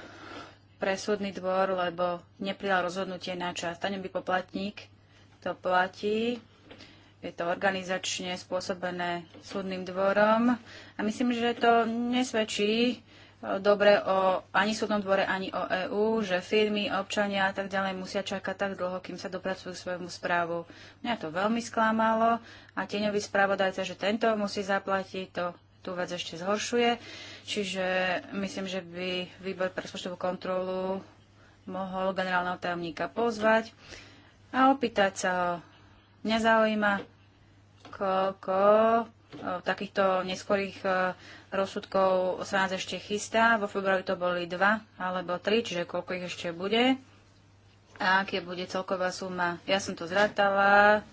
pre súdny dvor, lebo neprijal rozhodnutie na čas. by poplatník to platí je to organizačne spôsobené súdnym dvorom a myslím, že to nesvedčí e, dobre o ani súdnom dvore, ani o EÚ, že firmy, občania a tak ďalej musia čakať tak dlho, kým sa dopracujú k svojmu správu. Mňa to veľmi sklamalo a tieňový správodajca, že tento musí zaplatiť, to tú vec ešte zhoršuje. Čiže myslím, že by výbor pre rozpočtovú kontrolu mohol generálneho tajomníka pozvať a opýtať sa ho, Mňa zaujíma, koľko takýchto neskorých e, rozsudkov sa nás ešte chystá. Vo februári to boli dva alebo tri, čiže koľko ich ešte bude. A aké bude celková suma? Ja som to zrátala.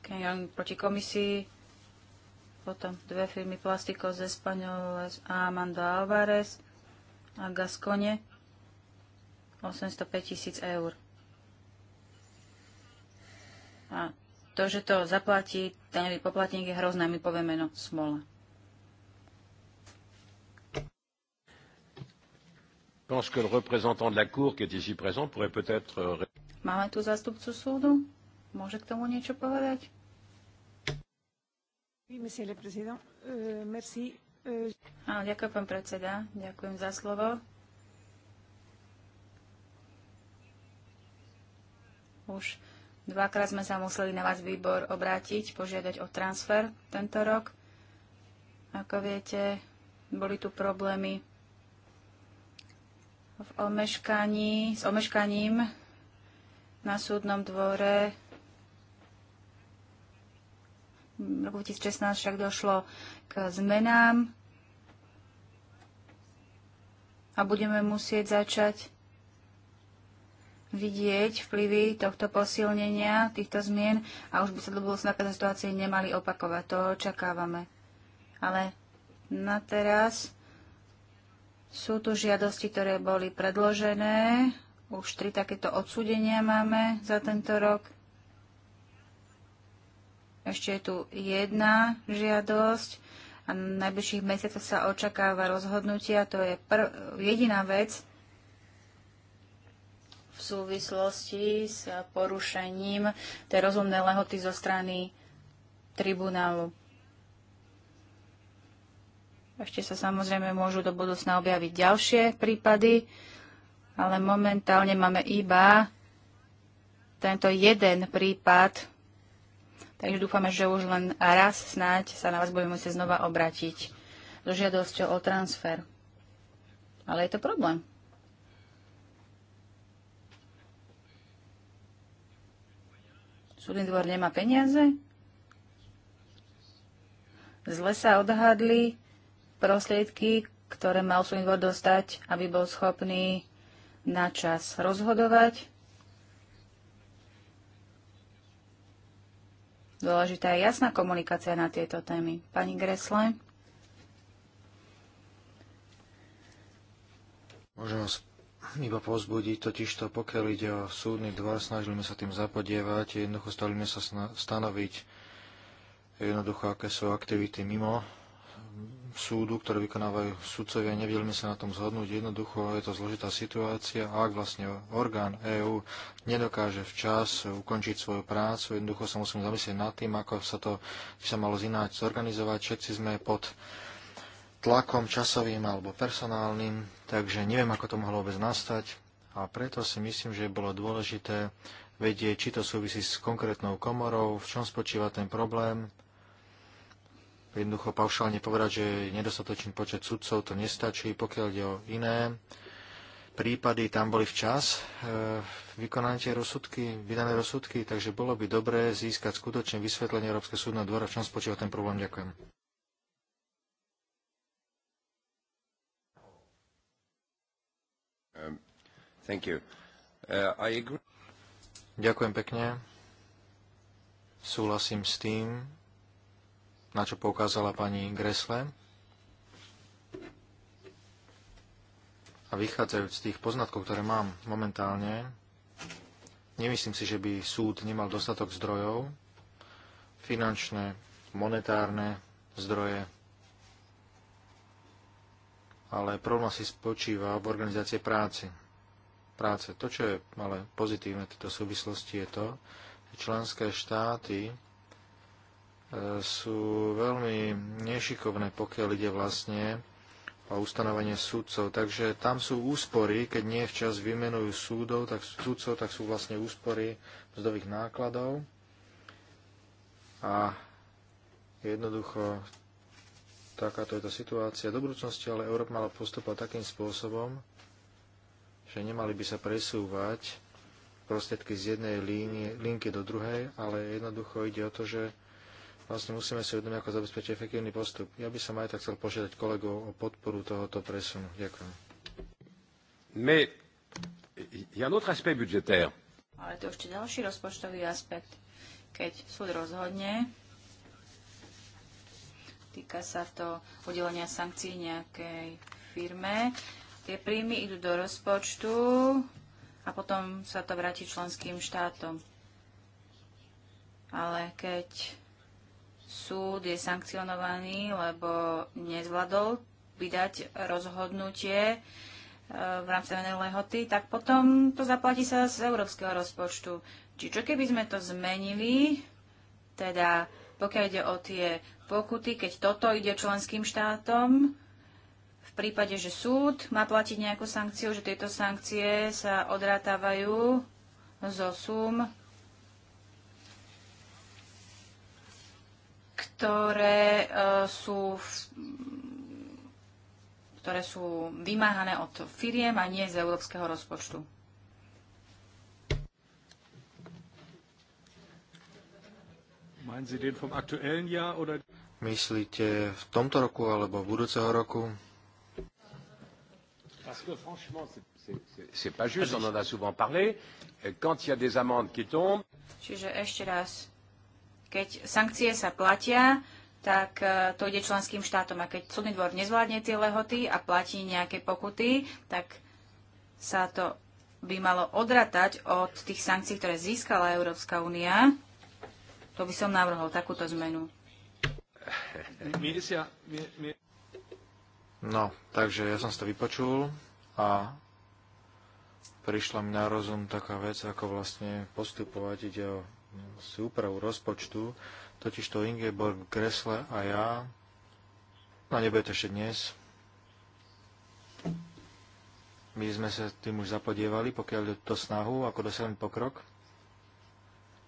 Kenyon proti komisii. Potom dve firmy Plastico z Espanoles a Amando Alvarez a Gascone. 805 tisíc eur. A to, že to zaplatí daňový poplatník, je hrozné. My povieme, no, smola. pense que le représentant de la Cour qui est ici présent pourrait peut-être... Euh, Máme tu zástupcu súdu? Môže k tomu niečo povedať? Oui, monsieur le président. Euh, merci. Euh, Áno, ďakujem, pán predseda. Ďakujem za slovo. Už Dvakrát sme sa museli na vás výbor obrátiť, požiadať o transfer tento rok. Ako viete, boli tu problémy v omeškaní, s omeškaním na súdnom dvore. V roku 2016 však došlo k zmenám a budeme musieť začať vidieť vplyvy tohto posilnenia, týchto zmien a už by sa do budúcna takéto situácie nemali opakovať. To očakávame. Ale na teraz sú tu žiadosti, ktoré boli predložené. Už tri takéto odsúdenia máme za tento rok. Ešte je tu jedna žiadosť a v najbližších mesiacoch sa očakáva rozhodnutia. To je jediná vec, v súvislosti s porušením tej rozumnej lehoty zo strany tribunálu. Ešte sa samozrejme môžu do budúcna objaviť ďalšie prípady, ale momentálne máme iba tento jeden prípad, takže dúfame, že už len raz snáď sa na vás budeme musieť znova obratiť so žiadosťou o transfer. Ale je to problém. Súdny dvor nemá peniaze? Zle sa odhadli prostriedky, ktoré mal súdny dvor dostať, aby bol schopný na čas rozhodovať. Dôležitá je jasná komunikácia na tieto témy. Pani Gresle? Môžem vás iba pozbudiť, totižto pokiaľ ide o súdny dvor, snažíme sa tým zapodievať, jednoducho snažíme sa stanoviť jednoducho, aké sú aktivity mimo súdu, ktoré vykonávajú sudcovia, nevedeli sa na tom zhodnúť. Jednoducho je to zložitá situácia a ak vlastne orgán EÚ nedokáže včas ukončiť svoju prácu, jednoducho sa musíme zamyslieť nad tým, ako sa to by sa malo zináť zorganizovať. Všetci sme pod tlakom časovým alebo personálnym, takže neviem, ako to mohlo vôbec nastať a preto si myslím, že bolo dôležité vedieť, či to súvisí s konkrétnou komorou, v čom spočíva ten problém. Jednoducho paušálne povedať, že nedostatočný počet sudcov to nestačí, pokiaľ ide o iné prípady, tam boli včas e, vykonané tie rozsudky, vydané rozsudky, takže bolo by dobré získať skutočne vysvetlenie Európskeho súdneho dvora, v čom spočíva ten problém. Ďakujem. Uh, Ďakujem pekne. Súhlasím s tým, na čo poukázala pani Gresle. A vychádzajúc z tých poznatkov, ktoré mám momentálne, nemyslím si, že by súd nemal dostatok zdrojov, finančné, monetárne zdroje, ale problém si spočíva v organizácie práci práce. To, čo je ale pozitívne v tejto súvislosti, je to, že členské štáty e, sú veľmi nešikovné, pokiaľ ide vlastne o ustanovenie súdcov. Takže tam sú úspory, keď nie včas vymenujú súdov, tak, súdcov, tak sú vlastne úspory mzdových nákladov. A jednoducho takáto je tá situácia. Do budúcnosti ale Európa mala postupovať takým spôsobom, že nemali by sa presúvať prostriedky z jednej línie, linky do druhej, ale jednoducho ide o to, že vlastne musíme si uvedomiť, ako zabezpečiť efektívny postup. Ja by som aj tak chcel požiadať kolegov o podporu tohoto presunu. Ďakujem. Mais, y a un autre aspect budgétaire. Ale to ešte ďalší rozpočtový aspekt. Keď súd rozhodne, týka sa to udelenia sankcií nejakej firme, Tie príjmy idú do rozpočtu a potom sa to vráti členským štátom. Ale keď súd je sankcionovaný, lebo nezvládol vydať rozhodnutie e, v rámci danej lehoty, tak potom to zaplatí sa z európskeho rozpočtu. Čiže čo keby sme to zmenili, teda pokiaľ ide o tie pokuty, keď toto ide členským štátom, prípade, že súd má platiť nejakú sankciu, že tieto sankcie sa odrátavajú zo sum, ktoré e, sú v, ktoré sú vymáhané od firiem a nie z európskeho rozpočtu. Myslíte v tomto roku alebo budúceho roku? Parce que franchement, c'est pas juste, on en a souvent parlé. Quand il y a des amendes qui tombent... Čiže ešte raz, keď sankcie sa platia, tak e, to ide členským štátom. A keď súdny dvor nezvládne tie lehoty a platí nejaké pokuty, tak sa to by malo odratať od tých sankcií, ktoré získala Európska únia. To by som navrhol, takúto zmenu. No, takže ja som si to vypočul a prišla mi na rozum taká vec, ako vlastne postupovať. Ide o úpravu rozpočtu, totiž to Ingeborg Gressle a ja, a nebude to ešte dnes, my sme sa tým už zapodievali, pokiaľ to snahu, ako dosiahnuť pokrok.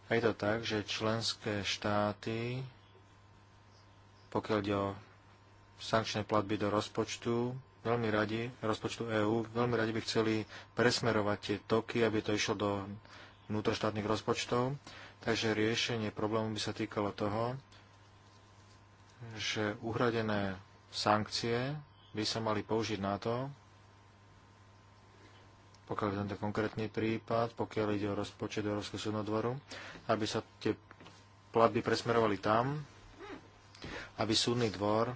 A je to tak, že členské štáty, pokiaľ ide o sankčné platby do rozpočtu, veľmi radi, rozpočtu EÚ, veľmi radi by chceli presmerovať tie toky, aby to išlo do vnútroštátnych rozpočtov. Takže riešenie problému by sa týkalo toho, že uhradené sankcie by sa mali použiť na to, pokiaľ je tento konkrétny prípad, pokiaľ ide o rozpočet Európskeho súdneho dvoru, aby sa tie platby presmerovali tam, aby súdny dvor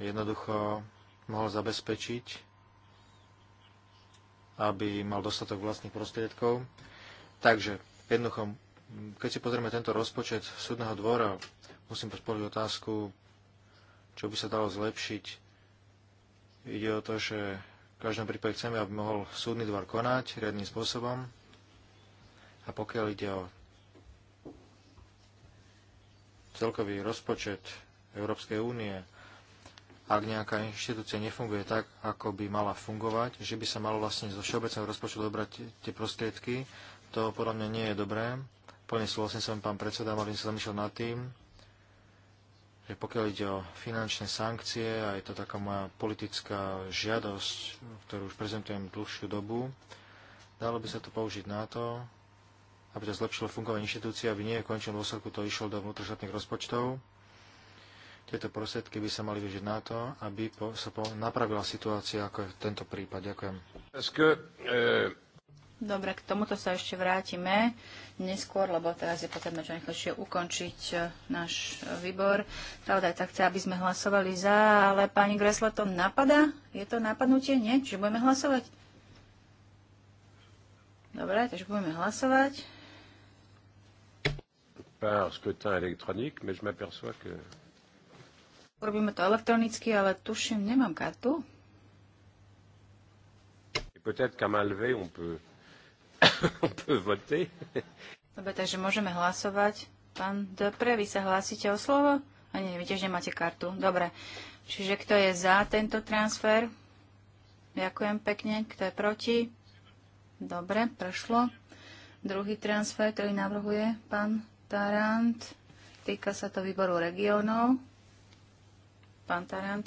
jednoducho mohol zabezpečiť, aby mal dostatok vlastných prostriedkov. Takže jednoducho, keď si pozrieme tento rozpočet súdneho dvora, musím položiť otázku, čo by sa dalo zlepšiť. Ide o to, že v každom prípade chceme, aby mohol súdny dvor konať riadným spôsobom. A pokiaľ ide o celkový rozpočet Európskej únie, ak nejaká inštitúcia nefunguje tak, ako by mala fungovať, že by sa malo vlastne zo všeobecného rozpočtu dobrať tie prostriedky, to podľa mňa nie je dobré. Plne súhlasím som pán predseda, mali sa zamýšľať nad tým, že pokiaľ ide o finančné sankcie, a je to taká moja politická žiadosť, ktorú už prezentujem dlhšiu dobu, dalo by sa to použiť na to, aby to zlepšilo fungovanie inštitúcie, aby nie v končnom dôsledku to išlo do vnútroštátnych rozpočtov, tieto prostriedky by sa mali vyžiť na to, aby po, sa po, napravila situácia ako je v tento prípad. Ďakujem. Eh, Dobre, k tomuto sa ešte vrátime neskôr, lebo teraz je potrebné čo najchlepšie ukončiť eh, náš výbor. Spravodajca chce, aby sme hlasovali za, ale pani Gresla to napadá? Je to napadnutie? Nie? Čiže budeme hlasovať? Dobre, takže budeme hlasovať. Par scrutin électronique, mais je m'aperçois que Urobíme to elektronicky, ale tuším, nemám kartu. Peut-être qu'à main levée, on peut, *coughs* on peut voter. Dobre, takže môžeme hlasovať. Pán Dopre, vy sa hlásite o slovo? A nie, vy tiež nemáte kartu. Dobre. Čiže kto je za tento transfer? Ďakujem pekne. Kto je proti? Dobre, prešlo. Druhý transfer, ktorý navrhuje pán Tarant, týka sa to výboru regionov. Pán Tarant.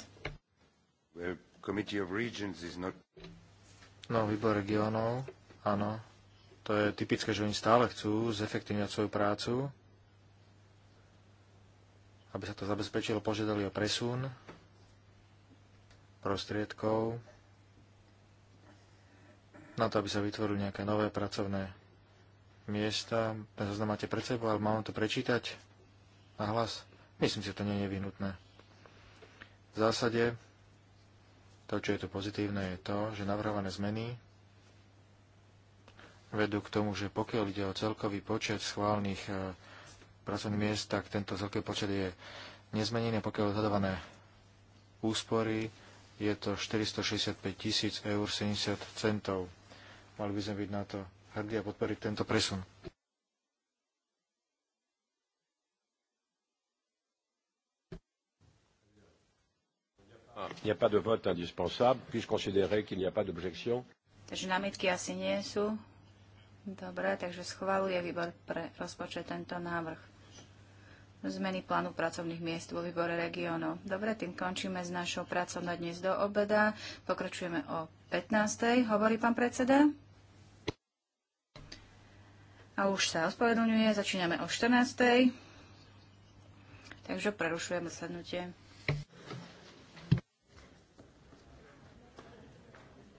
No, výbor regionov, áno. To je typické, že oni stále chcú zefektívňovať svoju prácu. Aby sa to zabezpečilo, požiadali o presun prostriedkov na to, aby sa vytvorili nejaké nové pracovné miesta. Zoznam máte pred sebou, ale mám to prečítať na hlas. Myslím si, že to nie je nevyhnutné. V zásade to, čo je tu pozitívne, je to, že navrhované zmeny vedú k tomu, že pokiaľ ide o celkový počet schválnych e, pracovných miest, tak tento celkový počet je nezmenený. Pokiaľ odhadované úspory, je to 465 tisíc eur 70 centov. Mali by sme byť na to hrdí a podporiť tento presun. Il n'y a pas de vote indispensable. Puis-je considérer qu'il n'y a pas d'objection Takže námitky asi nie sú. Dobre, takže schváluje výbor pre rozpočet tento návrh. Zmeny plánu pracovných miest vo výbore regiónov. Dobre, tým končíme s našou prácou na dnes do obeda. Pokračujeme o 15. hovorí pán predseda. A už sa ospovedlňuje. začíname o 14. Takže prerušujeme zasadnutie.